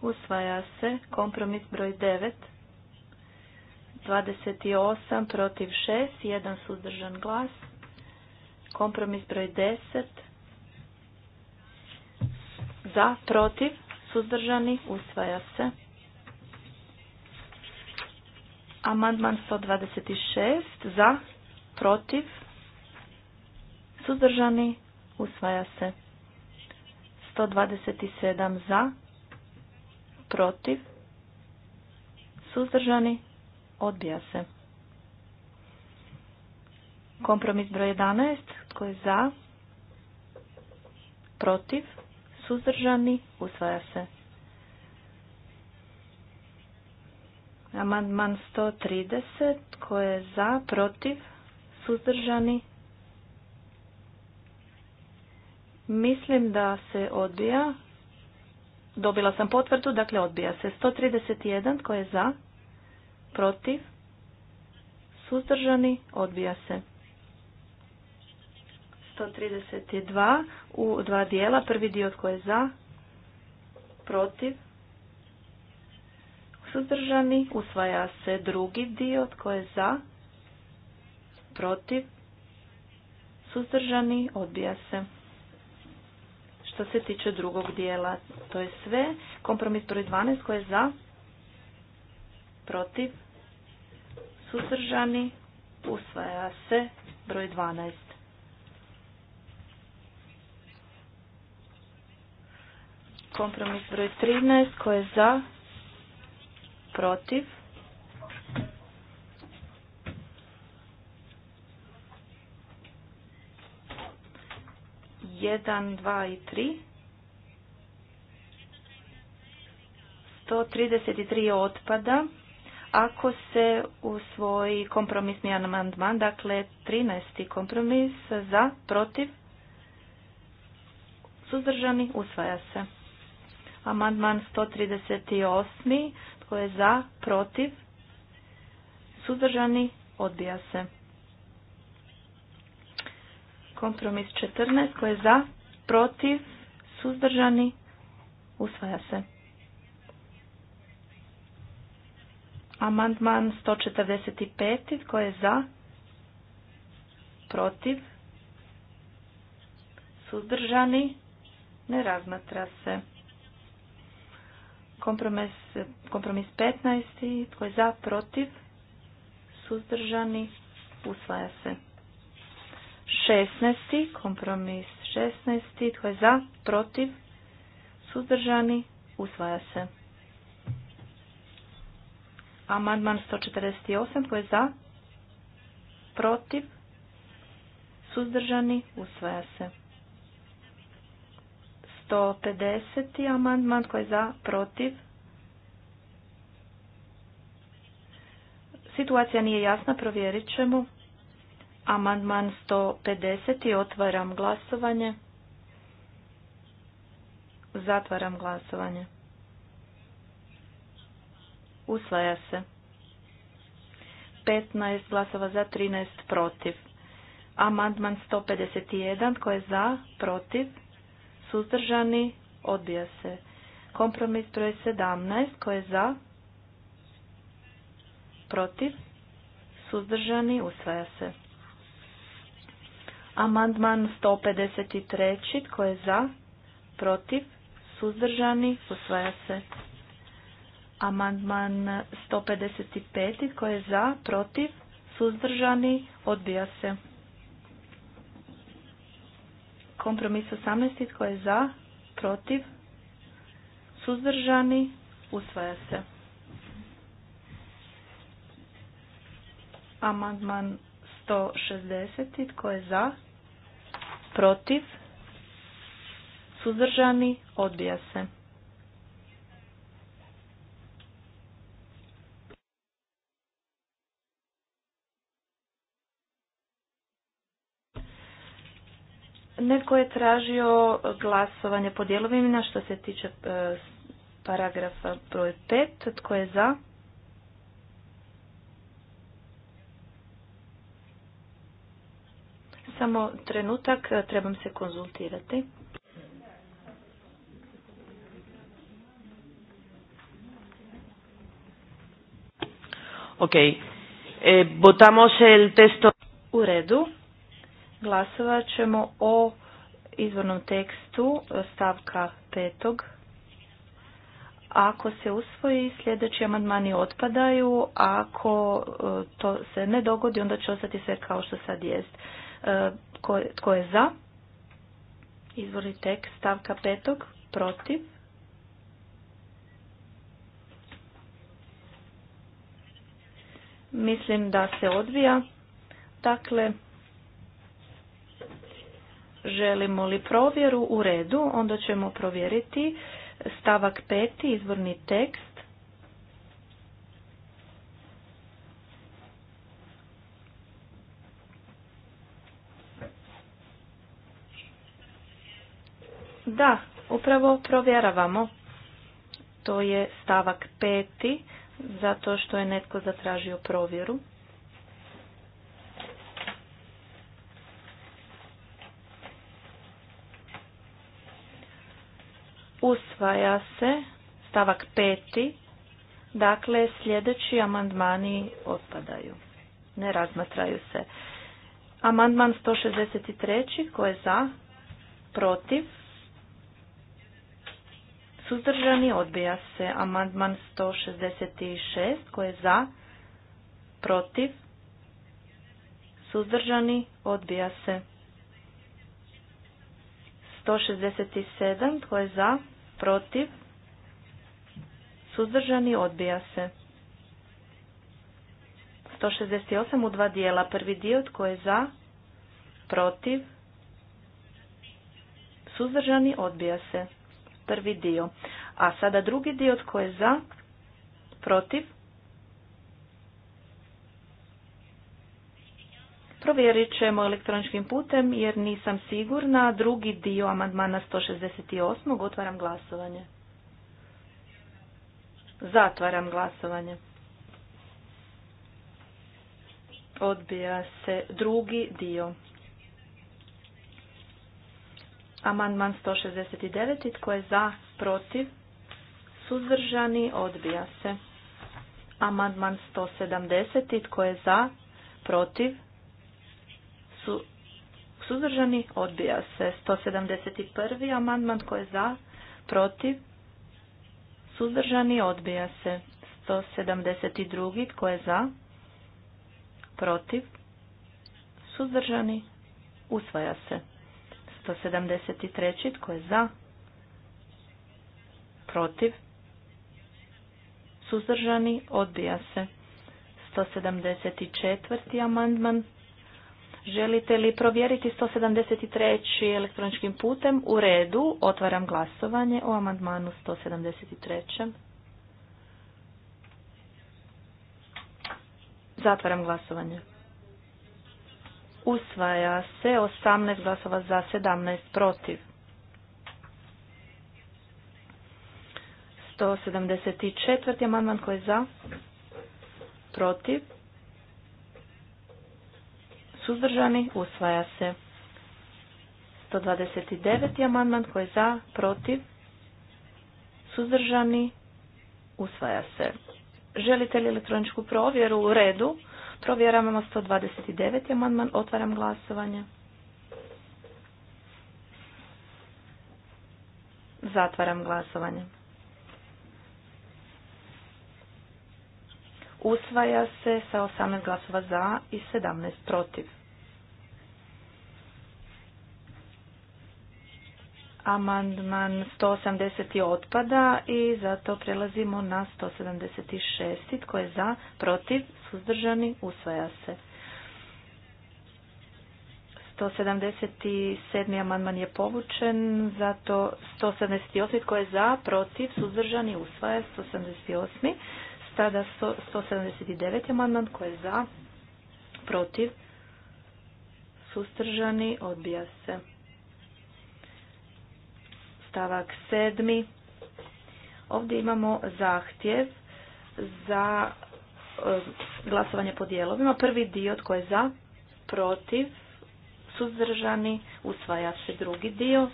Usvaja se kompromis broj 9. 28 protiv 6, jedan suzdržan glas. Kompromis broj 10. Za, protiv, suzdržani, usvaja se. Amandman 126 za, protiv, suzdržani, usvaja se. 127 za, protiv, suzdržani, odbija se. Kompromis broj 11, tko je za, protiv, suzdržani, usvaja se. Amandman 130, tko je za, protiv, suzdržani, Mislim da se odbija. Dobila sam potvrdu, dakle odbija se. 131, tko je za? Protiv? Suzdržani? Odbija se. 132 u dva dijela. Prvi dio tko je za? Protiv? Suzdržani? Usvaja se drugi dio tko je za? Protiv? Suzdržani? Odbija se. Što se tiče drugog dijela, to je sve. Kompromis broj 12 koji je za, protiv, suzdržani, usvaja se broj 12. Kompromis broj 13 koji je za, protiv, 1, 2 i 3. 133 otpada ako se u svoj kompromisni amandman, dakle 13. kompromis za, protiv, suzdržani, usvaja se. Amandman 138. tko je za, protiv, suzdržani, odbija se. Kompromis 14 koji je za, protiv, suzdržani, usvaja se. Amandman 145 koji je za, protiv, suzdržani, ne razmatra se. Kompromis, kompromis 15. koji je za, protiv, suzdržani, usvaja se. 16. Kompromis 16. Tko je za? Protiv? Suzdržani? Usvaja se. Amandman 148. Tko je za? Protiv? Suzdržani? Usvaja se. 150. amandman tko je za, protiv. Situacija nije jasna, provjerit ćemo. Amandman 150. Otvaram glasovanje. Zatvaram glasovanje. Usvaja se. 15 glasova za, 13 protiv. Amandman 151. Tko je za, protiv, suzdržani, odbija se. Kompromis broj 17. Tko je za, protiv, suzdržani, usvaja se. Amandman 153. Tko je za? Protiv? Suzdržani? Usvaja se. Amandman 155. Tko je za? Protiv? Suzdržani? Odbija se. Kompromis 18. Tko je za? Protiv? Suzdržani? Usvaja se. Amandman 160. Tko je za? Protiv? Suzdržani? Odbija se. Netko je tražio glasovanje po dijelovima što se tiče e, paragrafa broj 5. Tko je za? Samo trenutak, trebam se konzultirati. Ok, e, el testo. U redu, glasovat ćemo o izvornom tekstu stavka petog. Ako se usvoji, sljedeći amandmani otpadaju, ako eh, to se ne dogodi, onda će ostati sve kao što sad jest. E, tko je za? Izvorni tekst stavka petog. Protiv? Mislim da se odvija. Dakle, želimo li provjeru u redu, onda ćemo provjeriti stavak peti, izvorni tekst. Da, upravo provjeravamo. To je stavak peti, zato što je netko zatražio provjeru. Usvaja se stavak peti, dakle sljedeći amandmani otpadaju, ne razmatraju se. Amandman 163. Ko je za? Protiv? suzdržani, odbija se amandman 166 koji je za, protiv, suzdržani, odbija se 167 tko je za, protiv, suzdržani, odbija se 168 u dva dijela, prvi dio tko je za, protiv, suzdržani, odbija se prvi dio. A sada drugi dio tko je za, protiv. Provjerit ćemo elektroničkim putem jer nisam sigurna. Drugi dio amandmana 168. Otvaram glasovanje. Zatvaram glasovanje. Odbija se drugi dio. Amandman 169. Tko je za, protiv, suzdržani, odbija se. Amandman 170. Tko je za, protiv, su, suzdržani, odbija se. 171. Amandman tko je za, protiv, suzdržani, odbija se. 172. Tko je za, protiv, suzdržani, usvaja se. 173. Tko je za? Protiv? Suzdržani? Odbija se. 174. amandman. Želite li provjeriti 173. elektroničkim putem? U redu. Otvaram glasovanje o amandmanu 173. Zatvaram glasovanje usvaja se 18 glasova za 17 protiv. 174. amandman koji je za, protiv, suzdržani, usvaja se. 129. amandman koji je za, protiv, suzdržani, usvaja se. Želite li elektroničku provjeru u redu? Provjeravamo 129. amandman. Otvaram glasovanje. Zatvaram glasovanje. Usvaja se sa 18 glasova za i 17 protiv. Amandman 180. otpada i zato prelazimo na 176. Tko je za, protiv, suzdržani, usvaja se. 177. amandman je povučen, zato 178. tko je za, protiv, suzdržani, usvaja 178. Stada 179. amandman tko je za, protiv, suzdržani, odbija se stavak sedmi. Ovdje imamo zahtjev za eh, glasovanje po dijelovima. Prvi dio tko je za, protiv, suzdržani, usvaja se drugi dio.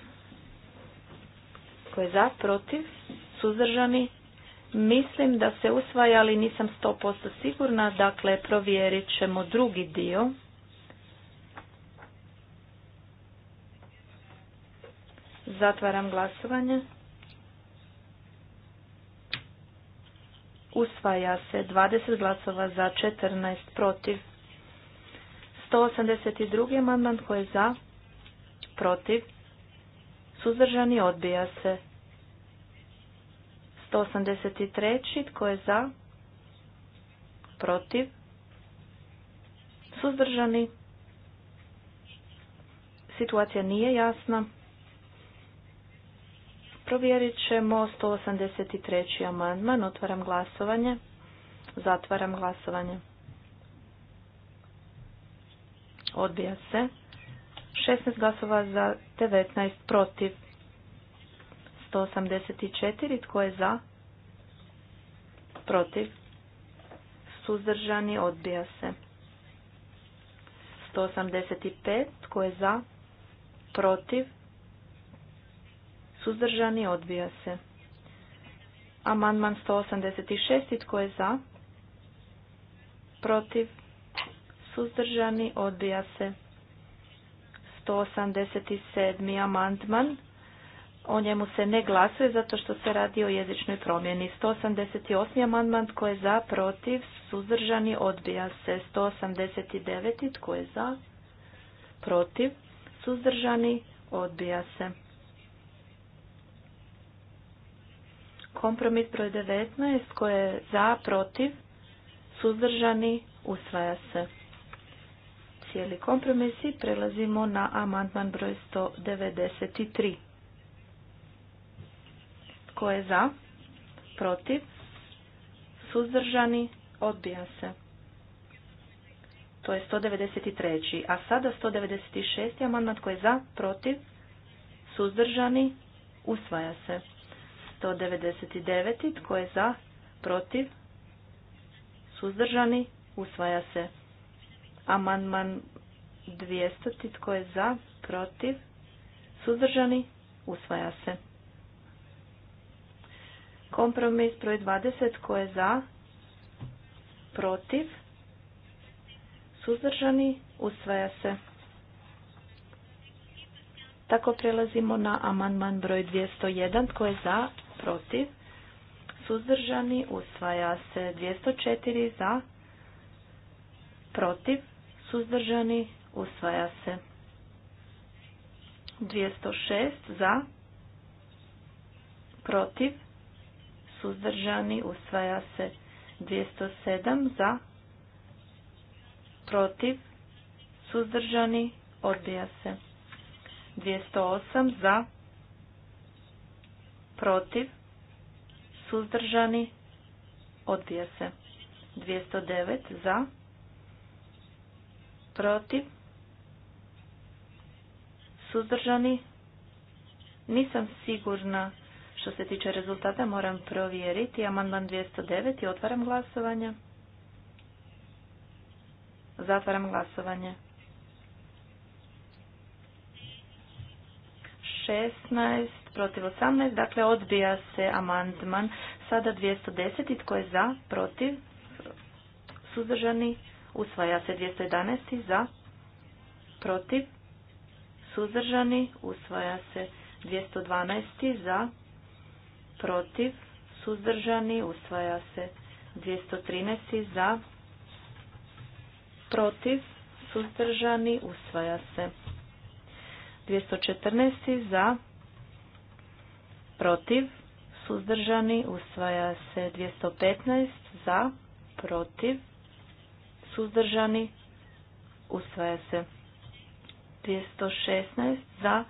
Tko je za, protiv, suzdržani, mislim da se usvaja, ali nisam 100% sigurna, dakle provjerit ćemo drugi dio. Zatvaram glasovanje. Usvaja se 20 glasova za 14 protiv. 182. amandman koji je za, protiv, suzdržani odbija se. 183. tko je za, protiv, suzdržani, situacija nije jasna. Provjerit ćemo 183. amandman. Otvaram glasovanje. Zatvaram glasovanje. Odbija se. 16 glasova za, 19 protiv. 184. Tko je za? Protiv. Suzdržani. Odbija se. 185. Tko je za? Protiv. Suzdržani odbija se. Amandman 186. I tko je za? Protiv. Suzdržani odbija se. 187. amandman. O njemu se ne glasuje zato što se radi o jezičnoj promjeni. 188. amandman tko je za, protiv, suzdržani, odbija se. 189. tko je za, protiv, suzdržani, odbija se. Kompromis broj 19 koje je za, protiv, suzdržani, usvaja se. Cijeli kompromis i prelazimo na amandman broj 193. Tko je za, protiv, suzdržani, odbija se. To je 193. A sada 196. amandman tko je za, protiv, suzdržani, usvaja se. 199. Tko je za? Protiv? Suzdržani? Usvaja se. Amandman 200. Tko je za? Protiv? Suzdržani? Usvaja se. Kompromis broj 20. Tko je za? Protiv? Suzdržani? Usvaja se. Tako prelazimo na amandman broj 201. Tko je za? protiv, suzdržani, usvaja se 204 za, protiv, suzdržani, usvaja se 206 za, protiv, suzdržani, usvaja se 207 za, protiv, suzdržani, odbija se 208 za, protiv, suzdržani, odbija se. 209 za, protiv, suzdržani, nisam sigurna što se tiče rezultata, moram provjeriti. Amandman 209 i otvaram glasovanje. Zatvaram glasovanje. 16 protiv 18, dakle odbija se amandman sada 210 i tko je za, protiv, suzdržani, usvaja se 211 za, protiv, suzdržani, usvaja se 212 za, protiv, suzdržani, usvaja se 213 za, protiv, suzdržani, usvaja se. 214 za, protiv, suzdržani, usvaja se 215 za, protiv, suzdržani, usvaja se 216 za,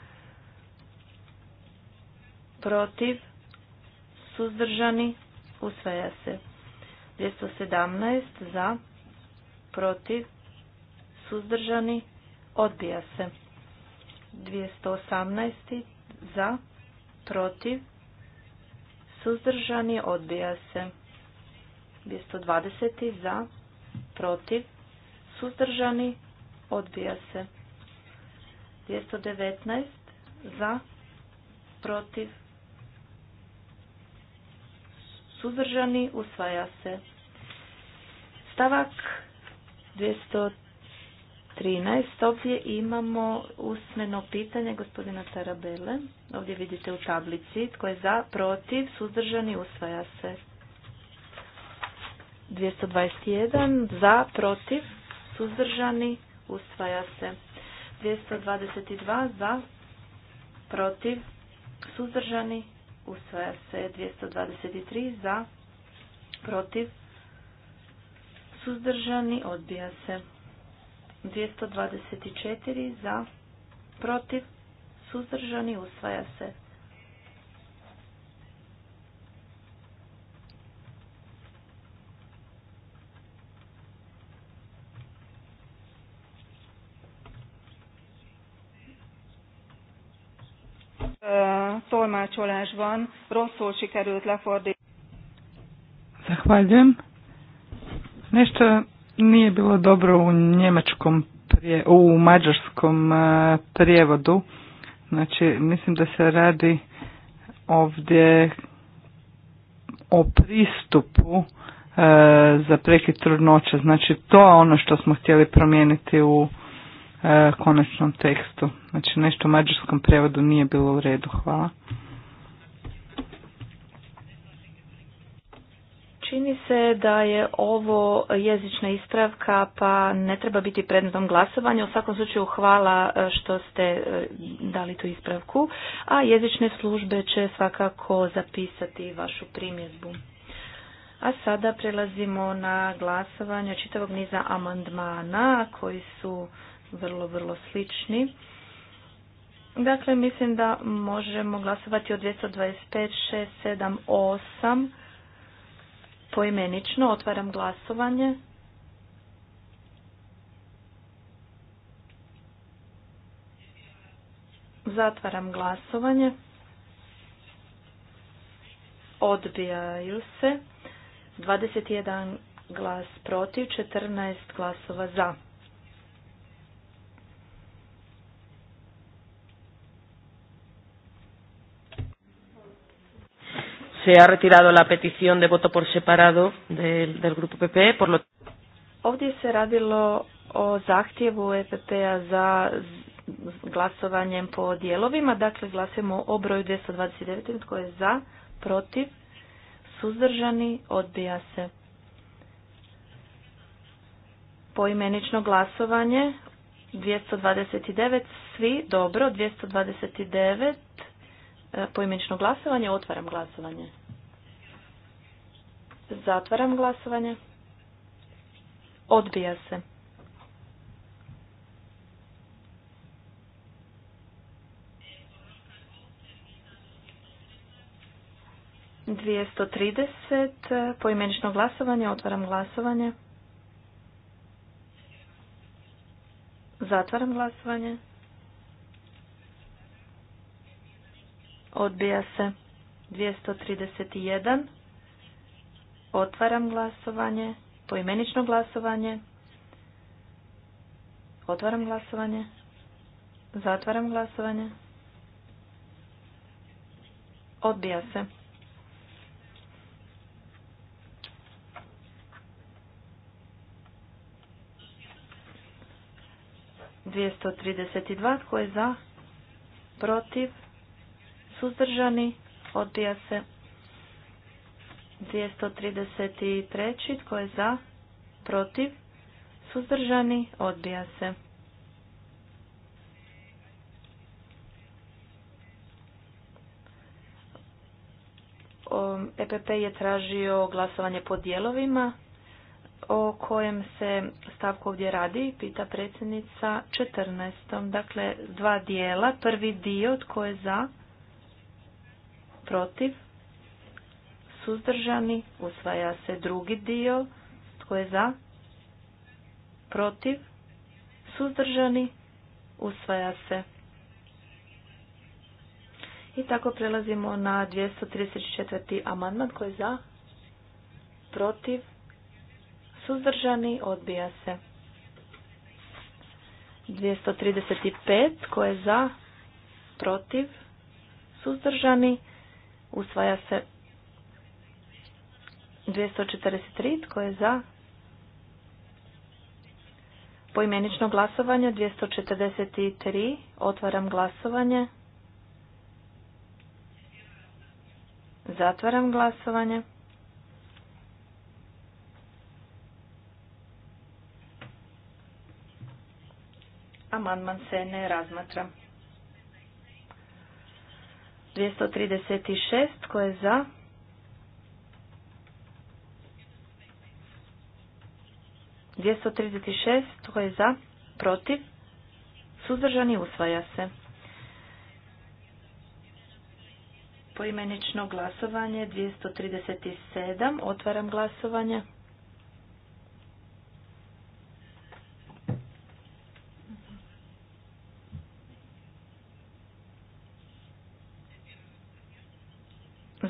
protiv, suzdržani, usvaja se 217 za, protiv, suzdržani, odbija se 218 za, protiv, suzdržani, odbija se. 220. za, protiv, suzdržani, odbija se. 219. za, protiv, suzdržani, usvaja se. Stavak 200 13. Ovdje imamo usmeno pitanje gospodina Tarabele. Ovdje vidite u tablici tko je za, protiv, suzdržani, usvaja se. 221. Za, protiv, suzdržani, usvaja se. 222. Za, protiv, suzdržani, usvaja se. 223. Za, protiv, suzdržani, odbija se. 224 za, protiv, suzdržani, usvaja se. tolmácsolásban rosszul sikerült lefordítani. Zahvaljujem. Nešto nije bilo dobro u njemačkom prije, u mađarskom e, prijevodu. Znači, mislim da se radi ovdje o pristupu e, za prekid trudnoća, Znači, to je ono što smo htjeli promijeniti u e, konačnom tekstu. Znači, nešto u mađarskom prijevodu nije bilo u redu. Hvala. Čini se da je ovo jezična ispravka pa ne treba biti predmetom glasovanja. U svakom slučaju hvala e, što ste e, dali tu ispravku, a jezične službe će svakako zapisati vašu primjedbu. A sada prelazimo na glasovanje čitavog niza amandmana koji su vrlo, vrlo slični. Dakle, mislim da možemo glasovati od 225, 6, 7, 8 Poimenično otvaram glasovanje. Zatvaram glasovanje. Odbijaju se. 21 glas protiv, 14 glasova za. se ha retirado la petición de voto por separado del, del grupo PP. E, por lo... Ovdje se radilo o zahtjevu EPP-a za glasovanjem po dijelovima. Dakle, glasujemo o broju 229. Tko je za, protiv, suzdržani, odbija se. Poimenično glasovanje 229. Svi, dobro, 229. E, poimenično glasovanje, otvaram glasovanje. Zatvaram glasovanje. Odbija se. Dvijesto trideset, e, poimenično glasovanje, otvaram glasovanje. Zatvaram glasovanje. Odbija se. 231. Otvaram glasovanje. Poimenično glasovanje. Otvaram glasovanje. Zatvaram glasovanje. Odbija se. Dvijesto trideset dva tko je za protiv suzdržani, odbija se 233. Tko je za? Protiv? Suzdržani? Odbija se. EPP je tražio glasovanje po dijelovima. O kojem se stavku ovdje radi, pita predsjednica 14. Dakle, dva dijela. Prvi dio, tko je za? protiv, suzdržani, usvaja se drugi dio, tko je za, protiv, suzdržani, usvaja se. I tako prelazimo na 234. amandman koji je za, protiv, suzdržani, odbija se. 235 koje je za, protiv, suzdržani, Usvaja se 243. Tko je za? Poimenično glasovanje 243. Otvaram glasovanje. Zatvaram glasovanje. Amandman se ne razmatra. 236. Tko je za? Dvjesto trideset tko je za protiv suzdržani usvaja se poimenično glasovanje 237 otvaram glasovanje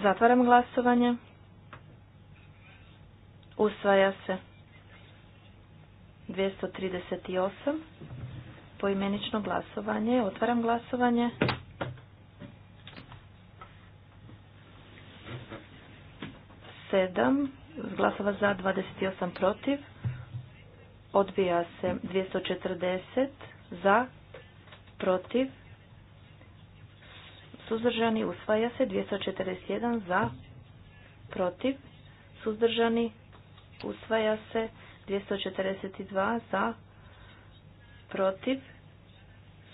Zatvaram glasovanje. Usvaja se. 238. Poimenično glasovanje. Otvaram glasovanje. Sedam. Glasova za 28 protiv. Odbija se 240 za protiv suzdržani, usvaja se. 241 za, protiv, suzdržani, usvaja se. 242 za, protiv,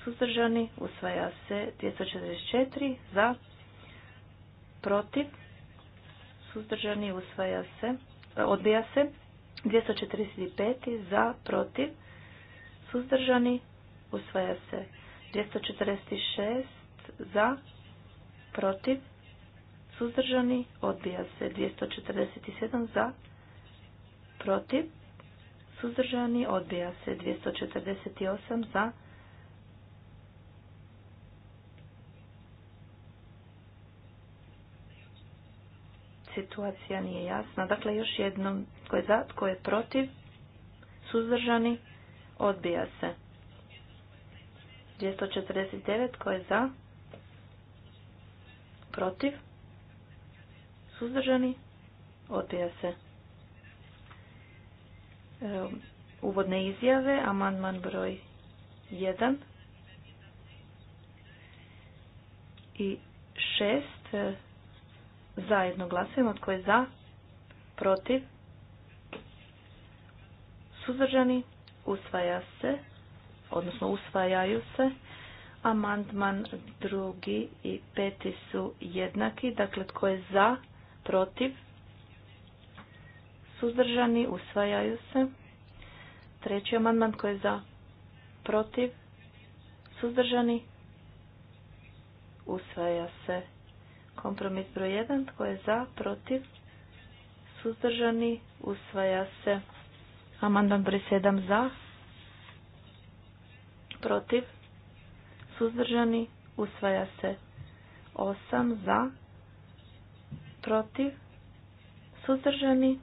suzdržani, usvaja se. 244 za, protiv, suzdržani, usvaja se, e, odbija se. 245 za, protiv, suzdržani, usvaja se. 246 za, protiv, suzdržani, odbija se 247 za, protiv, suzdržani, odbija se 248 za, situacija nije jasna. Dakle, još jednom, tko je za, tko je protiv, suzdržani, odbija se. 249, tko je za, protiv, suzdržani, odbija se. E, uvodne izjave, amandman broj 1 i 6 e, zajedno glasujemo tko je za, protiv, suzdržani, usvaja se, odnosno usvajaju se. Amandman drugi i peti su jednaki. Dakle, tko je za, protiv, suzdržani, usvajaju se. Treći amandman tko je za, protiv, suzdržani, usvaja se. Kompromis broj 1. Tko je za, protiv, suzdržani, usvaja se. Amandman broj 7 za, protiv, suzdržani, usvaja se 8 za, protiv, suzdržani,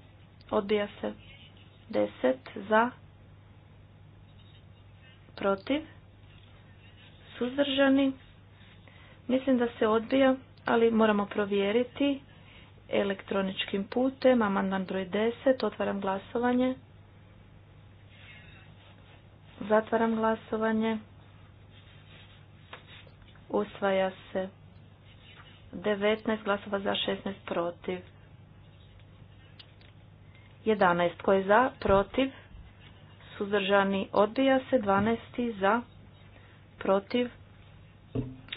odbija se 10 za, protiv, suzdržani, mislim da se odbija, ali moramo provjeriti elektroničkim putem, amandman broj 10, otvaram glasovanje. Zatvaram glasovanje. Usvaja se. 19 glasova za, 16 protiv. 11 tko za, protiv. Suzdržani odbija se. 12 za, protiv.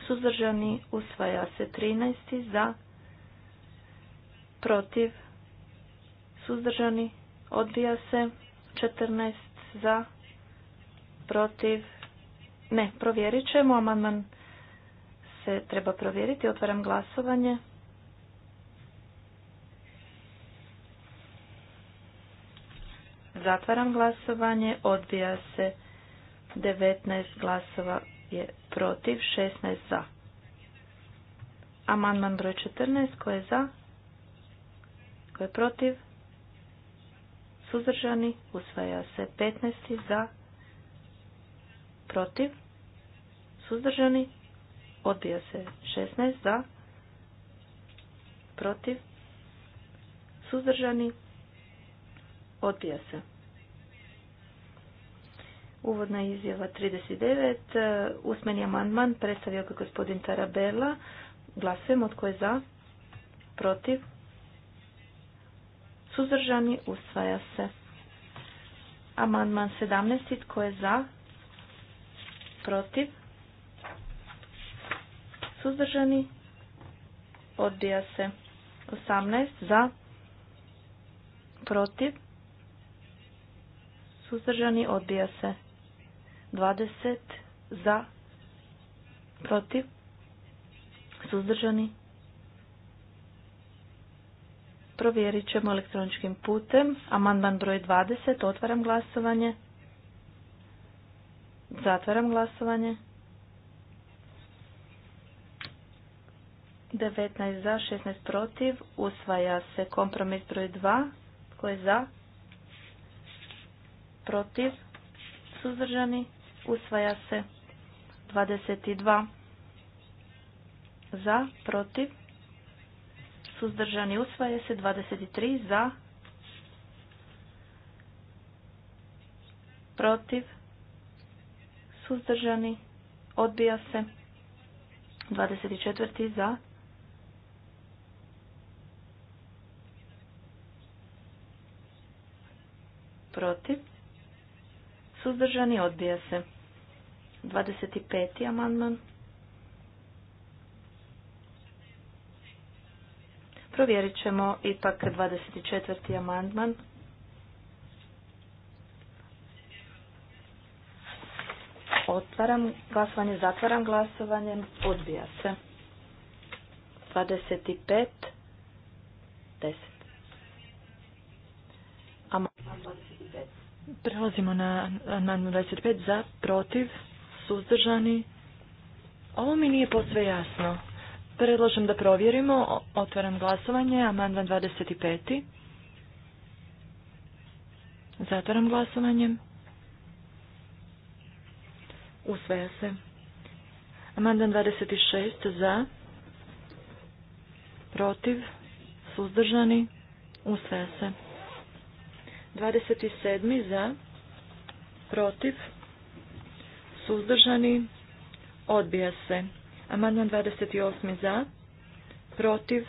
Suzdržani usvaja se. 13 za, protiv. Suzdržani odbija se. 14 za, protiv. Ne, provjerit ćemo amandman se treba provjeriti. Otvaram glasovanje. Zatvaram glasovanje. Odbija se 19 glasova je protiv, 16 za. Amandman broj 14. Ko je za? Ko je protiv? Suzdržani. Usvaja se 15. za. Protiv. Suzdržani. Odbija se 16 za. Protiv. Suzdržani. Odbija se. Uvodna izjava 39. Usmeni amandman predstavio ga gospodin Tarabela. Glasujemo od koje za. Protiv. Suzdržani. Usvaja se. Amandman 17. Tko je za? Protiv suzdržani, odbija se. 18 za, protiv, suzdržani, odbija se. 20 za, protiv, suzdržani. Provjerit ćemo elektroničkim putem. Amandman broj 20. Otvaram glasovanje. Zatvaram glasovanje. 19 za, 16 protiv. Usvaja se kompromis broj 2. Tko je za? Protiv. Suzdržani. Usvaja se 22 za, protiv. Suzdržani. Usvaja se 23 za, protiv. Suzdržani. Odbija se 24 za, protiv protiv, suzdržani, odbija se. 25. amandman. Provjerit ćemo ipak 24. amandman. Otvaram glasovanje, zatvaram glasovanje, odbija se. 25, 10. Amandman Prelazimo na amandman 25 za, protiv, suzdržani. Ovo mi nije posve jasno. Predlažem da provjerimo. Otvaram glasovanje. Amandman 25. Zatvaram glasovanje. Usvaja se. Amandman 26 za, protiv, suzdržani. Usvaja se. 27. za, protiv, suzdržani, odbija se. Amandman 28. za, protiv,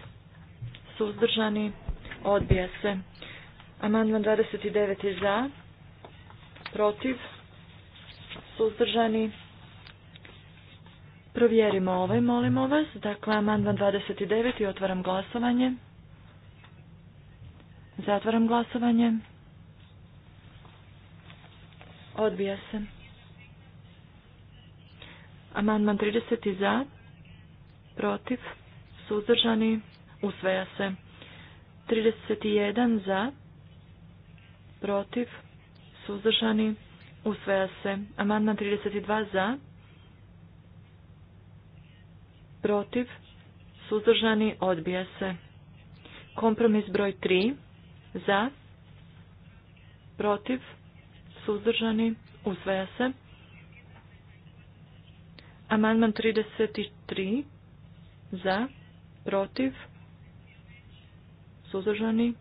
suzdržani, odbija se. Amandman 29. za, protiv, suzdržani, Provjerimo ovaj, molimo vas. Dakle, amandman 29. otvaram glasovanje. Zatvaram glasovanje. Odbija se. Amandman 30. za. Protiv. Suzdržani. Usvaja se. 31 za. Protiv. Suzdržani. Usvaja se. Amandman 32 za. Protiv. Suzdržani. Odbija se. Kompromis broj 3. Za. Protiv suzdržani, usvaja se. Amandman 33 za, protiv, suzdržani.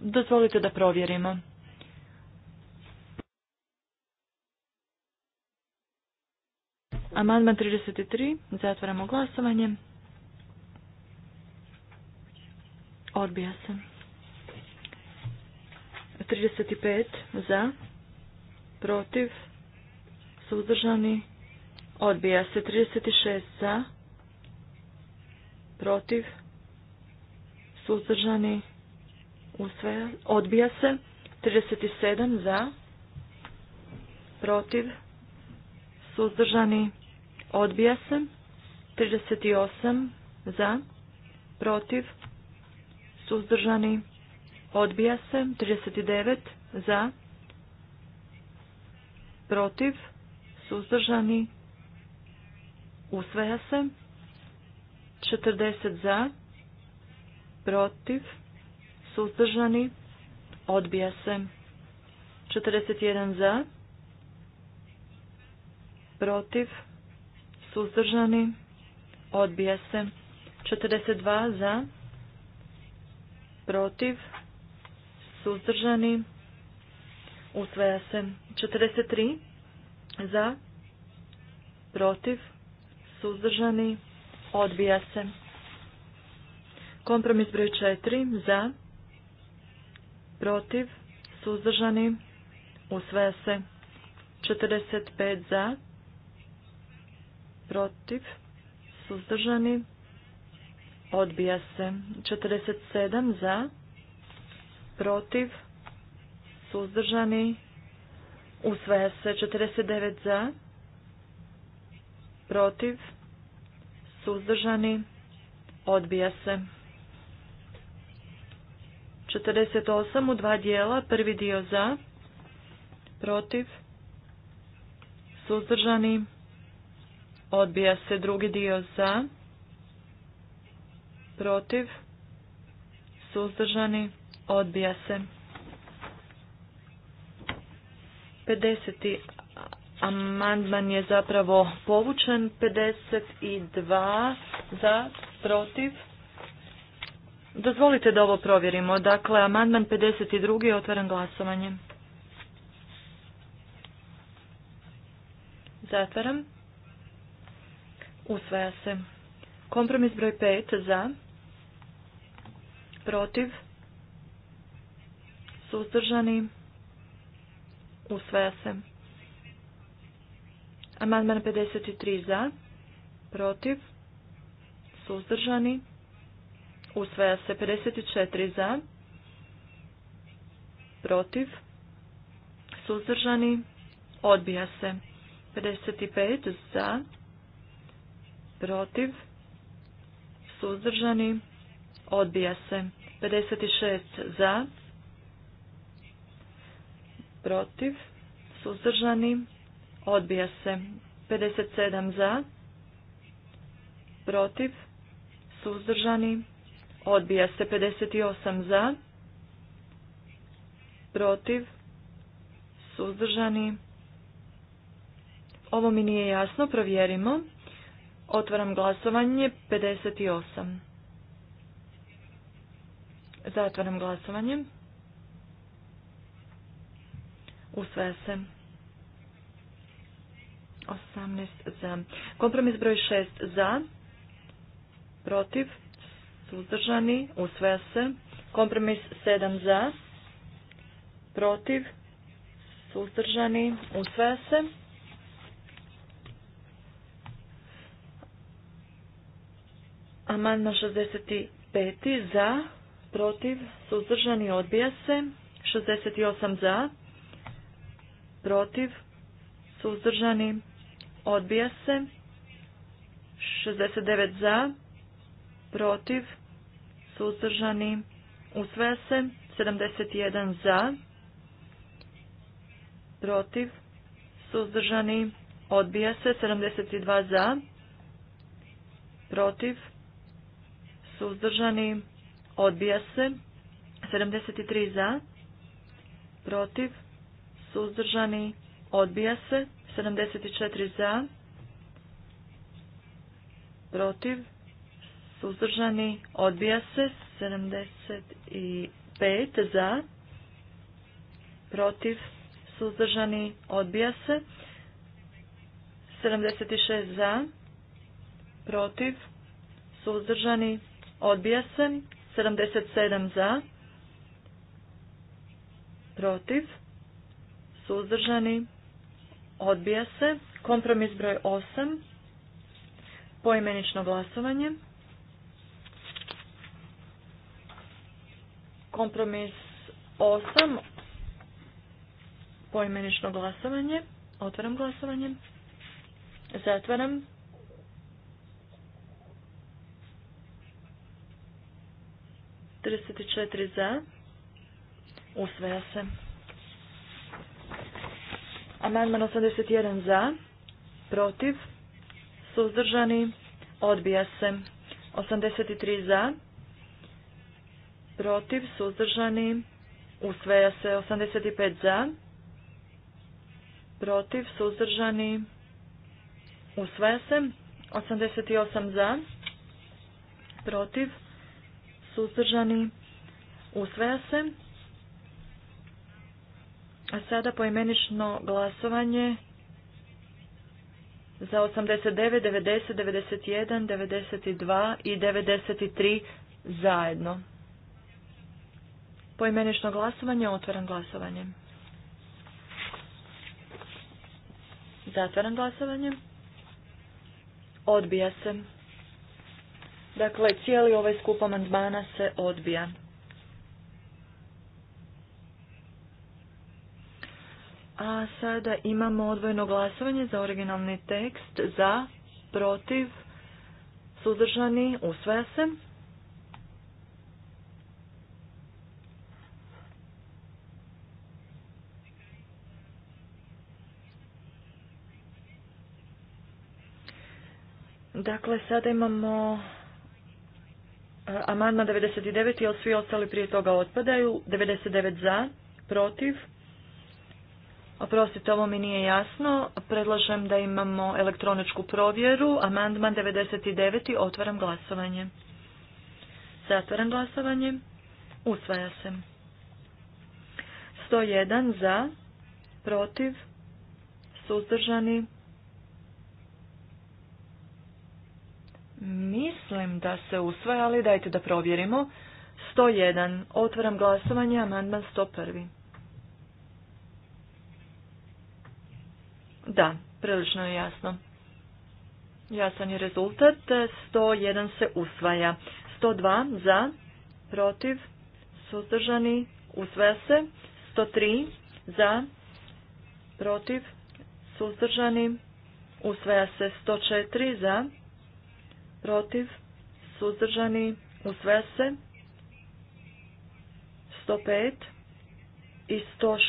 Dozvolite da provjerimo. Amandman 33. Zatvaramo glasovanje. Odbija se. 35 za, protiv, suzdržani, odbija se 36 za, protiv, suzdržani, odbija se 37 za, protiv, suzdržani, odbija se 38 za, protiv, suzdržani, odbija se Odbija se. 39 za. Protiv. Suzdržani. Usvaja se. 40 za. Protiv. Suzdržani. Odbija se. 41 za. Protiv. Suzdržani. Odbija se. 42 za. Protiv suzdržani, usvaja se. 43 za, protiv, suzdržani, odbija se. Kompromis broj 4 za, protiv, suzdržani, usvaja se. 45 za, protiv, suzdržani, odbija se. 47 za, protiv, suzdržani, usvaja se 49 za, protiv, suzdržani, odbija se. 48 u dva dijela, prvi dio za, protiv, suzdržani, odbija se drugi dio za, protiv, suzdržani, Odbija se. 50. amandman je zapravo povučen. 52 za, protiv. Dozvolite da ovo provjerimo. Dakle, amandman 52. je otvoren glasovanje. Zatvaram. Usvaja se. Kompromis broj 5 za, protiv suzdržani, usvaja se. Amandman 53 za, protiv, suzdržani, usvaja se. 54 za, protiv, suzdržani, odbija se. 55 za, protiv, suzdržani, odbija se. 56 za, protiv, suzdržani, odbija se. 57 za, protiv, suzdržani, odbija se. 58 za, protiv, suzdržani. Ovo mi nije jasno, provjerimo. Otvaram glasovanje 58. Zatvaram glasovanje. Usvaja se. 18 za. Kompromis broj 6 za. Protiv. Suzdržani. Usvaja se. Kompromis 7 za. Protiv. Suzdržani. Usvaja se. Amandman 65 za. Protiv. Suzdržani. Odbija se. 68 za protiv, suzdržani, odbija se. 69 za, protiv, suzdržani, usvaja se. 71 za, protiv, suzdržani, odbija se. 72 za, protiv, suzdržani, odbija se. 73 za, protiv, suzdržani, odbija se. 74 za, protiv, suzdržani, odbija se. 75 za, protiv, suzdržani, odbija se. 76 za, protiv, suzdržani, odbija se. 77 za, protiv, suzdržani, odbija se. Kompromis broj 8, poimenično glasovanje. Kompromis 8, poimenično glasovanje. Otvaram glasovanje. Zatvaram. Trideset četiri za. Usvaja se. Amandman 81 za, protiv, suzdržani, odbija se. 83 za, protiv, suzdržani, usvaja se. 85 za, protiv, suzdržani, usvaja se. 88 za, protiv, suzdržani, usvaja se. A sada poimenično glasovanje za 89, 90, 91, 92 i 93 zajedno. Poimenično glasovanje, otvaram glasovanje. Zatvaram glasovanje. Odbija se. Dakle, cijeli ovaj skup amandmana se odbija. A sada imamo odvojeno glasovanje za originalni tekst za, protiv, suzdržani, usvaja se. Dakle, sada imamo eh, amandman 99 jer svi ostali prije toga otpadaju. 99 za, protiv, Oprostite, ovo mi nije jasno. Predlažem da imamo elektroničku provjeru. Amandman 99. Otvaram glasovanje. Zatvaram glasovanje. Usvaja se. 101 za, protiv, suzdržani. Mislim da se usvaja, ali dajte da provjerimo. 101. Otvaram glasovanje, amandman 101. Da, prilično je jasno. Jasan je rezultat. 101 se usvaja. 102 za, protiv, suzdržani, usvaja se. 103 za, protiv, suzdržani, usvaja se. 104 za, protiv, suzdržani, usvaja se. 105 i 106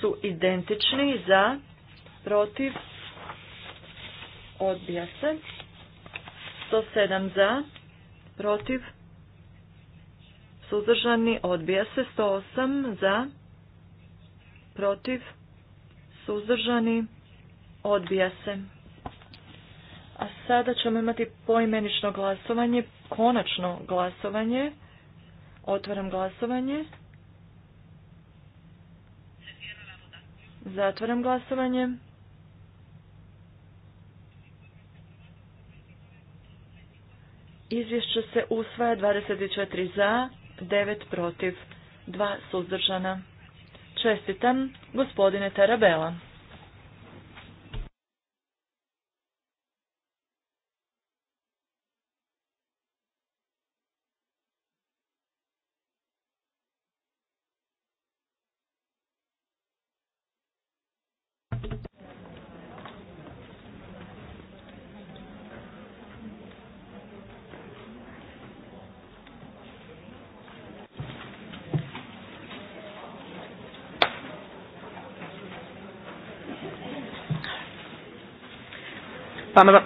su identični za, protiv, odbija se. 107 za, protiv, suzdržani, odbija se. 108 za, protiv, suzdržani, odbija se. A sada ćemo imati poimenično glasovanje, konačno glasovanje. Otvaram glasovanje. Zatvaram glasovanje. Izvješće se usvaja 24 za, 9 protiv, 2 suzdržana. Čestitam, gospodine Tarabela.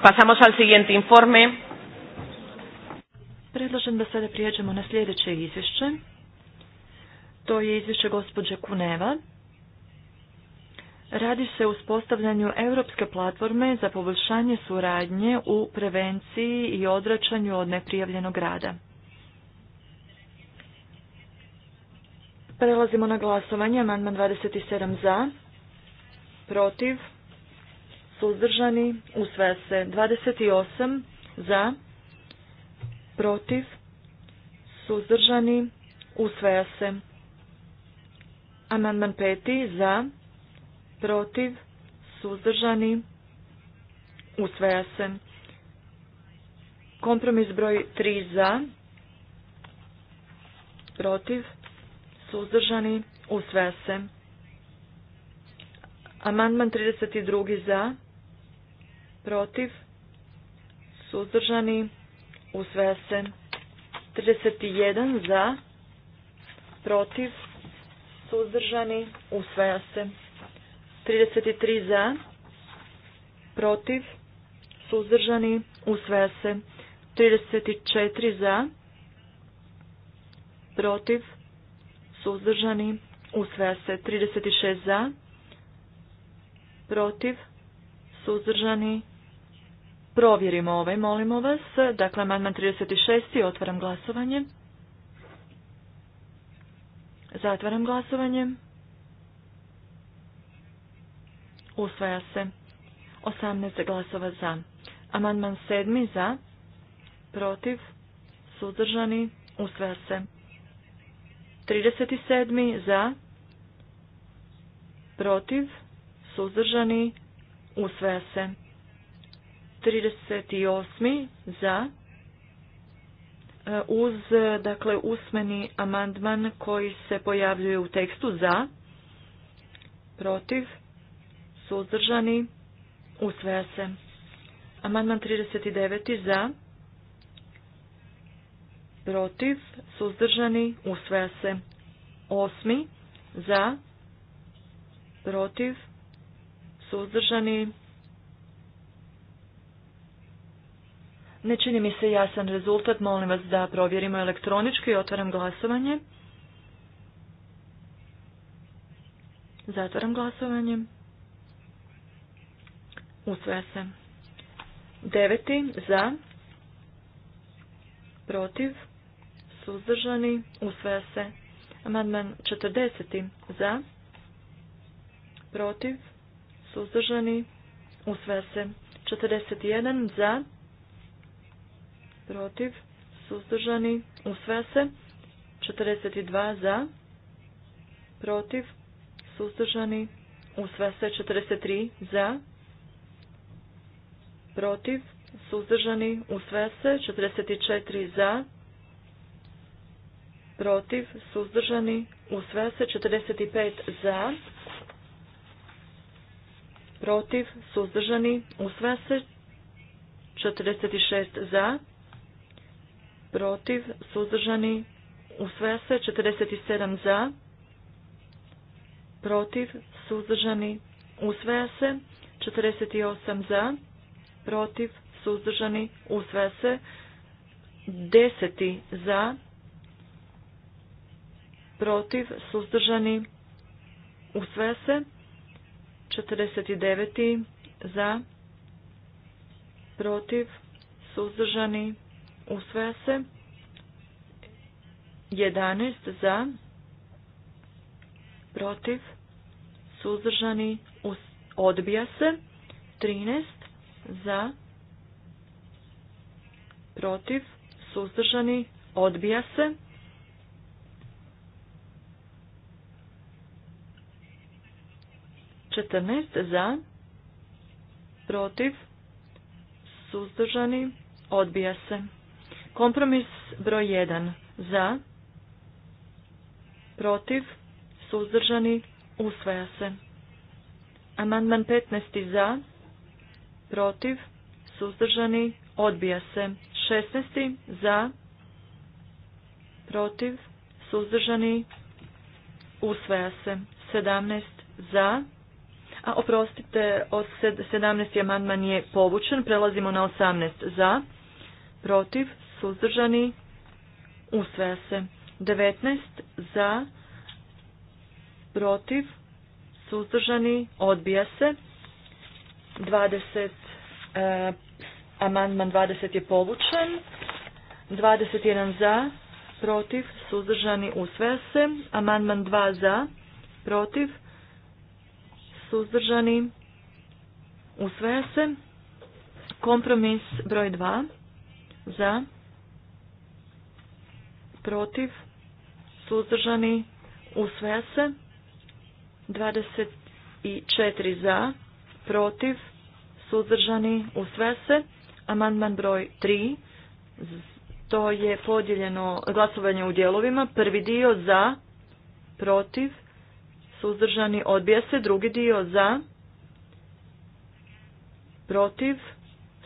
Pasamos al siguiente informe. Predlažem da sada prijeđemo na sljedeće izvješće. To je izvješće gospođe Kuneva. Radi se o uspostavljanju europske platforme za poboljšanje suradnje u prevenciji i odračanju od neprijavljenog rada. Prelazimo na glasovanje. Amandman 27 za, protiv, suzdržani, usvaja se 28 za, protiv, suzdržani, usvaja se. Amandman peti za, protiv, suzdržani, usvaja se. Kompromis broj 3 za, protiv, suzdržani, usvaja se. Amandman 32 za, protiv, suzdržani, usvaja se. 31 za, protiv, suzdržani, usvaja se. 33 za, protiv, suzdržani, usvaja se. 34 za, protiv, suzdržani, usvaja se. 36 za, protiv, suzdržani, Provjerimo ovaj, molimo vas. Dakle, amandman 36. Otvaram glasovanje. Zatvaram glasovanje. Usvaja se. 18 glasova za. Amandman 7. Za. Protiv. Suzdržani. Usvaja se. 37. Za. Protiv. Suzdržani. Usvaja se. 38. za e, uz dakle usmeni amandman koji se pojavljuje u tekstu za protiv suzdržani usvaja se amandman 39 za protiv suzdržani usvaja se osmi za protiv suzdržani Ne čini mi se jasan rezultat, molim vas da provjerimo i otvaram glasovanje. Zatvaram glasovanje. Usvaja se. Deveti za, protiv, suzdržani, usvaja se. Amandman 40. za, protiv, suzdržani, usvaja se. jedan za, protiv, suzdržani, usvaja se. 42 za, protiv, suzdržani, usvaja se. 43 za, protiv, suzdržani, usvaja se. 44 za, protiv, suzdržani, usvaja se. 45 za, protiv, suzdržani, usvaja se. 46 za, protiv, suzdržani, sve se. 47 za, protiv, suzdržani, sve se. 48 za, protiv, suzdržani, sve se. 10 za, protiv, suzdržani, sve se. 49 za, protiv, suzdržani, usvaja se. 11 za, protiv, suzdržani, odbija se. 13 za, protiv, suzdržani, odbija se. Četrnaest za, protiv, suzdržani, odbija se. Kompromis broj 1. Za, protiv, suzdržani, usvaja se. Amandman 15. za, protiv, suzdržani, odbija se. 16. za, protiv, suzdržani, usvaja se. 17. za, a oprostite, 17. amandman je povučen, prelazimo na 18. za, protiv, suzdržani, usvaja se. 19 za, protiv, suzdržani, odbija se. 20, e, amandman 20 je povučen. 21 za, protiv, suzdržani, usvaja se. Amandman 2 za, protiv, suzdržani, usvaja se. Kompromis broj 2 za, protiv, suzdržani, usvaja se. 24 za, protiv, suzdržani, usvaja se. Amandman broj 3, to je podijeljeno glasovanje u dijelovima. Prvi dio za, protiv, suzdržani, odbija se. Drugi dio za, protiv,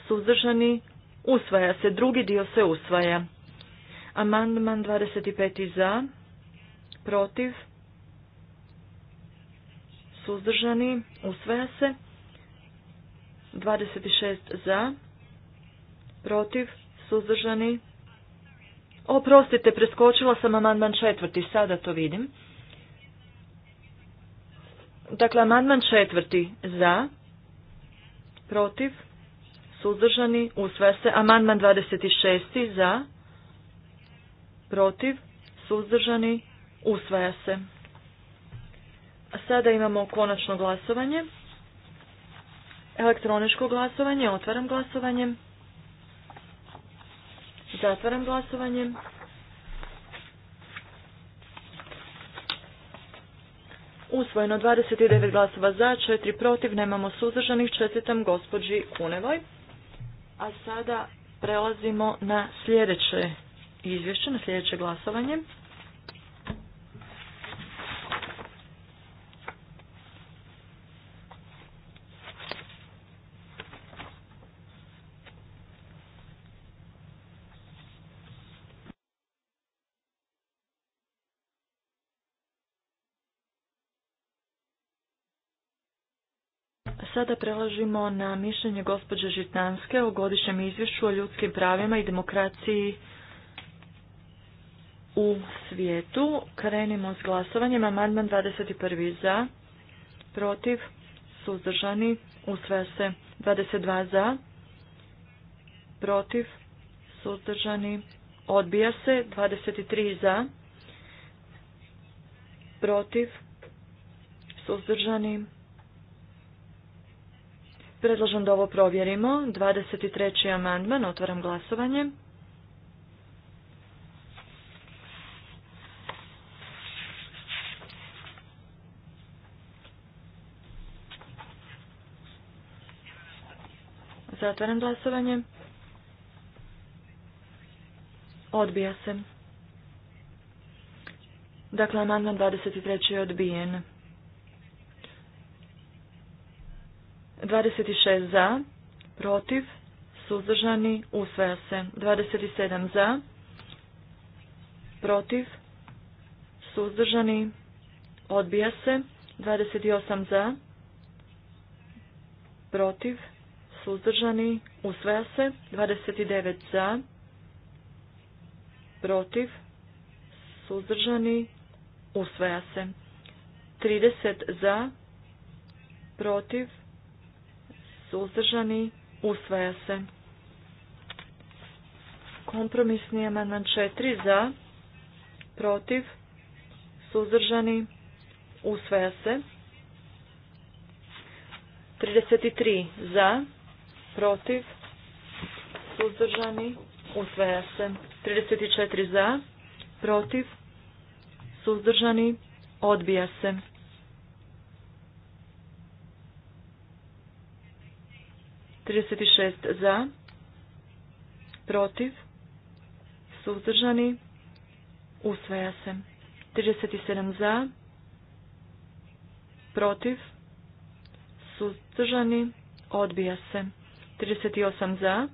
suzdržani, usvaja se. Drugi dio se usvaja. Amandman 25. za, protiv, suzdržani, usvaja se. 26 za, protiv, suzdržani. Oprostite, preskočila sam amandman četvrti, sada to vidim. Dakle, amandman četvrti za, protiv, suzdržani, usvaja se. Amandman 26 za, protiv, suzdržani, usvaja se. A sada imamo konačno glasovanje. Elektroničko glasovanje, otvaram glasovanje. Zatvaram glasovanje. Usvojeno 29 glasova za, 4 protiv, nemamo suzdržanih, čestitam gospođi Kunevoj. A sada prelazimo na sljedeće izvješće na sljedeće glasovanje. sada prelažimo na mišljenje gospođe Žitanske o godišnjem izvješću o ljudskim pravima i demokraciji u svijetu. Krenimo s glasovanjem. Amandman 21. za, protiv, suzdržani, usvaja se 22 za, protiv, suzdržani, odbija se 23 za, protiv, suzdržani. Predlažem da ovo provjerimo. 23. amandman, otvaram glasovanje. Zatvaram glasovanje. Odbija se. Dakle, amandman 23. je odbijen. 26 za, protiv, suzdržani, usvaja se. 27 za, protiv, suzdržani, odbija se. 28 za, protiv, suzdržani, usvaja se. 29 za, protiv, suzdržani, usvaja se. 30 za, protiv, suzdržani, usvaja se. Kompromisni amandman 4 za, protiv, suzdržani, usvaja se. 33 za, protiv, suzdržani, usvaja se. 34 za, protiv, suzdržani, odbija se. Trideset šest za, protiv, suzdržani, usvaja se. 37 za, protiv, suzdržani, odbija se. 38 za,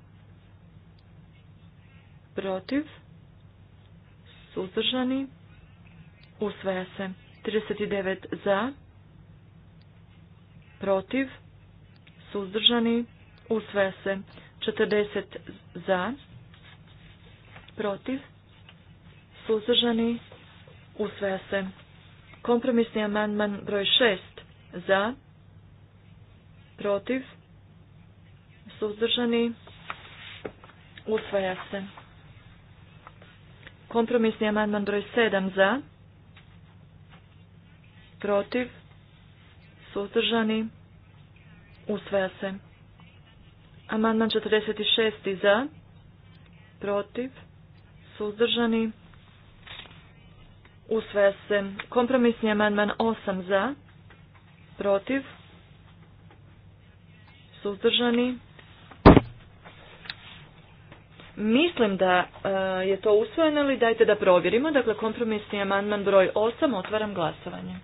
protiv, suzdržani, usvaja se. 39 za, protiv, suzdržani, usvaja se. 40 za, protiv, suzdržani, usvaja se. Kompromisni amandman broj 6 za, protiv, suzdržani, usvaja se. Kompromisni amandman broj 7 za, protiv, suzdržani, usvaja se. Amandman 46 za, protiv, suzdržani, usvaja se. Kompromisni amandman 8 za, protiv, suzdržani, Mislim da e, je to usvojeno, ali dajte da provjerimo. Dakle, kompromisni amandman broj 8, otvaram glasovanje.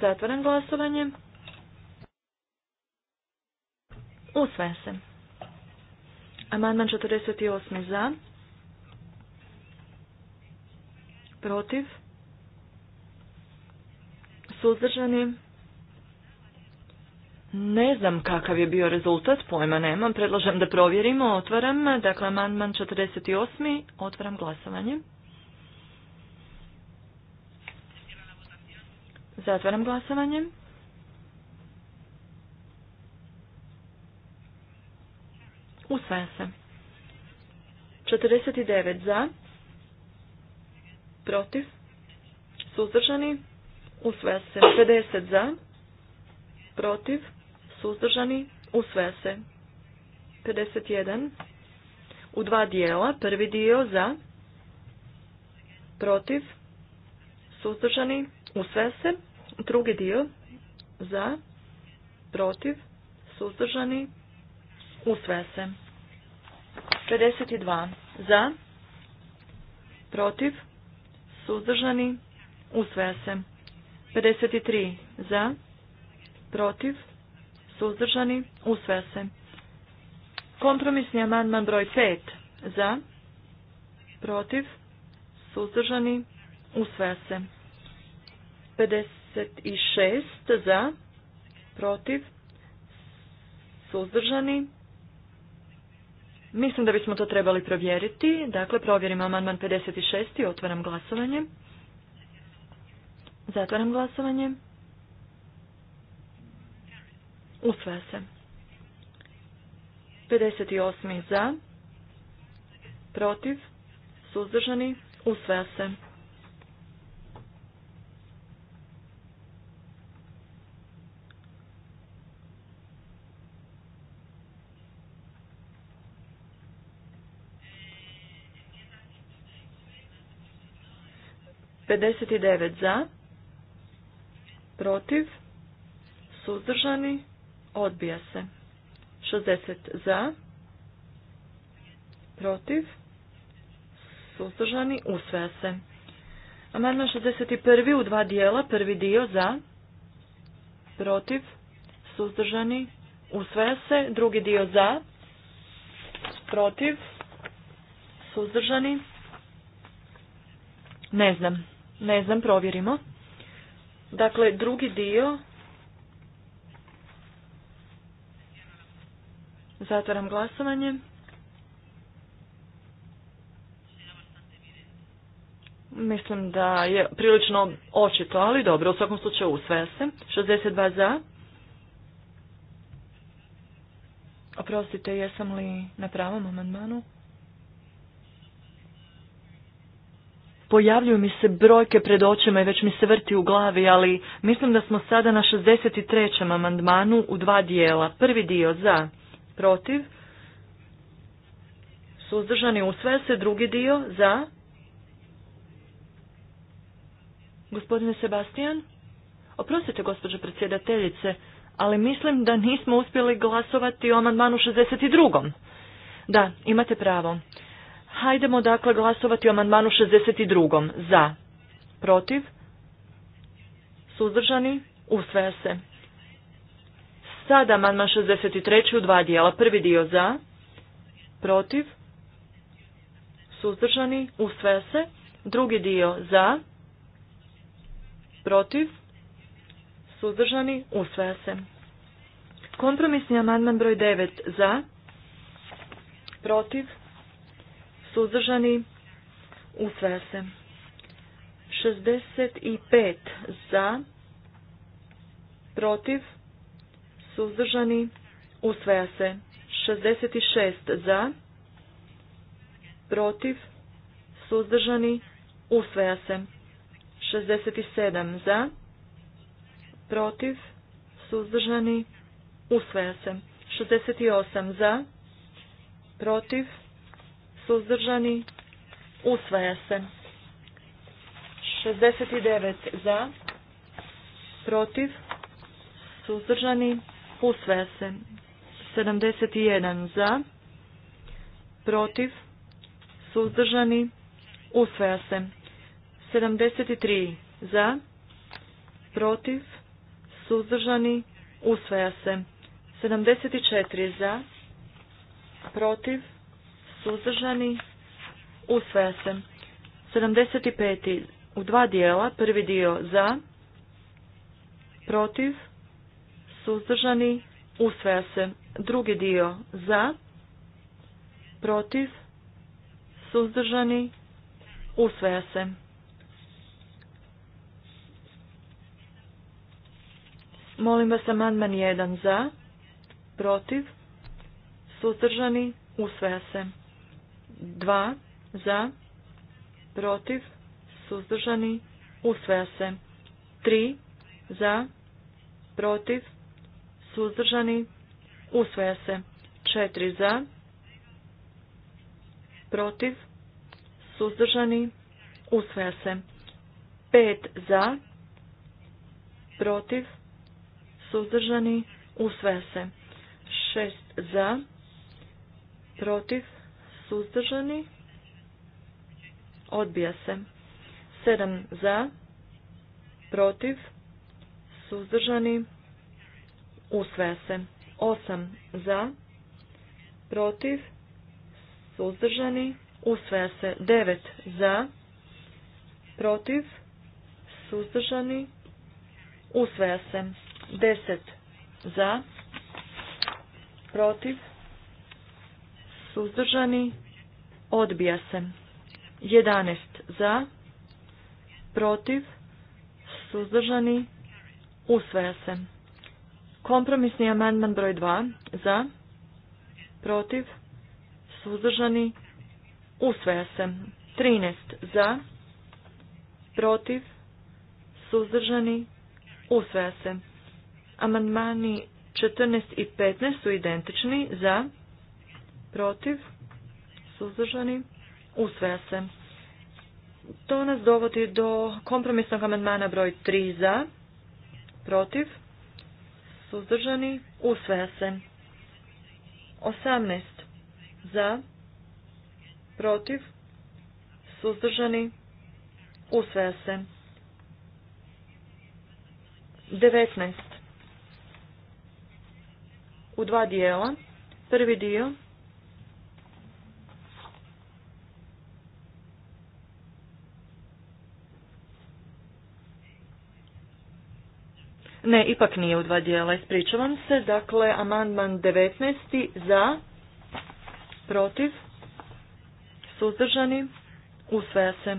Zatvaram glasovanje. Usvaja se. Amandman 48 za. Protiv. Suzdržani. Ne znam kakav je bio rezultat, pojma nemam. Predlažem da provjerimo, otvaram. Dakle, amandman 48. Otvaram glasovanje. Zatvaram glasovanje. Usvaja se. 49 za. Protiv. Suzdržani. Usvaja se. 50 za. Protiv suzdržani, usvaja se. 51 u dva dijela, prvi dio za, protiv, suzdržani, usvaja se, drugi dio za, protiv, suzdržani, usvaja se. 52 za, protiv, suzdržani, usvaja se. 53 za, protiv, suzdržani, usvaja se. Kompromisni amandman broj 5 za, protiv, suzdržani, usvaja se. 56 za, protiv, suzdržani. Mislim da bismo to trebali provjeriti. Dakle, provjerimo amandman 56. Otvaram glasovanje. Zatvaram glasovanje. Usvaja se. 58. za. Protiv. Suzdržani. Usvaja se. Pedeset devet za protiv suzdržani Odbija se. 60 za. Protiv. Suzdržani. Usvaja se. Amandman 61. u dva dijela. Prvi dio za. Protiv. Suzdržani. Usvaja se. Drugi dio za. Protiv. Suzdržani. Ne znam. Ne znam. Provjerimo. Dakle, drugi dio Zatvaram glasovanje. Mislim da je prilično očito, ali dobro, u svakom slučaju usvaja se. 62 za. Oprostite, jesam li na pravom amandmanu? Pojavljuju mi se brojke pred očima i već mi se vrti u glavi, ali mislim da smo sada na 63. amandmanu u dva dijela. Prvi dio za protiv, suzdržani, usvaja se. Drugi dio, za. Gospodine Sebastian, oprostite gospođo predsjedateljice, ali mislim da nismo uspjeli glasovati o amandmanu 62. Da, imate pravo. Hajdemo dakle glasovati o amandmanu 62. Za. Protiv. Suzdržani. Usvaja se. Sada amandman 63. u dva dijela. Prvi dio za, protiv, suzdržani, usvaja se. Drugi dio za, protiv, suzdržani, usvaja se. Kompromisni amandman broj 9 za, protiv, suzdržani, usvaja se. 65 za, protiv, suzdržani, usvaja se. 66 za, protiv, suzdržani, usvaja se. 67 za, protiv, suzdržani, usvaja se. 68 za, protiv, suzdržani, usvaja se. 69 za, protiv, suzdržani, Usvaja se. 71 za, protiv, suzdržani, usvaja se. 73 za, protiv, suzdržani, usvaja se. 74 za, protiv, suzdržani, usvaja se. 75 u dva dijela, prvi dio za, protiv, suzdržani, usvaja se. Drugi dio za, protiv, suzdržani, usvaja se. Molim vas amandman 1 za, protiv, suzdržani, usvaja se. 2 za, protiv, suzdržani, usvaja se. 3 za, protiv, suzdržani, usvaja se. 4 za, protiv, suzdržani, usvaja se. 5 za, protiv, suzdržani, usvaja se. 6 za, protiv, suzdržani, odbija se. 7 za, protiv, suzdržani, Usvaja se. osam za, protiv, suzdržani. Usvaja se. 9 za, protiv, suzdržani. Usvaja se. 10 za, protiv, suzdržani. Odbija se. 11 za, protiv, suzdržani. Usvaja se. Kompromisni amandman broj 2 za, protiv, suzdržani, usvaja se. 13 za, protiv, suzdržani, usvaja se. Amandmani 14 i 15 su identični za, protiv, suzdržani, usvaja se. To nas dovodi do kompromisnog amandmana broj 3 za, protiv, suzdržani, usvaja se. 18 za, protiv, suzdržani, usvaja se. 19 u dva dijela, prvi dio Ne, ipak nije u dva dijela, ispričavam se. Dakle, amandman 19. za, protiv, suzdržani, usvaja se.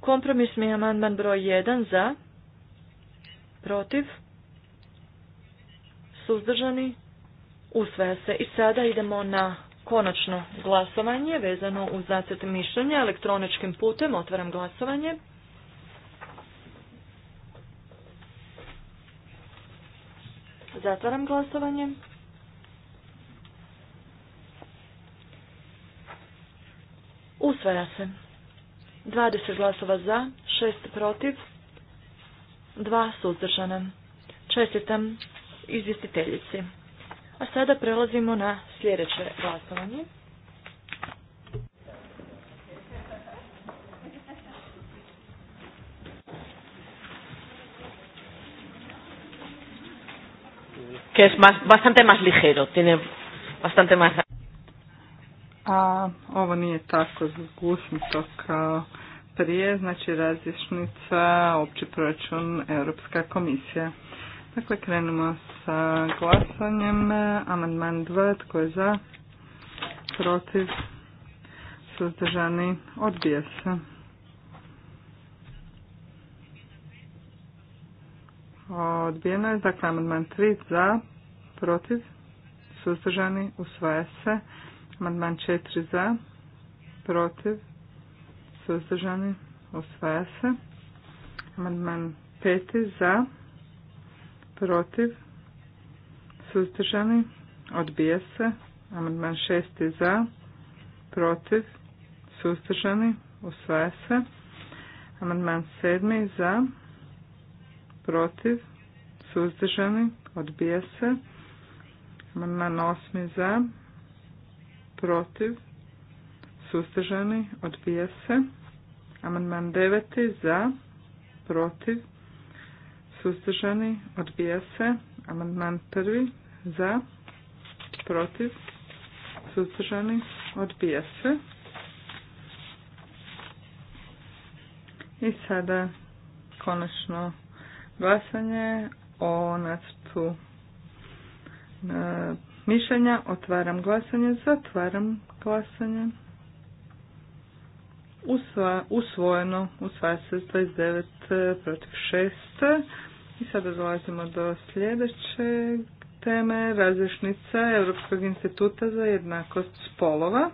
Kompromisni amandman broj 1 za, protiv, suzdržani, usvaja se. I sada idemo na konačno glasovanje vezano uz zacet mišljenja elektroničkim putem. Otvaram glasovanje. Zatvaram glasovanje. Usvaja se. 20 glasova za, 6 protiv, 2 suzdržana. Čestitam izvjestiteljici. A sada prelazimo na sljedeće glasovanje. que es más, bastante ligero, tiene bastante más... A ovo nije tako zgusnito kao prije, znači različnica, opći proračun, Europska komisija. Dakle, krenemo sa glasanjem. Amandman 2, tko je za? Protiv? Suzdržani? Odbija se. Odbijeno je. Dakle, amandman 3 za, protiv, suzdržani, usvaja se. Amandman 4 za, protiv, suzdržani, usvaja se. Amandman 5 za, protiv, suzdržani, odbija se. Amandman 6 za, protiv, suzdržani, usvaja se. Amandman 7 za, protiv, protiv, suzdržani, odbija se. Amandman osmi za, protiv, suzdržani, odbija se. Amandman deveti za, protiv, suzdržani, odbija se. Amandman prvi za, protiv, suzdržani, odbija se. I sada konačno glasanje o nacrtu e, mišljenja. Otvaram glasanje, zatvaram glasanje. Usva, usvojeno, usvaja se 29 e, protiv 6. I sada dolazimo do sljedeće teme, razrešnica Europskog instituta za jednakost spolova.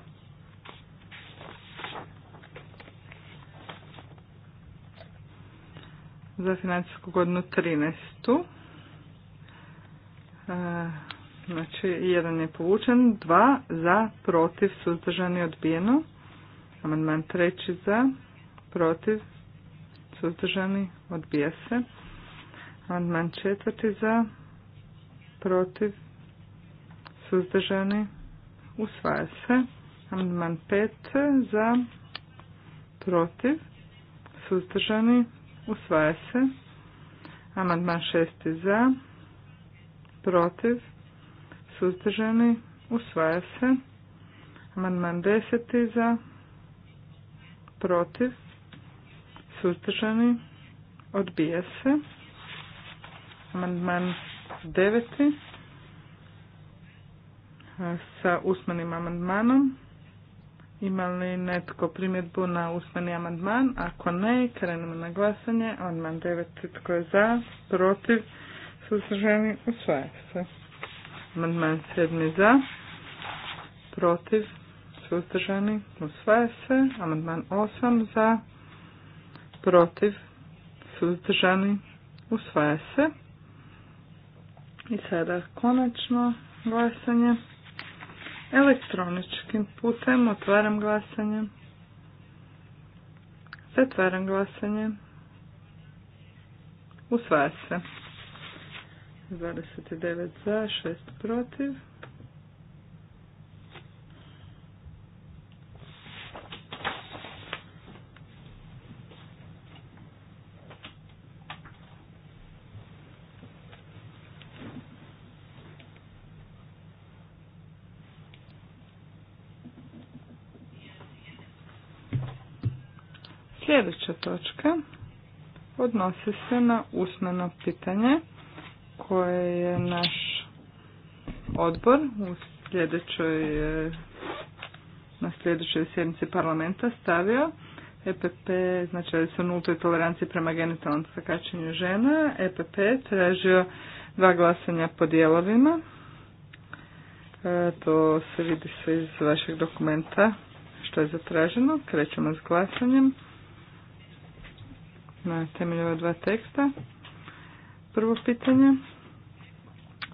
za financijsku godinu 13. E, znači, jedan je povučen, dva za, protiv, suzdržani, odbijeno. Amandman treći za, protiv, suzdržani, odbija se. Amandman četvrti za, protiv, suzdržani, usvaja se. Amandman pet za, protiv, suzdržani, Usvaja se. Amandman šesti za. Protiv. Suzdržani. Usvaja se. Amandman deseti za. Protiv. Suzdržani. Odbija se. Amandman deveti. sa usmenim amandmanom. Ima li netko primjedbu na usmeni amandman? Ako ne, krenemo na glasanje. Amandman 9. Tko je za? Protiv? Suzdržani? Usvaja se. Amandman 7. Za? Protiv? Suzdržani? Usvaja se. Amandman 8. Za? Protiv? Suzdržani? Usvaja se. I sada konačno glasanje elektroničkim putem. Otvaram glasanje. Zatvaram glasanje. Usvaja se. 29 za, 6 protiv. Sljedeća točka odnosi se na usmeno pitanje koje je naš odbor u sljedećoj, na sljedećoj sjednici parlamenta stavio. EPP, znači radi se o nultoj toleranciji prema genitalnom sakačenju žena. EPP tražio dva glasanja po dijelovima. E, to se vidi se iz vašeg dokumenta što je zatraženo. Krećemo s glasanjem na temelju ova dva teksta. Prvo pitanje.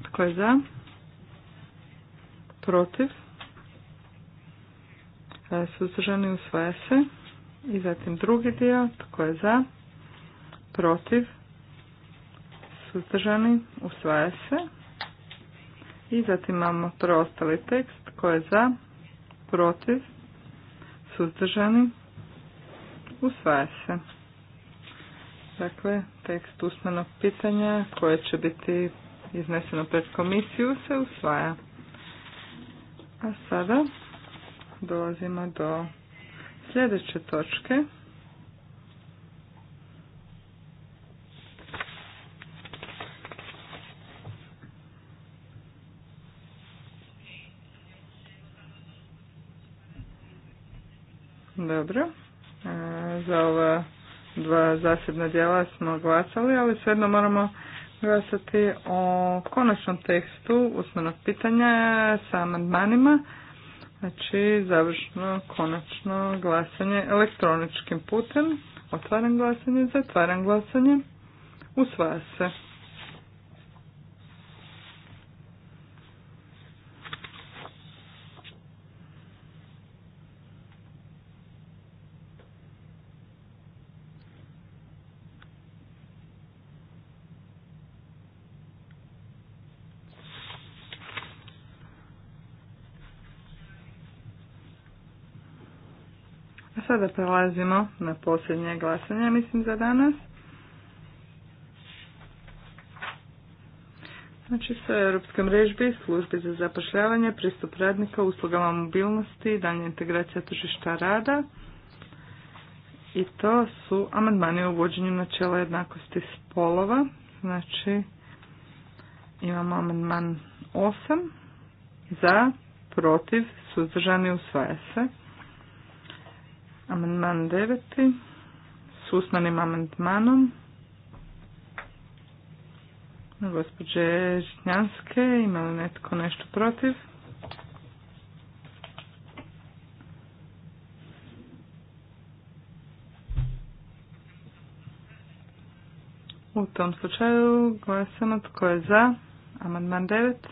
Tko je za? Protiv? E, suzdržani usvaja se. I zatim drugi dio. Tko je za? Protiv? Suzdržani usvaja se. I zatim imamo preostali tekst. Tko je za? Protiv? Suzdržani usvaja se. Dakle, tekst usmenog pitanja koje će biti izneseno pred komisiju se usvaja. A sada dolazimo do sljedeće točke. Dobro. E, za ova dva zasebna dijela smo glasali, ali svejedno moramo glasati o konačnom tekstu usmenog pitanja sa amandmanima. Znači, završno konačno glasanje elektroničkim putem. Otvaram glasanje, zatvaram glasanje. Usvaja se. prelazimo na posljednje glasanje, mislim, za danas. Znači sa Europskom režbi, službi za zapošljavanje, pristup radnika, uslugama mobilnosti, daljnja integracija tržišta rada. I to su amandmani o uvođenju načela jednakosti spolova. Znači imamo amandman 8 za, protiv, suzdržani usvaja se. Amandman deveti s usmanim amandmanom gospođe Žitnjanske. Ima li netko nešto protiv? U tom slučaju glasamo tko je za amandman devet.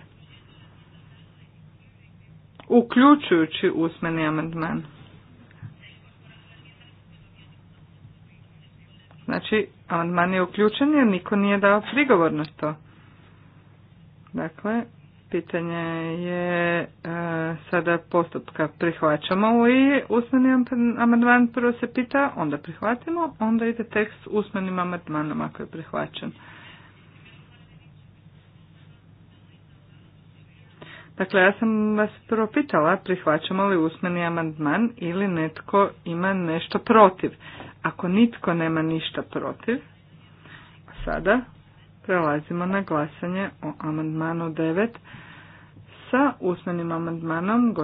uključujući usmeni amandman. Znači, amandman je uključen jer niko nije dao prigovor na to. Dakle, pitanje je e, sada postupka prihvaćamo li usmeni amandman prvo se pita, onda prihvatimo, onda ide tekst s usmenim amandmanom ako je prihvaćen. Dakle, ja sam vas prvo pitala prihvaćamo li usmeni amandman ili netko ima nešto protiv. Ako nitko nema ništa protiv, sada prelazimo na glasanje o amandmanu 9 sa usmenim amandmanom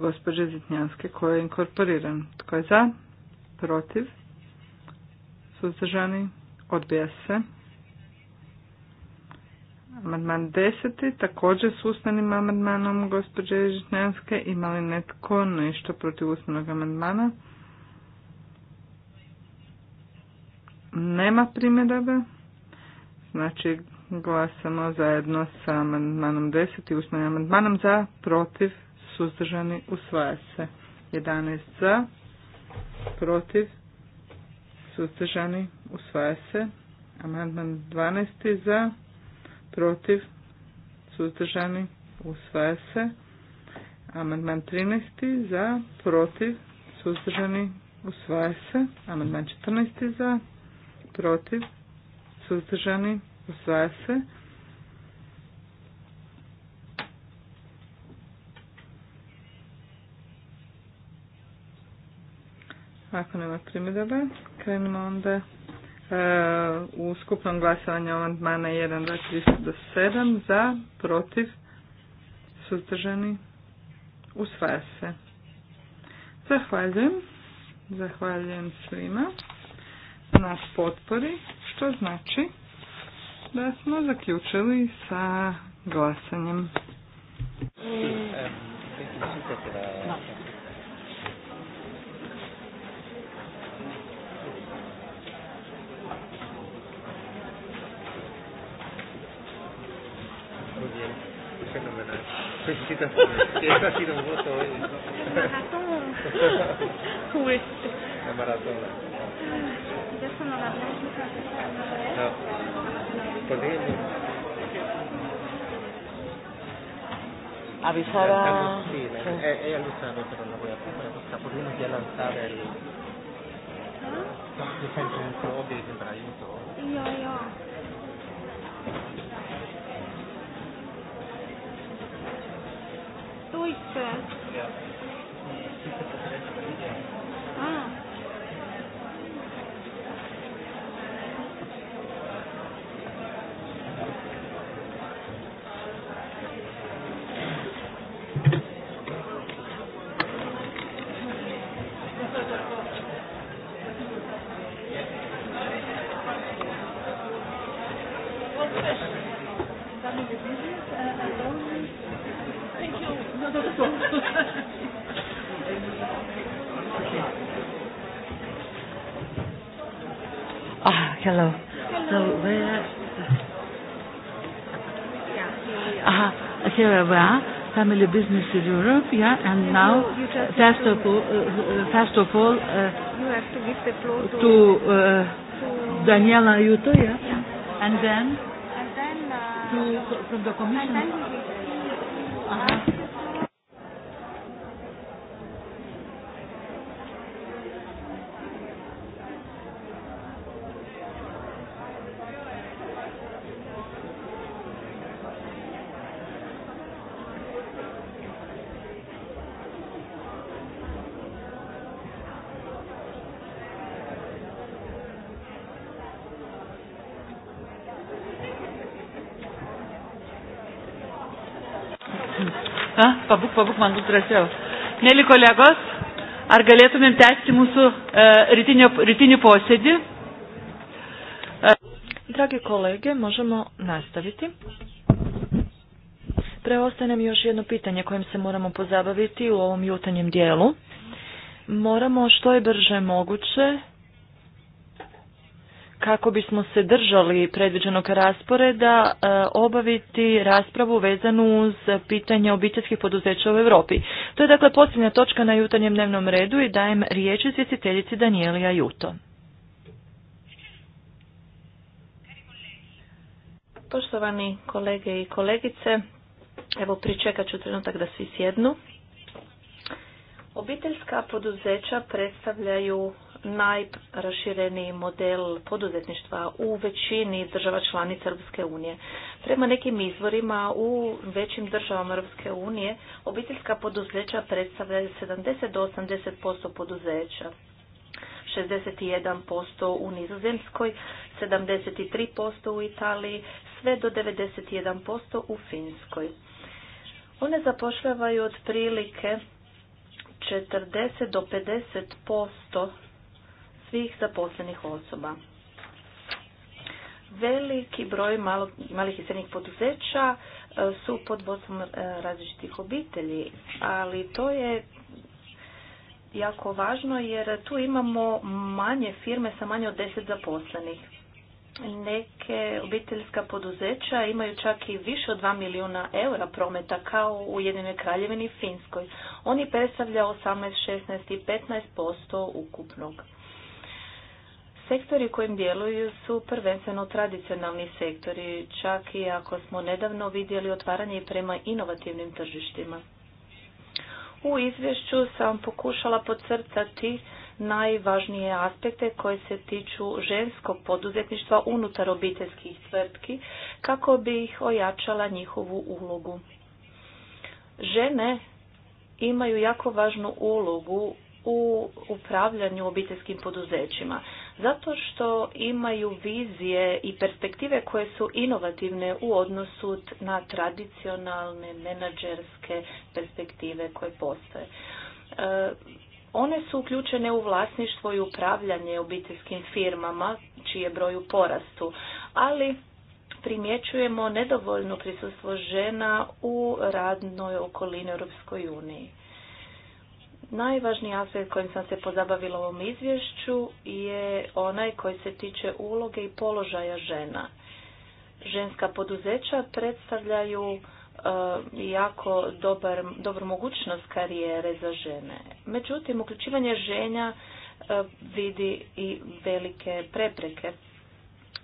gospođe Zitnjanske koji je inkorporiran. Tko je za? Protiv? Suzdržani? Odbija se. Amandman 10. također s usmenim amandmanom gospođe Žitnjanske. Ima li netko nešto protiv usmenog amandmana? nema primjedaba. Znači glasamo zajedno sa amandmanom 10 i usmenim amandmanom za, protiv, suzdržani, usvaja se. 11 za, protiv, suzdržani, usvaja se. Amandman 12 za, protiv, suzdržani, usvaja se. Amandman 13 za, protiv, suzdržani, usvaja se. Amandman 14 za, protiv, suzdržani, usvaja se. Ako nema primjedaba, krenimo onda e, u skupnom glasovanju amandmana 1, 2, 3 do 7 za, protiv, suzdržani, usvaja se. Zahvaljujem. Zahvaljujem svima na potpori, što znači da smo zaključili sa glasanjem. Avisar a... Sí, eh, ella lo sabe, pero no voy a poner. O sea, pudimos ya lanzar el... Sawa, Family Business in Europe, yeah, and yeah, now, first of all, uh, uh, uh, first of all uh, you have to give the floor to, to uh, to Daniela Ayuto, yeah? yeah, and then, and then uh, to, from the Commission. And then we will see, uh, -huh. pabūk, pabūk, man bus drąsiau. Mėly kolegos, ar galėtumėm tęsti mūsų e, rytinį posėdį? E. Dragi kolege, možemo nastaviti. preostanem nam još jedno pitanje kojim se moramo pozabaviti u ovom jutanjem dijelu. Moramo što je brže moguće kako bismo se držali predviđenog rasporeda e, obaviti raspravu vezanu uz pitanje obiteljskih poduzeća u Europi. To je dakle posljednja točka na jutarnjem dnevnom redu i dajem riječ izvjestiteljici Danijelija Juto. Poštovani kolege i kolegice, evo pričekat ću trenutak da svi sjednu. Obiteljska poduzeća predstavljaju najrašireniji model poduzetništva u većini država članica Europske unije. Prema nekim izvorima u većim državama Europske unije obiteljska poduzeća predstavljaju 70 do 80% poduzeća. 61% u Nizozemskoj, 73% u Italiji, sve do 91% u Finskoj. One zapošljavaju otprilike 40 do 50% svih zaposlenih osoba. Veliki broj malih i srednjih poduzeća e, su pod vodstvom e, različitih obitelji, ali to je jako važno jer tu imamo manje firme sa manje od 10 zaposlenih. Neke obiteljska poduzeća imaju čak i više od 2 milijuna eura prometa kao u Ujedinoj kraljevini Finskoj. Oni predstavlja 18, 16 i 15% ukupnog Sektori kojim djeluju su prvenstveno tradicionalni sektori, čak i ako smo nedavno vidjeli otvaranje prema inovativnim tržištima. U izvješću sam pokušala podcrtati najvažnije aspekte koje se tiču ženskog poduzetništva unutar obiteljskih tvrtki kako bi ih ojačala njihovu ulogu. Žene imaju jako važnu ulogu u upravljanju obiteljskim poduzećima. Zato što imaju vizije i perspektive koje su inovativne u odnosu na tradicionalne menadžerske perspektive koje postoje. E, one su uključene u vlasništvo i upravljanje obiteljskim firmama, čije broj u porastu, ali primjećujemo nedovoljno prisustvo žena u radnoj okolini Europskoj uniji. Najvažniji aspekt kojim sam se pozabavila u ovom izvješću je onaj koji se tiče uloge i položaja žena. Ženska poduzeća predstavljaju e, jako dobar, dobru mogućnost karijere za žene. Međutim, uključivanje ženja e, vidi i velike prepreke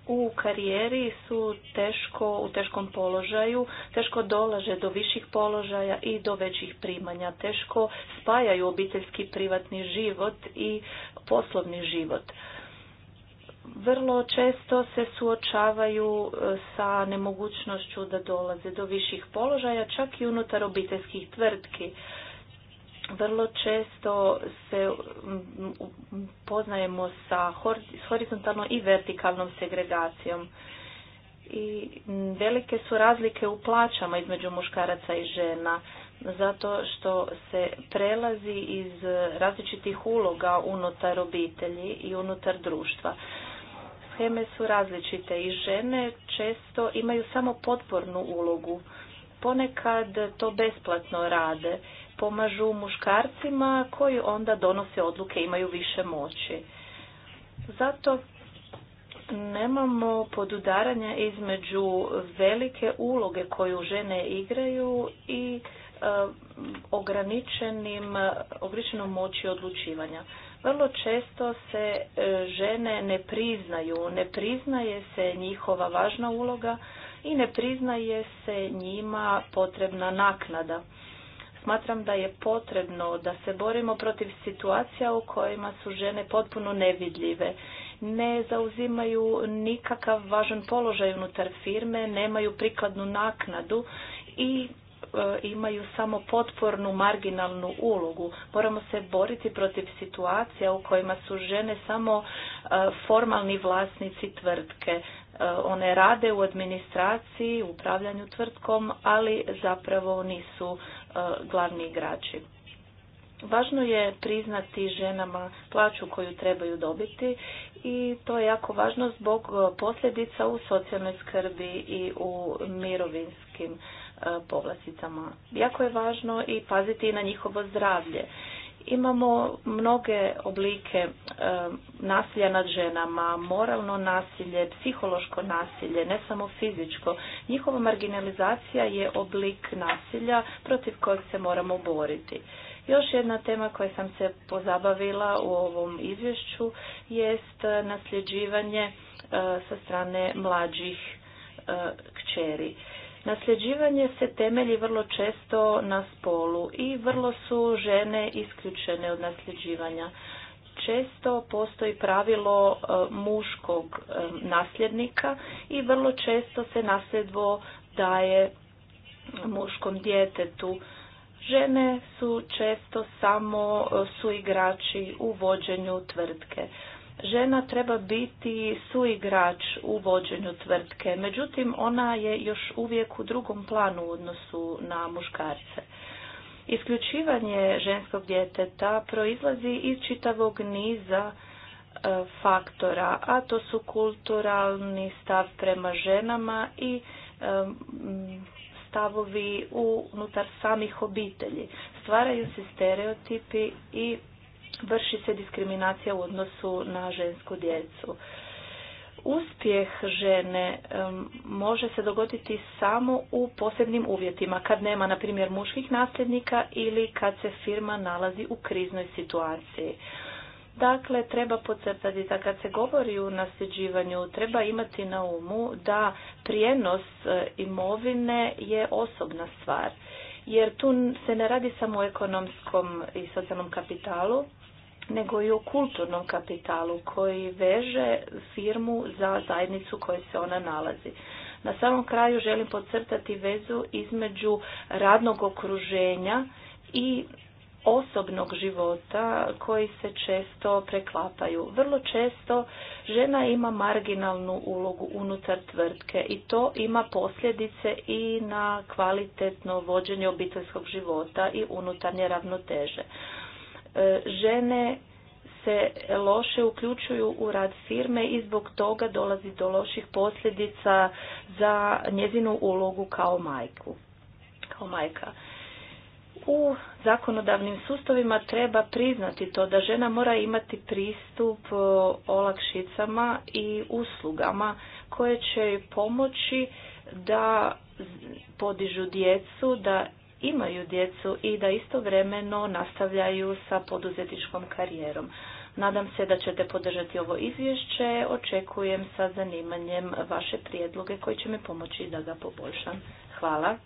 u karijeri su teško u teškom položaju, teško dolaže do viših položaja i do većih primanja, teško spajaju obiteljski privatni život i poslovni život. Vrlo često se suočavaju e, sa nemogućnošću da dolaze do viših položaja, čak i unutar obiteljskih tvrtki vrlo često se mm, poznajemo sa horizontalnom i vertikalnom segregacijom. I velike su razlike u plaćama između muškaraca i žena, zato što se prelazi iz različitih uloga unutar obitelji i unutar društva. Scheme su različite i žene često imaju samo potpornu ulogu. Ponekad to besplatno rade pomažu muškarcima koji onda donose odluke imaju više moći. Zato nemamo podudaranja između velike uloge koju žene igraju i e, ograničenim, ograničenom moći odlučivanja. Vrlo često se e, žene ne priznaju, ne priznaje se njihova važna uloga i ne priznaje se njima potrebna naknada. Smatram da je potrebno da se borimo protiv situacija u kojima su žene potpuno nevidljive. Ne zauzimaju nikakav važan položaj unutar firme, nemaju prikladnu naknadu i e, imaju samo potpornu marginalnu ulogu. Moramo se boriti protiv situacija u kojima su žene samo e, formalni vlasnici tvrtke. E, one rade u administraciji, upravljanju tvrtkom, ali zapravo nisu E, glavni igrači. Važno je priznati ženama plaću koju trebaju dobiti i to je jako važno zbog e, posljedica u socijalnoj skrbi i u mirovinskim e, povlasticama. Jako je važno i paziti na njihovo zdravlje. Imamo mnoge oblike e, nasilja nad ženama, moralno nasilje, psihološko nasilje, ne samo fizičko. Njihova marginalizacija je oblik nasilja protiv kojeg se moramo boriti. Još jedna tema koja sam se pozabavila u ovom izvješću jest nasljeđivanje e, sa strane mlađih e, kćeri. Nasljeđivanje se temelji vrlo često na spolu i vrlo su žene isključene od nasljeđivanja. Često postoji pravilo e, muškog e, nasljednika i vrlo često se nasljedvo daje muškom djetetu. Žene su često samo e, su igrači u vođenju tvrtke žena treba biti suigrač u vođenju tvrtke, međutim ona je još uvijek u drugom planu u odnosu na muškarce. Isključivanje ženskog djeteta proizlazi iz čitavog niza e, faktora, a to su kulturalni stav prema ženama i e, stavovi unutar samih obitelji. Stvaraju se stereotipi i vrši se diskriminacija u odnosu na žensku djecu. Uspjeh žene može se dogoditi samo u posebnim uvjetima, kad nema, na primjer, muških nasljednika ili kad se firma nalazi u kriznoj situaciji. Dakle, treba podcrtati da kad se govori o nasljeđivanju, treba imati na umu da prijenos e, imovine je osobna stvar. Jer tu se ne radi samo o ekonomskom i socijalnom kapitalu, nego i o kulturnom kapitalu koji veže firmu za zajednicu kojoj se ona nalazi. Na samom kraju želim podcrtati vezu između radnog okruženja i osobnog života koji se često preklapaju. Vrlo često žena ima marginalnu ulogu unutar tvrtke i to ima posljedice i na kvalitetno vođenje obiteljskog života i unutarnje ravnoteže. E, žene se loše uključuju u rad firme i zbog toga dolazi do loših posljedica za njezinu ulogu kao majku. Kao majka. U zakonodavnim sustavima treba priznati to da žena mora imati pristup e, olakšicama i uslugama koje će pomoći da podižu djecu, da imaju djecu i da istovremeno nastavljaju sa poduzetničkom karijerom. Nadam se da ćete podržati ovo izvješće. Očekujem sa zanimanjem vaše prijedloge koji će mi pomoći da ga poboljšam. Hvala.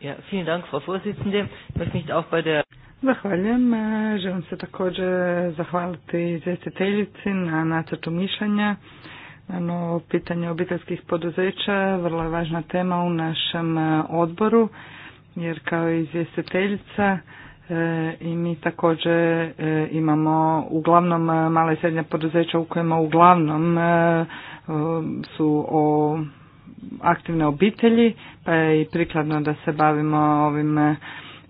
Ja, vielen Dank, Frau Vorsitzende. Ich bei Zahvaljujem. E, želim se također zahvaliti izvjestiteljici na nacrtu mišljenja. No, pitanje obiteljskih poduzeća vrlo je važna tema u našem e, odboru, jer kao izvjestiteljica e, i mi također imamo uglavnom mala i srednja poduzeća u kojima uglavnom su o aktivne obitelji, pa je i prikladno da se bavimo ovim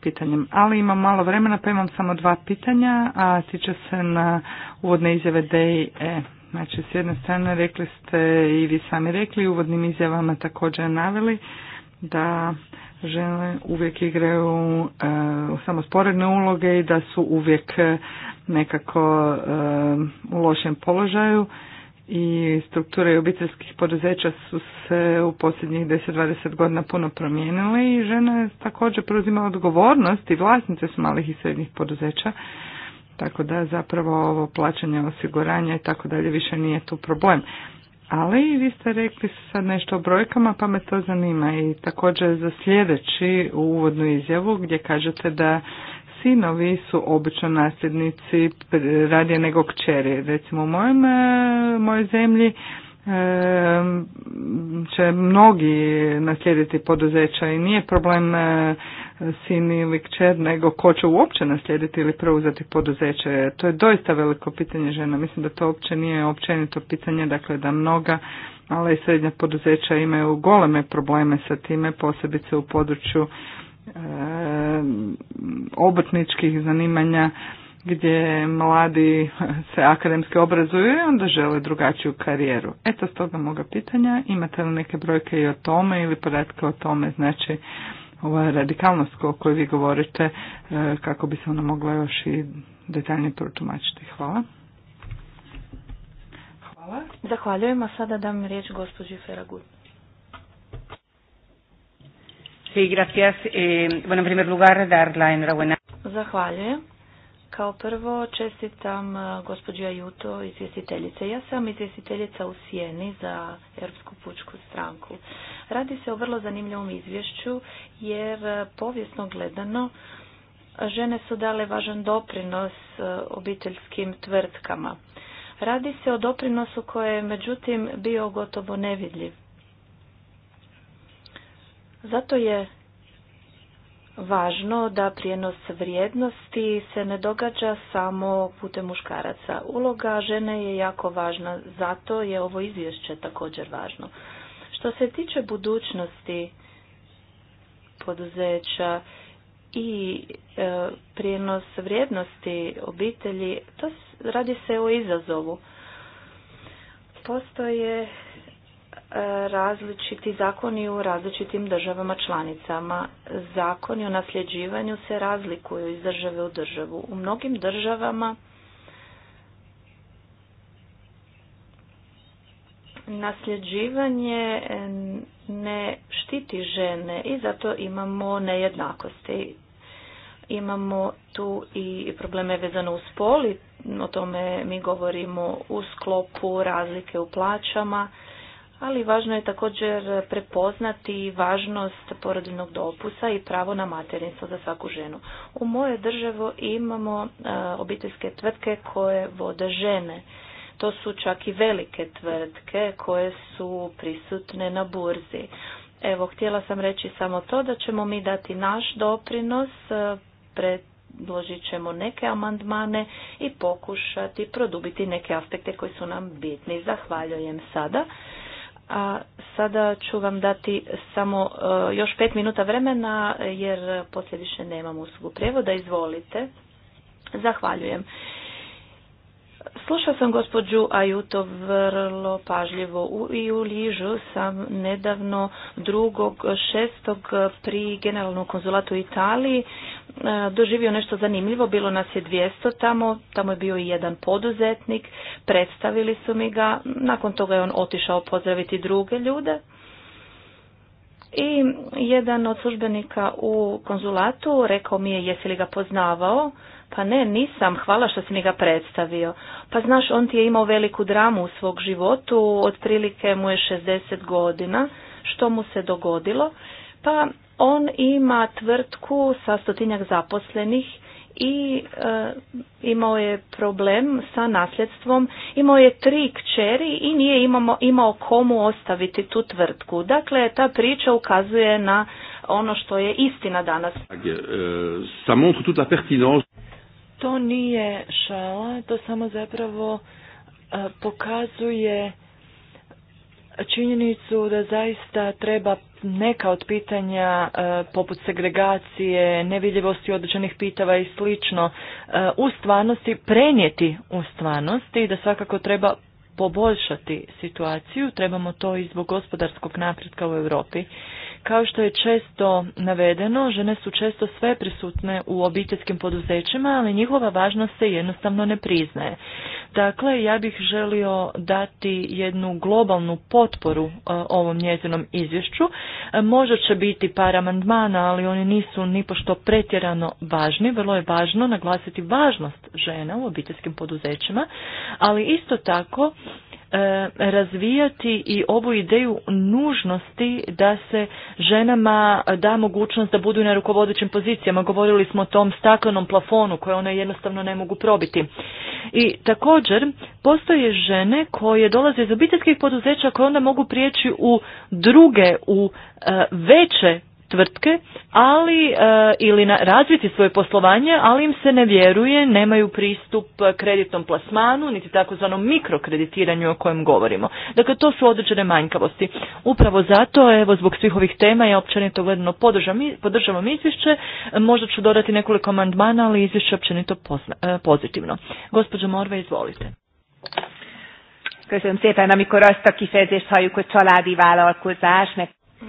pitanjem. Ali imam malo vremena, pa imam samo dva pitanja, a tiče se na uvodne izjave D i E. Znači, s jedne strane rekli ste i vi sami rekli, uvodnim izjavama također naveli da žene uvijek igraju e, samo sporedne uloge i da su uvijek e, nekako e, u lošem položaju i strukture obiteljskih poduzeća su se u posljednjih 10-20 godina puno promijenile i žena je također preuzima odgovornost i vlasnice su malih i srednjih poduzeća, tako da zapravo ovo plaćanje osiguranja i tako dalje više nije tu problem. Ali vi ste rekli sad nešto o brojkama pa me to zanima i također za sljedeći uvodnu izjavu gdje kažete da sinovi su obično nasljednici radije nego kćeri. Recimo u e, mojoj zemlji e, će mnogi naslijediti poduzeća i nije problem e, sin ili kćer nego ko će uopće naslijediti ili preuzeti poduzeće. To je doista veliko pitanje žena. Mislim da to uopće nije općenito pitanje, dakle da mnoga ali i srednja poduzeća imaju goleme probleme sa time, posebice u području obrtničkih zanimanja gdje mladi se akademski obrazuju i onda žele drugačiju karijeru. Eto stoga moga pitanja, imate li neke brojke i o tome ili podatke o tome, znači ova radikalnost o kojoj vi govorite, e, kako bi se ona mogla još i detaljnije protumačiti. Hvala. Hvala. Zahvaljujemo sada dam riječ gospođi Feragut. Sí, gracias. Eh, bueno, en primer lugar, dar la Zahvaljujem. Kao prvo čestitam eh, gospođu Ajuto izvjestiteljice. Ja sam izvjestiteljica u Sijeni za Europsku pučku stranku. Radi se o vrlo zanimljivom izvješću jer eh, povijesno gledano žene su dale važan doprinos eh, obiteljskim tvrtkama. Radi se o doprinosu koje je međutim bio gotovo nevidljiv. Zato je važno da prijenos vrijednosti se ne događa samo putem muškaraca. Uloga žene je jako važna, zato je ovo izvješće također važno. Što se tiče budućnosti poduzeća i e, prijenos vrijednosti obitelji, to radi se o izazovu. Postoje različiti zakoni u različitim državama članicama. Zakoni o nasljeđivanju se razlikuju iz države u državu. U mnogim državama nasljeđivanje ne štiti žene i zato imamo nejednakosti. Imamo tu i probleme vezano uz i o tome mi govorimo u sklopu razlike u plaćama ali važno je također prepoznati važnost porodiljnog dopusa i pravo na materinstvo za svaku ženu. U moje državo imamo e, obiteljske tvrtke koje vode žene. To su čak i velike tvrtke koje su prisutne na burzi. Evo, htjela sam reći samo to da ćemo mi dati naš doprinos, e, predložit ćemo neke amandmane i pokušati produbiti neke aspekte koji su nam bitni. Zahvaljujem sada. A sada ću vam dati samo e, još pet minuta vremena jer poslije više nemam uslugu prijevoda. Izvolite. Zahvaljujem. Slušao sam gospođu Ajuto vrlo pažljivo. U, I u Ližu sam nedavno drugog šestog pri generalnom konzulatu u Italiji e, doživio nešto zanimljivo. Bilo nas je 200 tamo, tamo je bio i jedan poduzetnik, predstavili su mi ga, nakon toga je on otišao pozdraviti druge ljude. I jedan od službenika u konzulatu rekao mi je jesi li ga poznavao, pa ne, nisam, hvala što si mi ga predstavio. Pa znaš, on ti je imao veliku dramu u svog životu, otprilike mu je 60 godina, što mu se dogodilo? Pa on ima tvrtku sa stotinjak zaposlenih i e, imao je problem sa nasljedstvom. Imao je tri kćeri i nije imamo, imao komu ostaviti tu tvrtku. Dakle, ta priča ukazuje na ono što je istina danas. E, to nije šala, to samo zapravo e, pokazuje činjenicu da zaista treba neka od pitanja e, poput segregacije, nevidljivosti određenih pitava i slično e, u stvarnosti prenijeti u stvarnosti i da svakako treba poboljšati situaciju, trebamo to i zbog gospodarskog napretka u Europi. Kao što je često navedeno, žene su često sve prisutne u obiteljskim poduzećima, ali njihova važnost se jednostavno ne priznaje. Dakle, ja bih želio dati jednu globalnu potporu e, ovom njezinom izvješću. E, možda će biti par amandmana, ali oni nisu nipošto pretjerano važni. Vrlo je važno naglasiti važnost žena u obiteljskim poduzećima, ali isto tako E, razvijati i ovu ideju nužnosti da se ženama da mogućnost da budu na rukovodećim pozicijama. Govorili smo o tom staklenom plafonu koje one jednostavno ne mogu probiti. I također postoje žene koje dolaze iz obiteljskih poduzeća koje onda mogu prijeći u druge, u e, veće tvrtke, ali e, ili na, razviti svoje poslovanje, ali im se ne vjeruje, nemaju pristup kreditnom plasmanu, niti takozvanom mikrokreditiranju o kojem govorimo. Dakle, to su određene manjkavosti. Upravo zato, evo, zbog svih ovih tema, ja općenito gledano podržavam izvješće, možda ću dodati nekoliko amandmana, ali izvješće općenito e, pozitivno. Gospođo Morve, izvolite. Köszönöm szépen, amikor azt a kifejezést halljuk, hogy családi vállalkozás. Meg...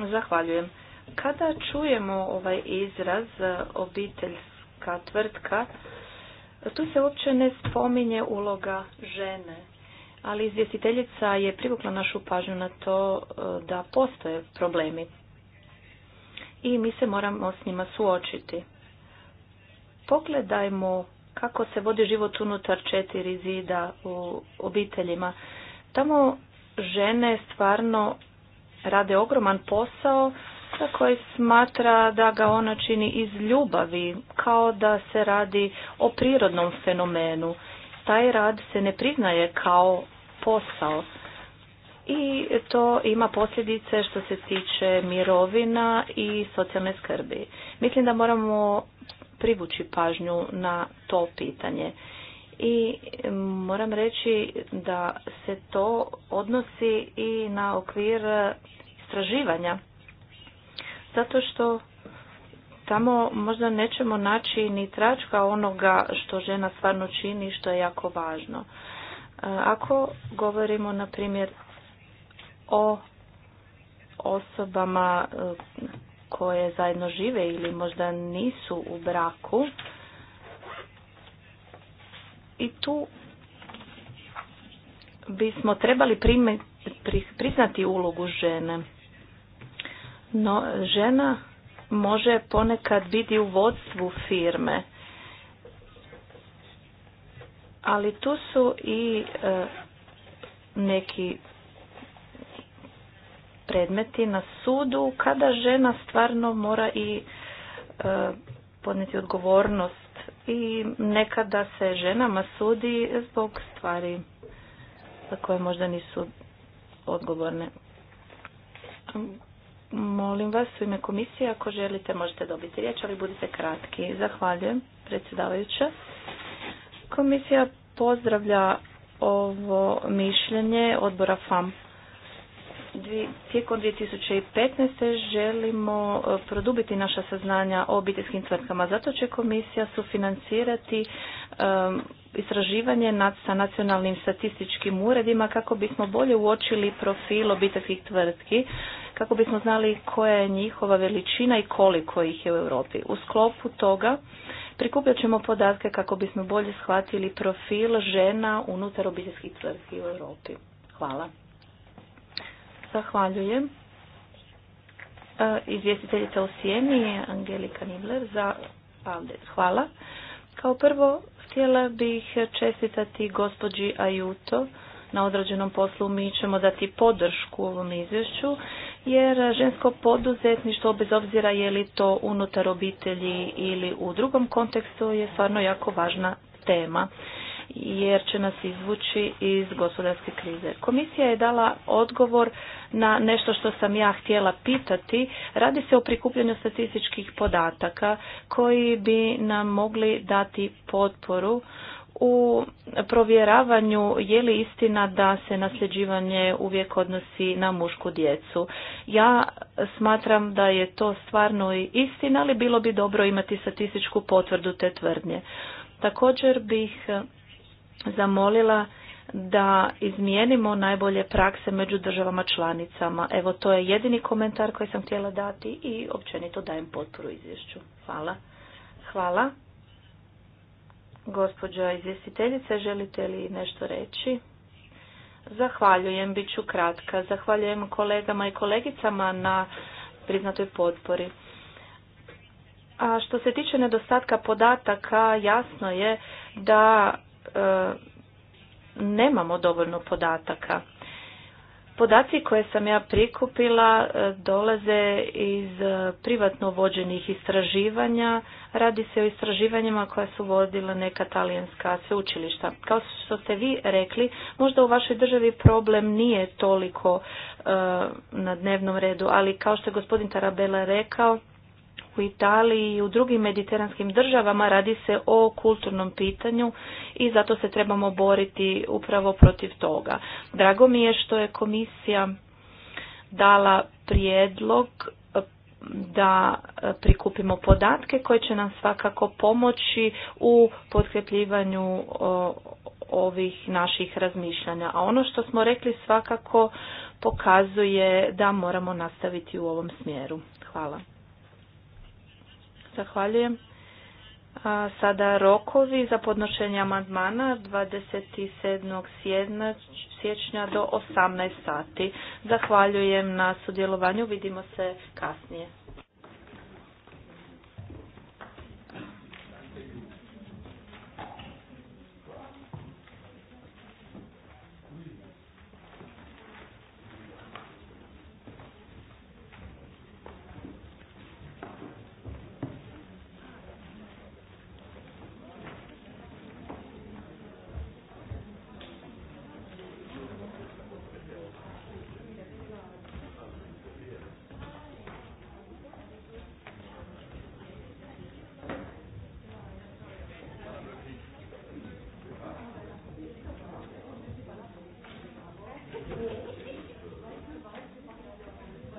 Zahvaljujem. Kada čujemo ovaj izraz e, obiteljska tvrtka, tu se uopće ne spominje uloga žene, ali izvjestiteljica je privukla našu pažnju na to e, da postoje problemi i mi se moramo s njima suočiti. Pogledajmo kako se vodi život unutar četiri zida u obiteljima. Tamo žene stvarno rade ogroman posao koji smatra da ga ona čini iz ljubavi, kao da se radi o prirodnom fenomenu. Taj rad se ne priznaje kao posao i to ima posljedice što se tiče mirovina i socijalne skrbi. Mislim da moramo privući pažnju na to pitanje. I moram reći da se to odnosi i na okvir istraživanja zato što tamo možda nećemo naći ni tračka onoga što žena stvarno čini što je jako važno. E, ako govorimo na primjer o osobama e, koje zajedno žive ili možda nisu u braku i tu bismo trebali priznati ulogu žene no, žena može ponekad biti u vodstvu firme. Ali tu su i e, neki predmeti na sudu kada žena stvarno mora i e, podnijeti odgovornost i nekada se ženama sudi zbog stvari za koje možda nisu odgovorne. Molim vas u ime komisije, ako želite možete dobiti riječ, ali budite kratki. Zahvaljujem, predsjedavajuća. Komisija pozdravlja ovo mišljenje odbora FAM. Tijekom 2015. želimo e, produbiti naša saznanja o obiteljskim tvrtkama. Zato će komisija sufinancirati e, istraživanje nad, sa nacionalnim statističkim uredima kako bismo bolje uočili profil obiteljskih tvrtki, kako bismo znali koja je njihova veličina i koliko ih je u Europi. U sklopu toga prikupljat ćemo podatke kako bismo bolje shvatili profil žena unutar obiteljskih tvrtki u Europi. Hvala. Zahvaljujem. E, izvjestiteljica u Sijeni, Angelika Nibler, za Hvala. Kao prvo Htjela bih čestitati gospođi Ajuto na određenom poslu. Mi ćemo dati podršku ovom izvješću jer žensko poduzetništvo bez obzira je li to unutar obitelji ili u drugom kontekstu je stvarno jako važna tema jer će nas izvući iz gospodarske krize. Komisija je dala odgovor na nešto što sam ja htjela pitati. Radi se o prikupljanju statističkih podataka koji bi nam mogli dati potporu u provjeravanju je li istina da se nasljeđivanje uvijek odnosi na mušku djecu. Ja smatram da je to stvarno i istina, ali bilo bi dobro imati statističku potvrdu te tvrdnje. Također bih zamolila da izmijenimo najbolje prakse među državama članicama. Evo, to je jedini komentar koji sam htjela dati i općenito dajem potporu izvješću. Hvala. Hvala. Gospođa izvjestiteljice, želite li nešto reći? Zahvaljujem, bit ću kratka. Zahvaljujem kolegama i kolegicama na priznatoj potpori. A što se tiče nedostatka podataka, jasno je da E, nemamo dovoljno podataka. Podaci koje sam ja prikupila e, dolaze iz e, privatno vođenih istraživanja. Radi se o istraživanjima koja su vodila neka talijanska sveučilišta. Kao što ste vi rekli, možda u vašoj državi problem nije toliko na dnevnom redu, ali kao što je gospodin Tarabela rekao, u Italiji i u drugim mediteranskim državama radi se o kulturnom pitanju i zato se trebamo boriti upravo protiv toga. Drago mi je što je komisija dala prijedlog eh, da eh, prikupimo podatke koje će nam svakako pomoći u potkrepljivanju eh, ovih naših razmišljanja. A ono što smo rekli svakako pokazuje da moramo nastaviti u ovom smjeru. Hvala. Zahvaljujem. sada rokovi za podnošenje amandmana 27. siječnja do 18 sati. Zahvaljujem na sudjelovanju, vidimo se kasnije.